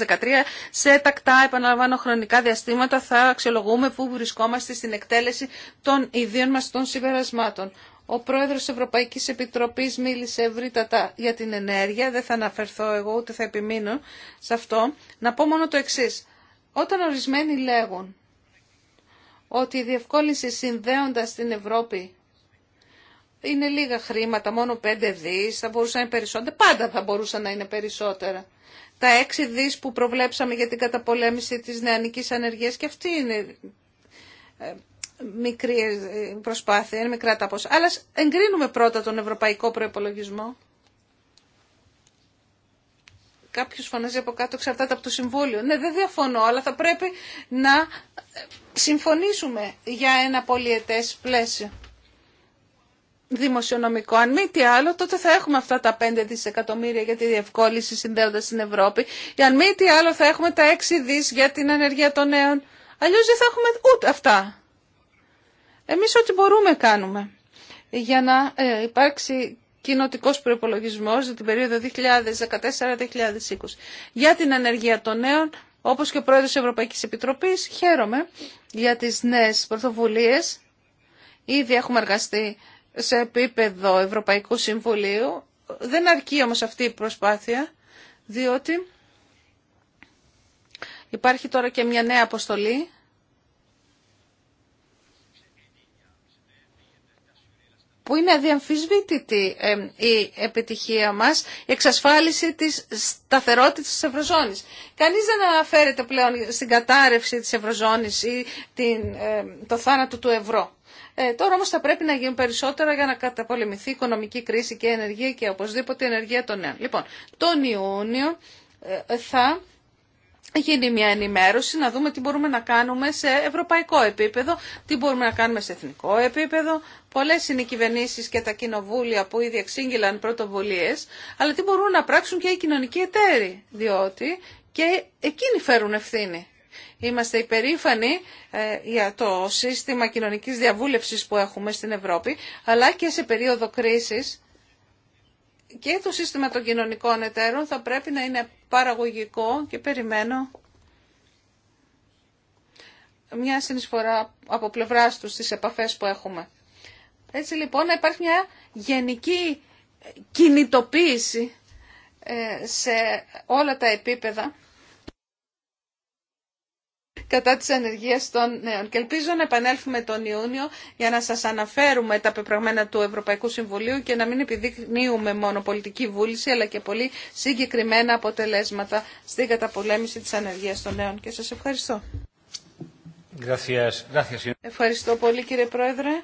2013 σε τακτά επαναλαμβάνω χρονικά διαστήματα θα αξιολογούμε πού βρισκόμαστε στην εκτέλεση των ιδίων μας των συμπερασμάτων. Ο πρόεδρος της Ευρωπαϊκής Επιτροπής μίλησε ευρύτατα για την ενέργεια, δεν θα αναφερθώ εγώ ούτε θα επιμείνω σε αυτό. Να πω μόνο το εξής. Όταν ορισμένοι λέγουν ότι η διευκόλυνση συνδέοντα την Ευρώπη είναι λίγα χρήματα, μόνο 5 δις, θα μπορούσαν να είναι περισσότερα, πάντα θα μπορούσαν να είναι περισσότερα. Τα 6 δις που προβλέψαμε για την καταπολέμηση της νεανικής ανεργίας και αυτή είναι ε, μικρή ε, προσπάθεια, είναι μικρά τα ποσά. Αλλά εγκρίνουμε πρώτα τον ευρωπαϊκό προπολογισμό. Κάποιο φωνάζει από κάτω, εξαρτάται από το Συμβούλιο. Ναι, δεν διαφωνώ, αλλά θα πρέπει να ε, συμφωνήσουμε για ένα πολιετές πλαίσιο δημοσιονομικό. Αν μη τι άλλο, τότε θα έχουμε αυτά τα 5 δισεκατομμύρια για τη διευκόλυνση συνδέοντας στην Ευρώπη. Και αν μη τι άλλο, θα έχουμε τα 6 δις για την ανεργία των νέων. Αλλιώς δεν θα έχουμε ούτε αυτά. Εμείς ό,τι μπορούμε κάνουμε για να ε, υπάρξει κοινοτικό προπολογισμό για την περίοδο 2014-2020. Για την ανεργία των νέων, όπω και ο πρόεδρο Ευρωπαϊκή Επιτροπή, χαίρομαι για τι νέε πρωτοβουλίε. Ήδη έχουμε εργαστεί σε επίπεδο Ευρωπαϊκού Συμβουλίου. Δεν αρκεί όμως αυτή η προσπάθεια, διότι υπάρχει τώρα και μια νέα αποστολή που είναι αδιαμφισβήτητη η επιτυχία μας, η εξασφάλιση της σταθερότητας της Ευρωζώνης. Κανείς δεν αναφέρεται πλέον στην κατάρρευση της Ευρωζώνης ή την, το θάνατο του ευρώ. Ε, τώρα όμως θα πρέπει να γίνουν περισσότερα για να καταπολεμηθεί η οικονομική κρίση και η ενεργεία και οπωσδήποτε η ενεργεία των νέων. Λοιπόν, τον Ιούνιο ε, θα γίνει μια ενημέρωση, να δούμε τι μπορούμε να κάνουμε σε ευρωπαϊκό επίπεδο, τι μπορούμε να κάνουμε σε εθνικό επίπεδο. Πολλές είναι οι κυβερνήσει και τα κοινοβούλια που ήδη εξήγηλαν πρωτοβουλίε, αλλά τι μπορούν να πράξουν και οι κοινωνικοί εταίροι, διότι και εκείνοι φέρουν ευθύνη. Είμαστε υπερήφανοι ε, για το σύστημα κοινωνικής διαβούλευσης που έχουμε στην Ευρώπη, αλλά και σε περίοδο κρίσης και το σύστημα των κοινωνικών εταίρων θα πρέπει να είναι παραγωγικό και περιμένω μια συνεισφορά από πλευρά του στις επαφές που έχουμε. Έτσι λοιπόν να υπάρχει μια γενική κινητοποίηση ε, σε όλα τα επίπεδα κατά της ανεργίας των νέων. Και ελπίζω να επανέλθουμε τον Ιούνιο για να σας αναφέρουμε τα πεπραγμένα του Ευρωπαϊκού Συμβουλίου και να μην επιδεικνύουμε μόνο πολιτική βούληση αλλά και πολύ συγκεκριμένα αποτελέσματα στην καταπολέμηση της ανεργίας των νέων. Και σας ευχαριστώ. Ευχαριστώ πολύ κύριε Πρόεδρε.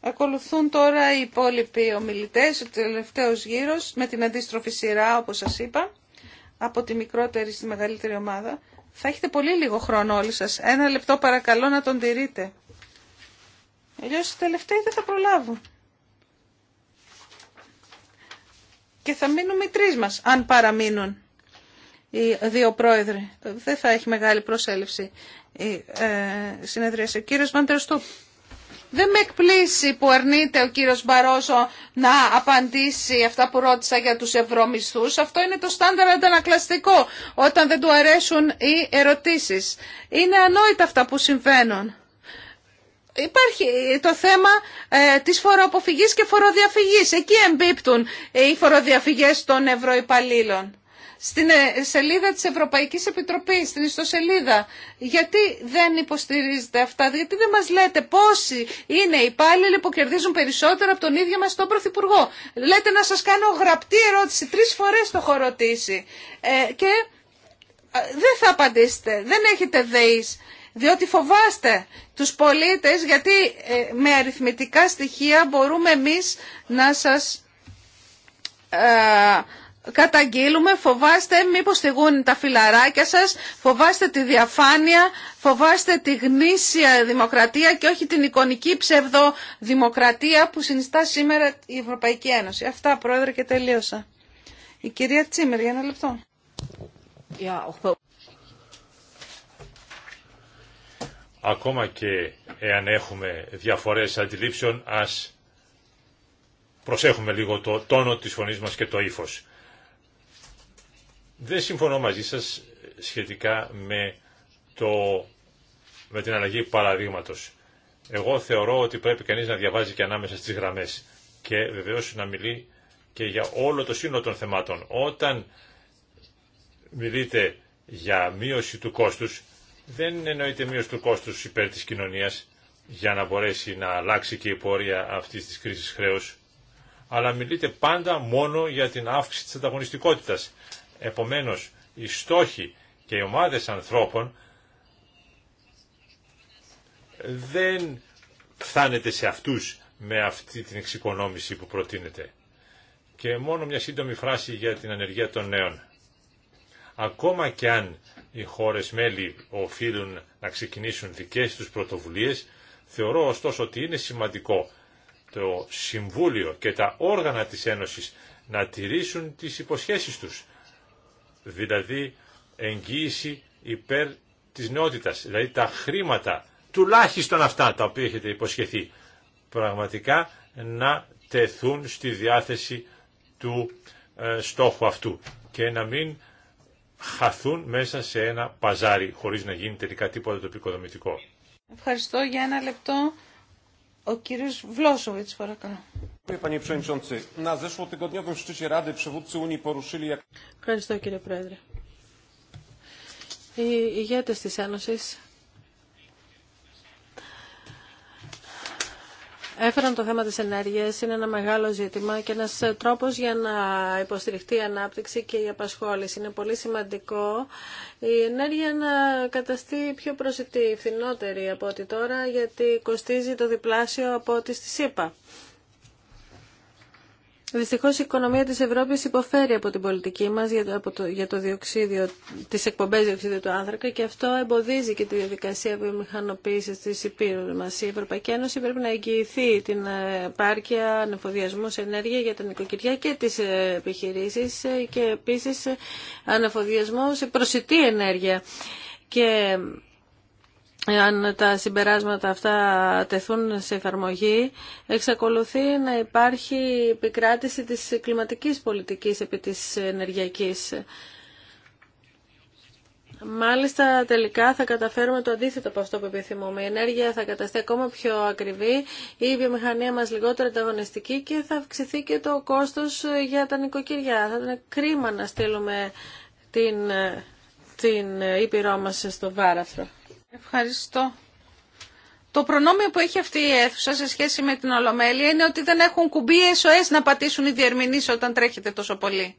Ακολουθούν τώρα οι υπόλοιποι ομιλητές, ο τελευταίος γύρος, με την αντίστροφη σειρά όπως σας είπα, από τη μικρότερη στη μεγαλύτερη ομάδα. Θα έχετε πολύ λίγο χρόνο όλοι σας. Ένα λεπτό παρακαλώ να τον τηρείτε. Αλλιώς οι τελευταίοι δεν θα προλάβουν. Και θα μείνουμε οι τρεις μας, αν παραμείνουν οι δύο πρόεδροι. Δεν θα έχει μεγάλη προσέλευση η ε, συνεδρίαση. Ο κύριος Βαντερστούπ. Δεν με εκπλήσει που αρνείται ο κύριος Μπαρόζο να απαντήσει αυτά που ρώτησα για τους ευρωμισθούς. Αυτό είναι το στάνταρ αντανακλαστικό όταν δεν του αρέσουν οι ερωτήσεις. Είναι ανόητα αυτά που συμβαίνουν. Υπάρχει το θέμα ε, της φοροαποφυγής και φοροδιαφυγής. Εκεί εμπίπτουν οι φοροδιαφυγές των ευρωϊπαλλήλων στην ε, σελίδα της Ευρωπαϊκής Επιτροπής, στην ιστοσελίδα. Γιατί δεν υποστηρίζετε αυτά, γιατί δεν μας λέτε πόσοι είναι οι υπάλληλοι που κερδίζουν περισσότερα από τον ίδιο μας τον Πρωθυπουργό. Λέτε να σας κάνω γραπτή ερώτηση, τρεις φορές το έχω ρωτήσει. Ε, και ε, δεν θα απαντήσετε, δεν έχετε δεΐς, διότι φοβάστε τους πολίτες γιατί με αριθμητικά στοιχεία μπορούμε εμείς να σας καταγγείλουμε, φοβάστε μήπως θυγούν τα φιλαράκια σας, φοβάστε τη διαφάνεια, φοβάστε τη γνήσια δημοκρατία και όχι την εικονική ψευδοδημοκρατία που συνιστά σήμερα η Ευρωπαϊκή Ένωση. Αυτά, Πρόεδρε, και τελείωσα. Η κυρία Τσίμερ, για ένα λεπτό. Ακόμα και εάν έχουμε διαφορές αντιλήψεων, ας προσέχουμε λίγο το τόνο της φωνής μας και το ύφος. Δεν συμφωνώ μαζί σας σχετικά με, το, με την αλλαγή παραδείγματος. Εγώ θεωρώ ότι πρέπει κανείς να διαβάζει και ανάμεσα στις γραμμές και βεβαίως να μιλεί και για όλο το σύνολο των θεμάτων. Όταν μιλείτε για μείωση του κόστους, δεν εννοείται μείωση του κόστους υπέρ της κοινωνίας για να μπορέσει να αλλάξει και η πορεία αυτής της κρίσης χρέους, αλλά μιλείτε πάντα μόνο για την αύξηση της ανταγωνιστικότητας. Επομένως, οι στόχοι και οι ομάδες ανθρώπων δεν φτάνεται σε αυτούς με αυτή την εξοικονόμηση που προτείνεται. Και μόνο μια σύντομη φράση για την ανεργία των νέων. Ακόμα και αν οι χώρες μέλη οφείλουν να ξεκινήσουν δικές τους πρωτοβουλίες, θεωρώ ωστόσο ότι είναι σημαντικό το Συμβούλιο και τα όργανα της Ένωσης να τηρήσουν τις υποσχέσεις τους, δηλαδή εγγύηση υπέρ της νεότητας, δηλαδή τα χρήματα, τουλάχιστον αυτά τα οποία έχετε υποσχεθεί, πραγματικά να τεθούν στη διάθεση του ε, στόχου αυτού και να μην χαθούν μέσα σε ένα παζάρι χωρίς να γίνει τελικά τίποτα το Ευχαριστώ για ένα λεπτό. Ο κύριος Βλόσοβιτς, παρακαλώ. Ευχαριστώ κύριε Πρόεδρε. Οι ηγέτες της Ένωσης Έφεραν το θέμα της ενέργειας, είναι ένα μεγάλο ζήτημα και ένας τρόπος για να υποστηριχτεί η ανάπτυξη και η απασχόληση. Είναι πολύ σημαντικό η ενέργεια να καταστεί πιο προσιτή, φθηνότερη από ό,τι τώρα, γιατί κοστίζει το διπλάσιο από ό,τι στη ΣΥΠΑ. Δυστυχώς η οικονομία της Ευρώπης υποφέρει από την πολιτική μας για το, από το, για το τις εκπομπές διοξίδιου του άνθρακα και αυτό εμποδίζει και τη διαδικασία βιομηχανοποίησης της υπήρου μας. Η Ευρωπαϊκή Ένωση πρέπει να εγγυηθεί την ε, πάρκια ανεφοδιασμού σε ενέργεια για τα νοικοκυριά και τις ε, επιχειρήσεις ε, και επίσης ανεφοδιασμό σε προσιτή ενέργεια. Και αν τα συμπεράσματα αυτά τεθούν σε εφαρμογή, εξακολουθεί να υπάρχει επικράτηση της κλιματικής πολιτικής επί της ενεργειακής. Μάλιστα τελικά θα καταφέρουμε το αντίθετο από αυτό που επιθυμούμε. Η ενέργεια θα καταστεί ακόμα πιο ακριβή, η βιομηχανία μας λιγότερο ανταγωνιστική και θα αυξηθεί και το κόστος για τα νοικοκυριά. Θα ήταν κρίμα να στείλουμε την, την ήπειρό μας στο βάραθρο. Ευχαριστώ. Το προνόμιο που έχει αυτή η αίθουσα σε σχέση με την Ολομέλεια είναι ότι δεν έχουν κουμπί SOS να πατήσουν οι διερμηνείς όταν τρέχετε τόσο πολύ.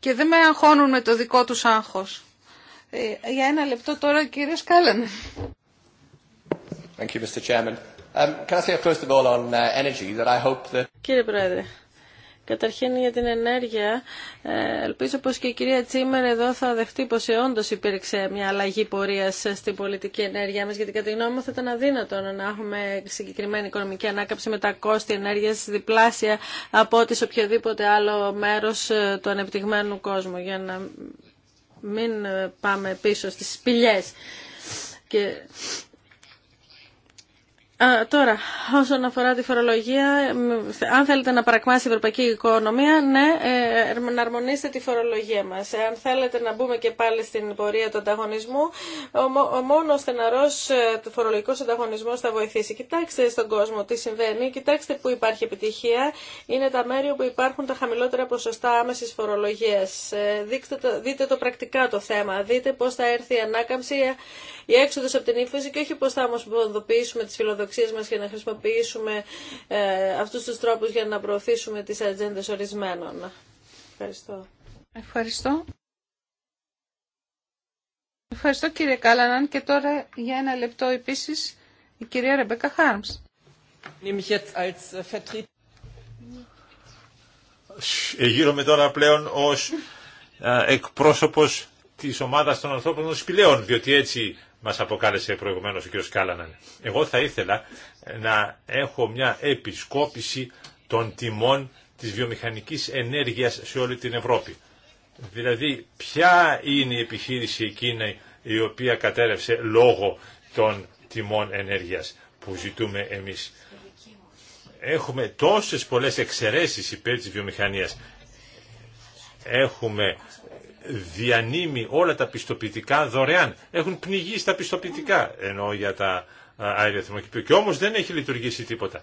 Και δεν με αγχώνουν με το δικό τους άγχος. Ε, για ένα λεπτό τώρα, κύριε Σκάλανε. Thank Κύριε Πρόεδρε, Καταρχήν για την ενέργεια, ε, ελπίζω πως και η κυρία Τσίμερ εδώ θα δεχτεί πως όντω υπήρξε μια αλλαγή πορείας στην πολιτική ενέργεια μας, γιατί κατά τη γνώμη μου θα ήταν αδύνατο να έχουμε συγκεκριμένη οικονομική ανάκαμψη με τα κόστη ενέργειας διπλάσια από ό,τι σε οποιοδήποτε άλλο μέρος ε, του ανεπτυγμένου κόσμου, για να μην ε, πάμε πίσω στις σπηλιές. Και Α, τώρα, όσον αφορά τη φορολογία, αν θέλετε να παρακμάσει η ευρωπαϊκή οικονομία, ναι, ε, ε, να αρμονίσετε τη φορολογία μας. αν θέλετε να μπούμε και πάλι στην πορεία του ανταγωνισμού, ο, ο μόνος στεναρός ε, του φορολογικός ανταγωνισμός θα βοηθήσει. Κοιτάξτε στον κόσμο τι συμβαίνει, κοιτάξτε που υπάρχει επιτυχία. Είναι τα μέρη όπου υπάρχουν τα χαμηλότερα ποσοστά άμεσης φορολογίας. Ε, δείτε, το, δείτε το πρακτικά το θέμα, δείτε πώ θα έρθει η ανάκαμψη, η έξοδο από την ύφεση και όχι πώ θα ομοσπονδοποιήσουμε τι φιλοδοξίες φιλοδοξίες μα και να χρησιμοποιήσουμε ε, αυτού του τρόπου για να προωθήσουμε τις ατζέντε ορισμένων. Ευχαριστώ. Ευχαριστώ. Ευχαριστώ κύριε Κάλαναν και τώρα για ένα λεπτό επίση η κυρία Ρεμπέκα Χάρμ. Äh, ε, γύρομαι τώρα πλέον ως ε, εκπρόσωπος της ομάδας των ανθρώπων των σπηλαίων, διότι έτσι μας αποκάλεσε προηγουμένως ο κ. Κάλαναν. Εγώ θα ήθελα να έχω μια επισκόπηση των τιμών της βιομηχανικής ενέργειας σε όλη την Ευρώπη. Δηλαδή, ποια είναι η επιχείρηση εκείνη η οποία κατέρευσε λόγω των τιμών ενέργειας που ζητούμε εμείς. Έχουμε τόσες πολλές εξαιρέσεις υπέρ της βιομηχανίας. Έχουμε διανύμει όλα τα πιστοποιητικά δωρεάν. Έχουν πνιγεί στα πιστοποιητικά, ενώ για τα αέρια θερμοκηπίου. Και όμως δεν έχει λειτουργήσει τίποτα.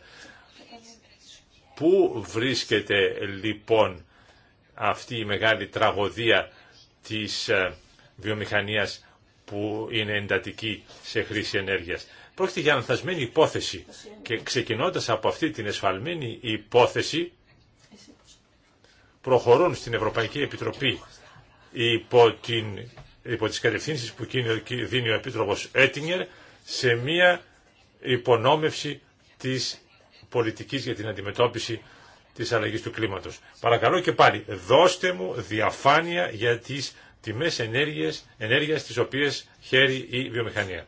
Πού βρίσκεται λοιπόν αυτή η μεγάλη τραγωδία της ε, βιομηχανίας που είναι εντατική σε χρήση ενέργειας. Πρόκειται για ανθασμένη υπόθεση και ξεκινώντας από αυτή την εσφαλμένη υπόθεση προχωρούν στην Ευρωπαϊκή Επιτροπή υπό, την, υπό τις κατευθύνσεις που δίνει ο Επίτροπος Έτινγκερ σε μια υπονόμευση της πολιτικής για την αντιμετώπιση της αλλαγής του κλίματος. Παρακαλώ και πάλι, δώστε μου διαφάνεια για τις τιμές ενέργειας, ενέργειας τις οποίες χαίρει η βιομηχανία.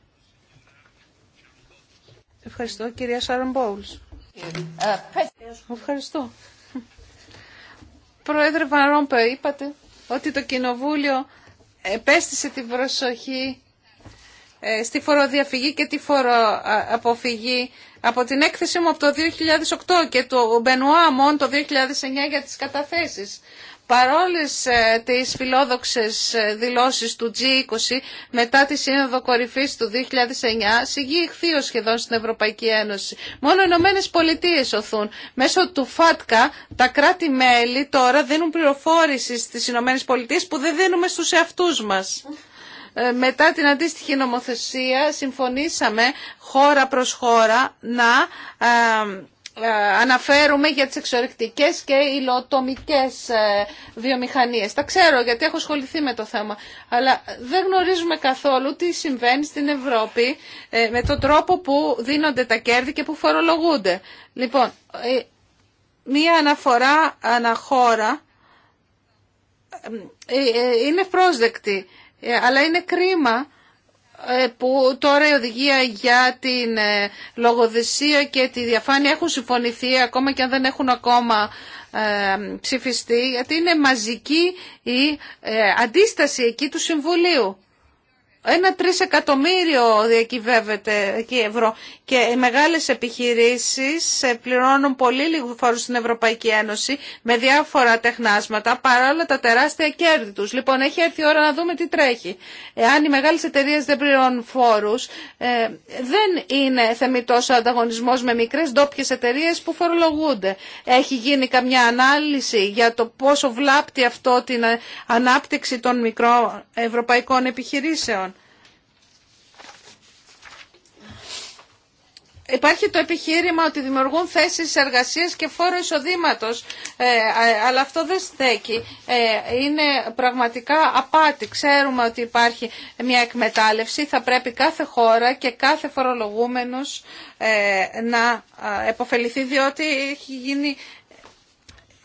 Ευχαριστώ, κυρία Σάρον Μπόουλς. Ε, ε, Ευχαριστώ. Πρόεδρε Βαρόμπε, είπατε ότι το Κοινοβούλιο επέστησε την προσοχή ε, στη φοροδιαφυγή και τη φοροαποφυγή από την έκθεση μου από το 2008 και του Μπενουά το 2009 για τις καταθέσεις παρόλες ε, τις φιλόδοξες ε, δηλώσεις του G20 μετά τη Σύνοδο Κορυφής του 2009 ο σχεδόν στην Ευρωπαϊκή Ένωση. Μόνο οι Ηνωμένε Πολιτείε οθούν. Μέσω του ΦΑΤΚΑ τα κράτη-μέλη τώρα δίνουν πληροφόρηση στις Ηνωμένε Πολιτείε που δεν δίνουμε στους εαυτούς μας. Ε, μετά την αντίστοιχη νομοθεσία συμφωνήσαμε χώρα προς χώρα να ε, αναφέρουμε για τις εξορρυκτικές και υλοτομικές ε, βιομηχανίες. Τα ξέρω γιατί έχω ασχοληθεί με το θέμα. Αλλά δεν γνωρίζουμε καθόλου τι συμβαίνει στην Ευρώπη ε, με τον τρόπο που δίνονται τα κέρδη και που φορολογούνται. Λοιπόν, μία αναφορά αναχώρα είναι πρόσδεκτη, αλλά είναι κρίμα ε, που τώρα η οδηγία για την ε, λογοδεσία και τη διαφάνεια έχουν συμφωνηθεί ακόμα και αν δεν έχουν ακόμα ε, ψηφιστεί γιατί είναι μαζική η αντίσταση εκεί του Συμβουλίου. Ένα τρισεκατομμύριο διακυβεύεται εκεί ευρώ και οι μεγάλες επιχειρήσεις ε, πληρώνουν πολύ λίγο φόρους στην Ευρωπαϊκή Ένωση με διάφορα τεχνάσματα παρά τα τεράστια κέρδη τους. Λοιπόν, έχει έρθει η ώρα να δούμε τι τρέχει. Εάν οι μεγάλες εταιρείες δεν πληρώνουν φόρους, ε, δεν είναι θεμητός ο ανταγωνισμός με μικρές ντόπιε εταιρείε που φορολογούνται. Έχει γίνει καμιά ανάλυση για το πόσο βλάπτει αυτό την ανάπτυξη των μικρών ευρωπαϊκών επιχειρήσεων. Υπάρχει το επιχείρημα ότι δημιουργούν θέσεις εργασίας και φόρο εισοδήματος, ε, αλλά αυτό δεν στέκει. Ε, είναι πραγματικά απάτη. Ξέρουμε ότι υπάρχει μια εκμετάλλευση. Θα πρέπει κάθε χώρα και κάθε φορολογούμενος ε, να επωφεληθεί, διότι έχει γίνει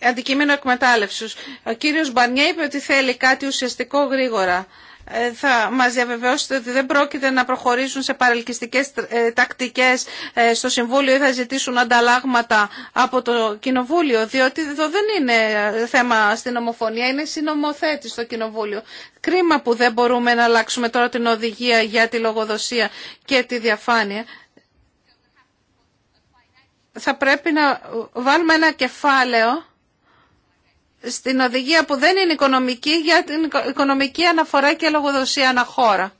αντικείμενο εκμετάλλευσης. Ο κύριος Μπανιέ είπε ότι θέλει κάτι ουσιαστικό γρήγορα. Ε, θα μας διαβεβαιώσετε ότι δεν πρόκειται να προχωρήσουν σε παρελκυστικές ε, τακτικές ε, στο Συμβούλιο ή θα ζητήσουν ανταλλάγματα από το Κοινοβούλιο, διότι εδώ δεν είναι θέμα στην ομοφωνία, είναι συνομοθέτη στο Κοινοβούλιο. Κρίμα που δεν μπορούμε να αλλάξουμε τώρα την οδηγία για τη λογοδοσία και τη διαφάνεια. Θα πρέπει να βάλουμε ένα κεφάλαιο στην οδηγία που δεν είναι οικονομική για την οικονομική αναφορά και λογοδοσία αναχώρα.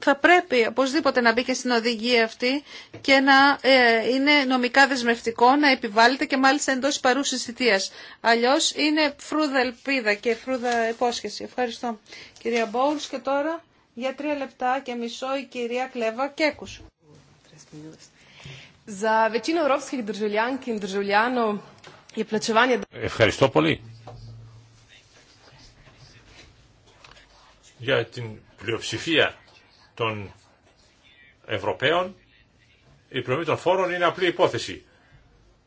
Θα πρέπει οπωσδήποτε να μπει και στην οδηγία αυτή και να ε, είναι νομικά δεσμευτικό, να επιβάλλεται και μάλιστα εντός παρούσης θητείας. Αλλιώς είναι φρούδα ελπίδα και φρούδα υπόσχεση. Ευχαριστώ. Κυρία Μπόουλς και τώρα για τρία λεπτά και μισό η κυρία Κλέβα Κέκους. Ευχαριστώ πολύ για την πλειοψηφία των Ευρωπαίων η πληρωμή των φόρων είναι απλή υπόθεση.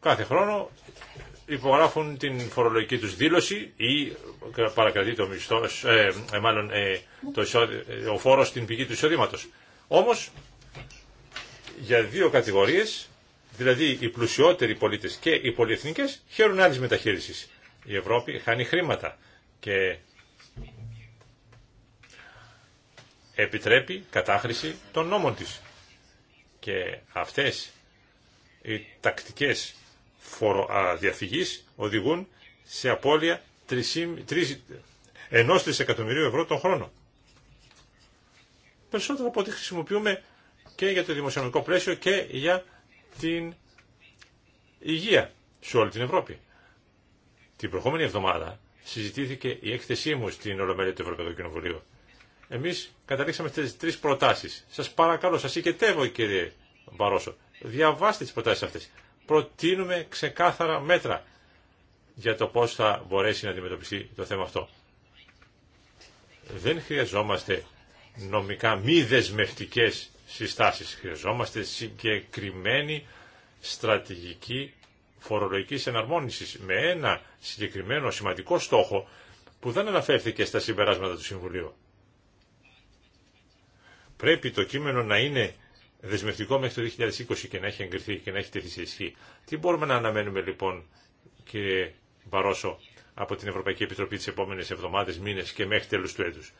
Κάθε χρόνο υπογράφουν την φορολογική τους δήλωση ή παρακρατεί το μισθός, ε, ε μάλλον ε, το εισόδη, ο φόρος στην πηγή του εισοδήματος. Όμως, για δύο κατηγορίες Δηλαδή οι πλουσιότεροι πολίτε και οι πολυεθνικέ χαίρουν άλλη μεταχείρισης. Η Ευρώπη χάνει χρήματα και επιτρέπει κατάχρηση των νόμων της. Και αυτές οι τακτικές διαφυγής οδηγούν σε απώλεια 1 δισεκατομμυρίου ευρώ τον χρόνο. Περισσότερο από ό,τι χρησιμοποιούμε και για το δημοσιονομικό πλαίσιο και για την υγεία σε όλη την Ευρώπη. Την προηγούμενη εβδομάδα συζητήθηκε η έκθεσή μου στην Ολομέλεια του Ευρωπαϊκού Κοινοβουλίου. Εμείς καταλήξαμε στις τρεις προτάσεις. Σας παρακαλώ, σας οικετεύω κύριε Μπαρόσο. Διαβάστε τις προτάσεις αυτές. Προτείνουμε ξεκάθαρα μέτρα για το πώς θα μπορέσει να αντιμετωπιστεί το θέμα αυτό. Δεν χρειαζόμαστε νομικά μη δεσμευτικές συστάσεις. Χρειαζόμαστε συγκεκριμένη στρατηγική φορολογική εναρμόνιση με ένα συγκεκριμένο σημαντικό στόχο που δεν αναφέρθηκε στα συμπεράσματα του Συμβουλίου. Πρέπει το κείμενο να είναι δεσμευτικό μέχρι το 2020 και να έχει εγκριθεί και να έχει τεθεί σε ισχύ. Τι μπορούμε να αναμένουμε λοιπόν κύριε Μπαρόσο από την Ευρωπαϊκή Επιτροπή τις επόμενες εβδομάδες, μήνες και μέχρι τέλους του έτους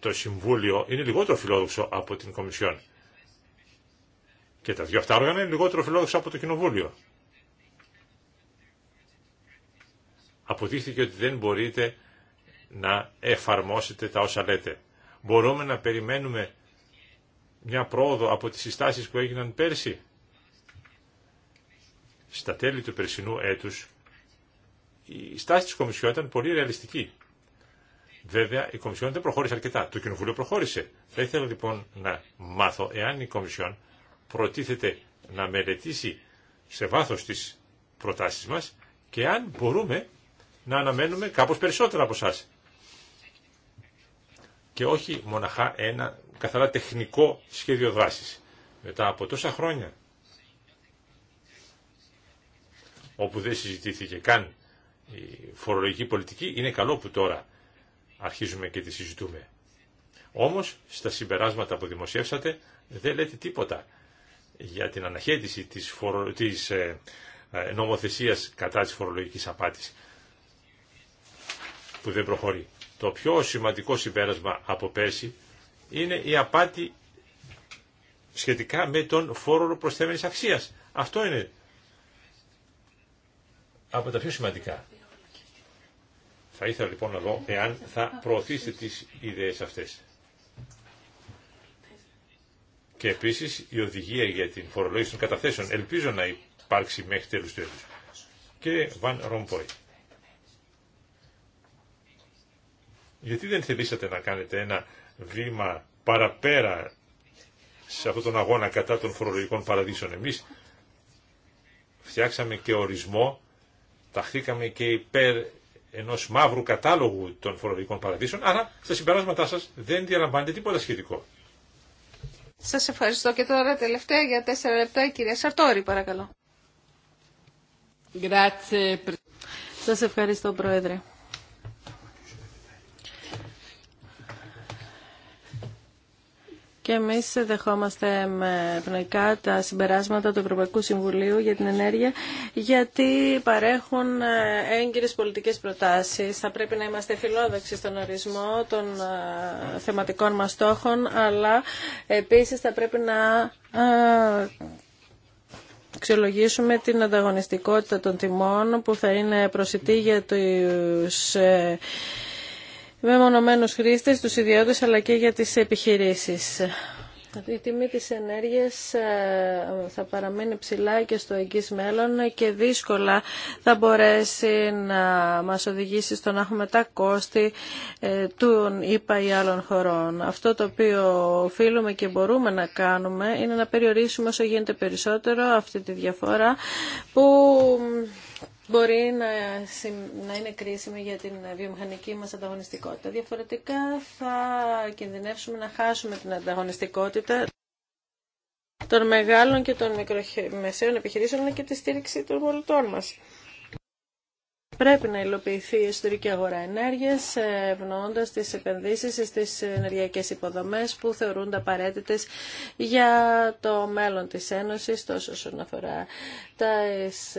το Συμβούλιο είναι λιγότερο φιλόδοξο από την Κομισιόν. Και τα δύο αυτά όργανα είναι λιγότερο φιλόδοξα από το Κοινοβούλιο. Αποδείχθηκε ότι δεν μπορείτε να εφαρμόσετε τα όσα λέτε. Μπορούμε να περιμένουμε μια πρόοδο από τις συστάσεις που έγιναν πέρσι. Στα τέλη του περσινού έτους η στάση της Κομισιόν ήταν πολύ ρεαλιστική. Βέβαια, η Κομισιόν δεν προχώρησε αρκετά. Το Κοινοβούλιο προχώρησε. Θα ήθελα λοιπόν να μάθω εάν η Κομισιόν προτίθεται να μελετήσει σε βάθος τις προτάσεις μας και αν μπορούμε να αναμένουμε κάπως περισσότερα από εσά. Και όχι μοναχά ένα καθαρά τεχνικό σχέδιο δράσης. Μετά από τόσα χρόνια όπου δεν συζητήθηκε καν η φορολογική πολιτική, είναι καλό που τώρα αρχίζουμε και τη συζητούμε. Όμως, στα συμπεράσματα που δημοσιεύσατε δεν λέτε τίποτα για την αναχέτηση της, φορο... της ε, ε, νομοθεσίας κατά της φορολογικής απάτης που δεν προχωρεί. Το πιο σημαντικό συμπέρασμα από πέρσι είναι η απάτη σχετικά με τον φόρο προσθέμενης αξίας. Αυτό είναι από τα πιο σημαντικά. Θα ήθελα λοιπόν να δω εάν θα προωθήσετε τις ιδέες αυτές. Και επίσης η οδηγία για την φορολόγηση των καταθέσεων ελπίζω να υπάρξει μέχρι τέλους του έτους. Κύριε Βαν Ρομπόι, γιατί δεν θελήσατε να κάνετε ένα βήμα παραπέρα σε αυτόν τον αγώνα κατά των φορολογικών παραδείσων εμείς φτιάξαμε και ορισμό, ταχθήκαμε και υπέρ Ενό μαύρου κατάλογου των φορολογικών παραδείσων, αλλά στα συμπεράσματά σα, δεν διαλαμβάνετε τίποτα σχετικό. Σας ευχαριστώ και τώρα τελευταία για τέσσερα λεπτά η κυρία Σαρτόρη παρακαλώ. Σας ευχαριστώ Πρόεδρε. Και εμείς δεχόμαστε με ευνοϊκά τα συμπεράσματα του Ευρωπαϊκού Συμβουλίου για την ενέργεια, γιατί παρέχουν ε, έγκυρες πολιτικές προτάσεις. Θα πρέπει να είμαστε φιλόδοξοι στον ορισμό των ε, θεματικών μας στόχων, αλλά επίσης θα πρέπει να ε, αξιολογήσουμε την ανταγωνιστικότητα των τιμών που θα είναι προσιτή για τους με μονομένους χρήστες, τους ιδιώτες αλλά και για τις επιχειρήσεις. Η τιμή της ενέργειας ε, θα παραμείνει ψηλά και στο εγγύς μέλλον και δύσκολα θα μπορέσει να μας οδηγήσει στο να έχουμε τα κόστη ε, του ΙΠΑ ή άλλων χωρών. Αυτό το οποίο οφείλουμε και μπορούμε να κάνουμε είναι να περιορίσουμε όσο γίνεται περισσότερο αυτή τη διαφορά που μπορεί να, να είναι κρίσιμη για την βιομηχανική μας ανταγωνιστικότητα. Διαφορετικά θα κινδυνεύσουμε να χάσουμε την ανταγωνιστικότητα των μεγάλων και των μικρομεσαίων επιχειρήσεων και τη στήριξη των πολιτών μας. Πρέπει να υλοποιηθεί η εσωτερική αγορά ενέργειας, ε, ευνοώντα τις επενδύσεις στις ενεργειακές υποδομές που θεωρούνται απαραίτητε για το μέλλον της Ένωσης, τόσο όσον αφορά τα,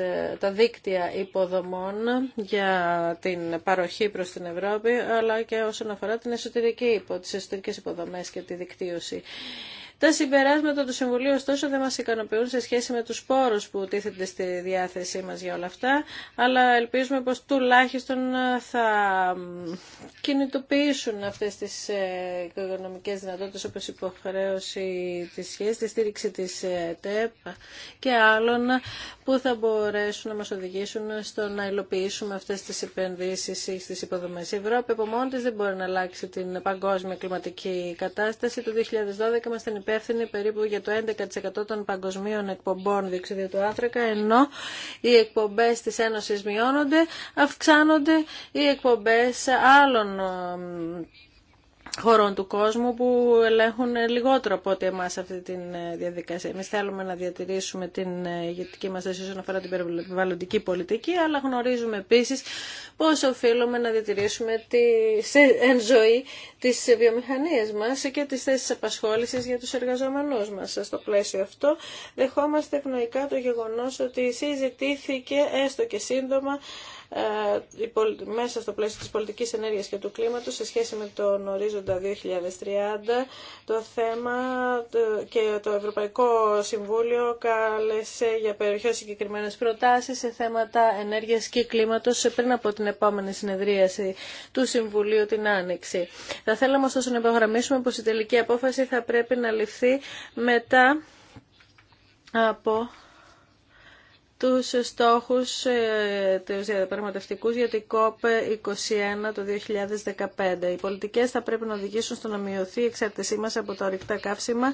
ε, τα δίκτυα υποδομών για την παροχή προς την Ευρώπη, αλλά και όσον αφορά την εσωτερική, τις εσωτερικές υποδομές και τη δικτύωση. Τα συμπεράσματα του Συμβουλίου, ωστόσο, δεν μα ικανοποιούν σε σχέση με του πόρους που τίθενται στη διάθεσή μα για όλα αυτά, αλλά ελπίζουμε πω τουλάχιστον ε, θα κινητοποιήσουν αυτές τις ε, οικονομικές δυνατότητε, όπως υποχρέωση τη σχέση, τη στήριξη τη ε, ΤΕΠ και άλλων που θα μπορέσουν να μα οδηγήσουν στο να υλοποιήσουμε αυτές τις επενδύσεις στι υποδομές. Η Ευρώπη από μόνη δεν μπορεί να αλλάξει την παγκόσμια κλιματική κατάσταση. Το 2012 ήμασταν υπεύθυνη περίπου για το 11% των παγκοσμίων εκπομπών διοξιδίου του άνθρακα, ενώ οι εκπομπές τη Ένωση μειώνονται, αυξάνονται οι εκπομπές άλλων χωρών του κόσμου που ελέγχουν λιγότερο από ό,τι εμάς αυτή τη ε, διαδικασία. Εμείς θέλουμε να διατηρήσουμε την ε, ηγετική μας θέση όσον αφορά την περιβαλλοντική πολιτική, αλλά γνωρίζουμε επίσης πώς οφείλουμε να διατηρήσουμε τη, σε, εν ζωή τις βιομηχανίες μας και τις θέσεις απασχόλησης για τους εργαζομένους μας. Στο πλαίσιο αυτό δεχόμαστε ευνοϊκά το γεγονός ότι συζητήθηκε έστω και σύντομα ε, μέσα στο πλαίσιο της πολιτικής ενέργειας και του κλίματος σε σχέση με τον ορίζοντα 2030 το θέμα και το Ευρωπαϊκό Συμβούλιο κάλεσε για περιοχές συγκεκριμένες προτάσεις σε θέματα ενέργειας και κλίματος πριν από την επόμενη συνεδρίαση του Συμβουλίου την Άνοιξη. Θα θέλαμε ωστόσο να υπογραμμίσουμε πως η τελική απόφαση θα πρέπει να ληφθεί μετά από τους στόχους ε, τους διαπραγματευτικούς για την COP21 το 2015. Οι πολιτικές θα πρέπει να οδηγήσουν στο να μειωθεί η εξάρτησή μας από τα ορυκτά καύσιμα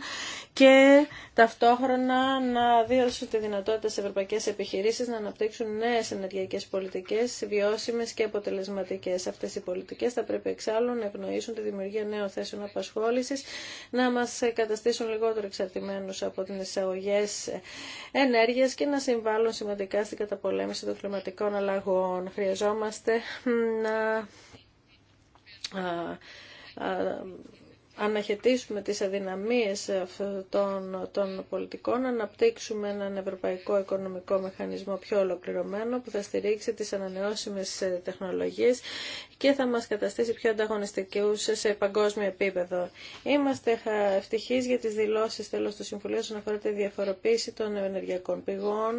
και ταυτόχρονα να διώσουν τη δυνατότητα σε ευρωπαϊκές επιχειρήσεις να αναπτύξουν νέες ενεργειακές πολιτικές, βιώσιμες και αποτελεσματικές. Αυτές οι πολιτικές θα πρέπει εξάλλου να ευνοήσουν τη δημιουργία νέων θέσεων απασχόλησης, να μας καταστήσουν λιγότερο εξαρτημένους από τις εισαγωγές ενέργειας και να συμβάλλουν σημαντικά στην καταπολέμηση των κλιματικών αλλαγών. Χρειαζόμαστε να αναχαιτήσουμε τις αδυναμίες των, των πολιτικών, να αναπτύξουμε έναν ευρωπαϊκό οικονομικό μηχανισμό πιο ολοκληρωμένο που θα στηρίξει τις ανανεώσιμες ε, τεχνολογίες και θα μας καταστήσει πιο ανταγωνιστικούς σε παγκόσμιο επίπεδο. Είμαστε ευτυχείς για τις δηλώσεις τέλος του Συμβουλίου όσον αφορά τη διαφοροποίηση των ενεργειακών πηγών,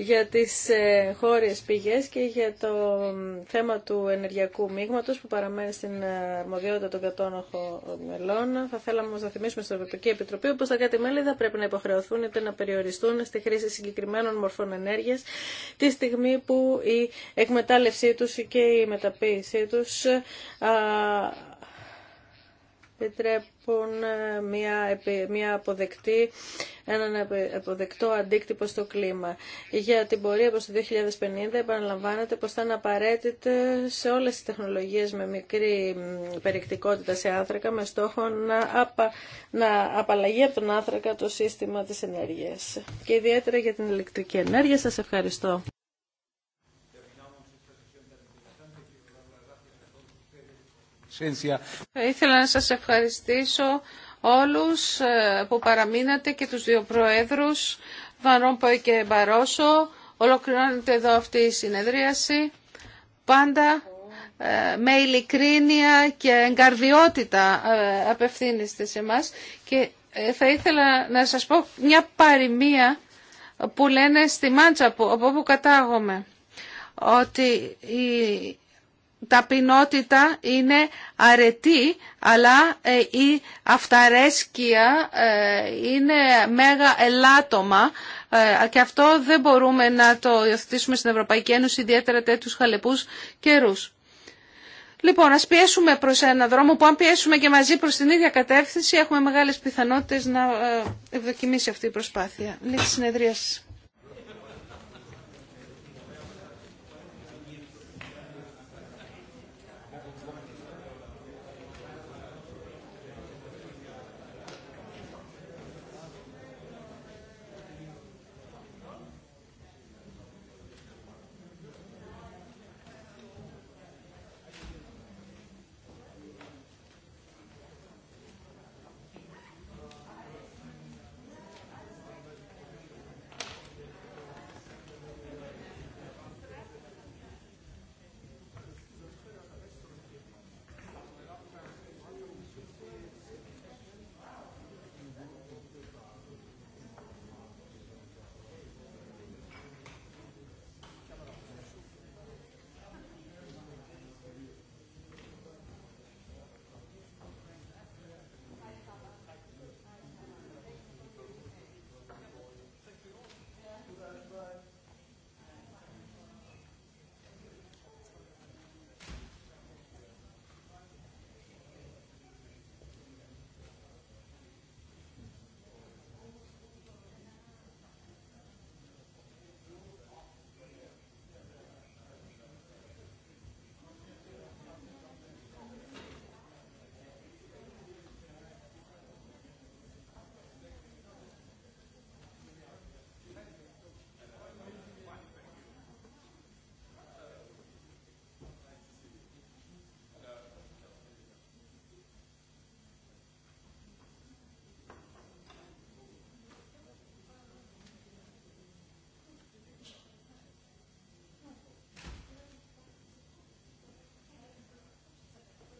για τις ε, χώρες πηγές και για το θέμα του ενεργειακού μείγματος που παραμένει στην ε, αρμοδιότητα των κατόνοχων μελών. Θα θέλαμε όμως να θυμίσουμε στην Ευρωπαϊκή Επιτροπή πως τα κάτι μέλη θα πρέπει να υποχρεωθούν είτε να περιοριστούν στη χρήση συγκεκριμένων μορφών ενέργειας τη στιγμή που η εκμετάλλευσή τους και η μεταποίησή τους επιτρέπουν ε, μια, μια αποδεκτή, έναν αποδεκτό αντίκτυπο στο κλίμα. Για την πορεία προς το 2050 επαναλαμβάνεται πως θα είναι απαραίτητε σε όλες τις τεχνολογίες με μικρή περιεκτικότητα σε άνθρακα με στόχο να, απα, να απαλλαγεί από τον άνθρακα το σύστημα της ενέργειας. Και ιδιαίτερα για την ηλεκτρική ενέργεια σας ευχαριστώ. Θα ήθελα να σας ευχαριστήσω όλους ε, που παραμείνατε και τους δύο προέδρους, Βαν και Μπαρόσο. Ολοκληρώνεται εδώ αυτή η συνεδρίαση. Πάντα ε, με ειλικρίνεια και εγκαρδιότητα ε, απευθύνεστε σε μας και θα ήθελα να σας πω μια παροιμία που λένε στη Μάντσα από όπου κατάγομαι ότι η ταπεινότητα είναι αρετή, αλλά ε, η αυταρέσκεια ε, είναι μέγα ελάττωμα ε, και αυτό δεν μπορούμε να το υιοθετήσουμε στην Ευρωπαϊκή Ένωση, ιδιαίτερα τέτοιους χαλεπούς καιρούς. Λοιπόν, ας πιέσουμε προς ένα δρόμο που αν πιέσουμε και μαζί προς την ίδια κατεύθυνση έχουμε μεγάλες πιθανότητες να ευδοκιμήσει αυτή η προσπάθεια. συνεδρία συνεδρίαση.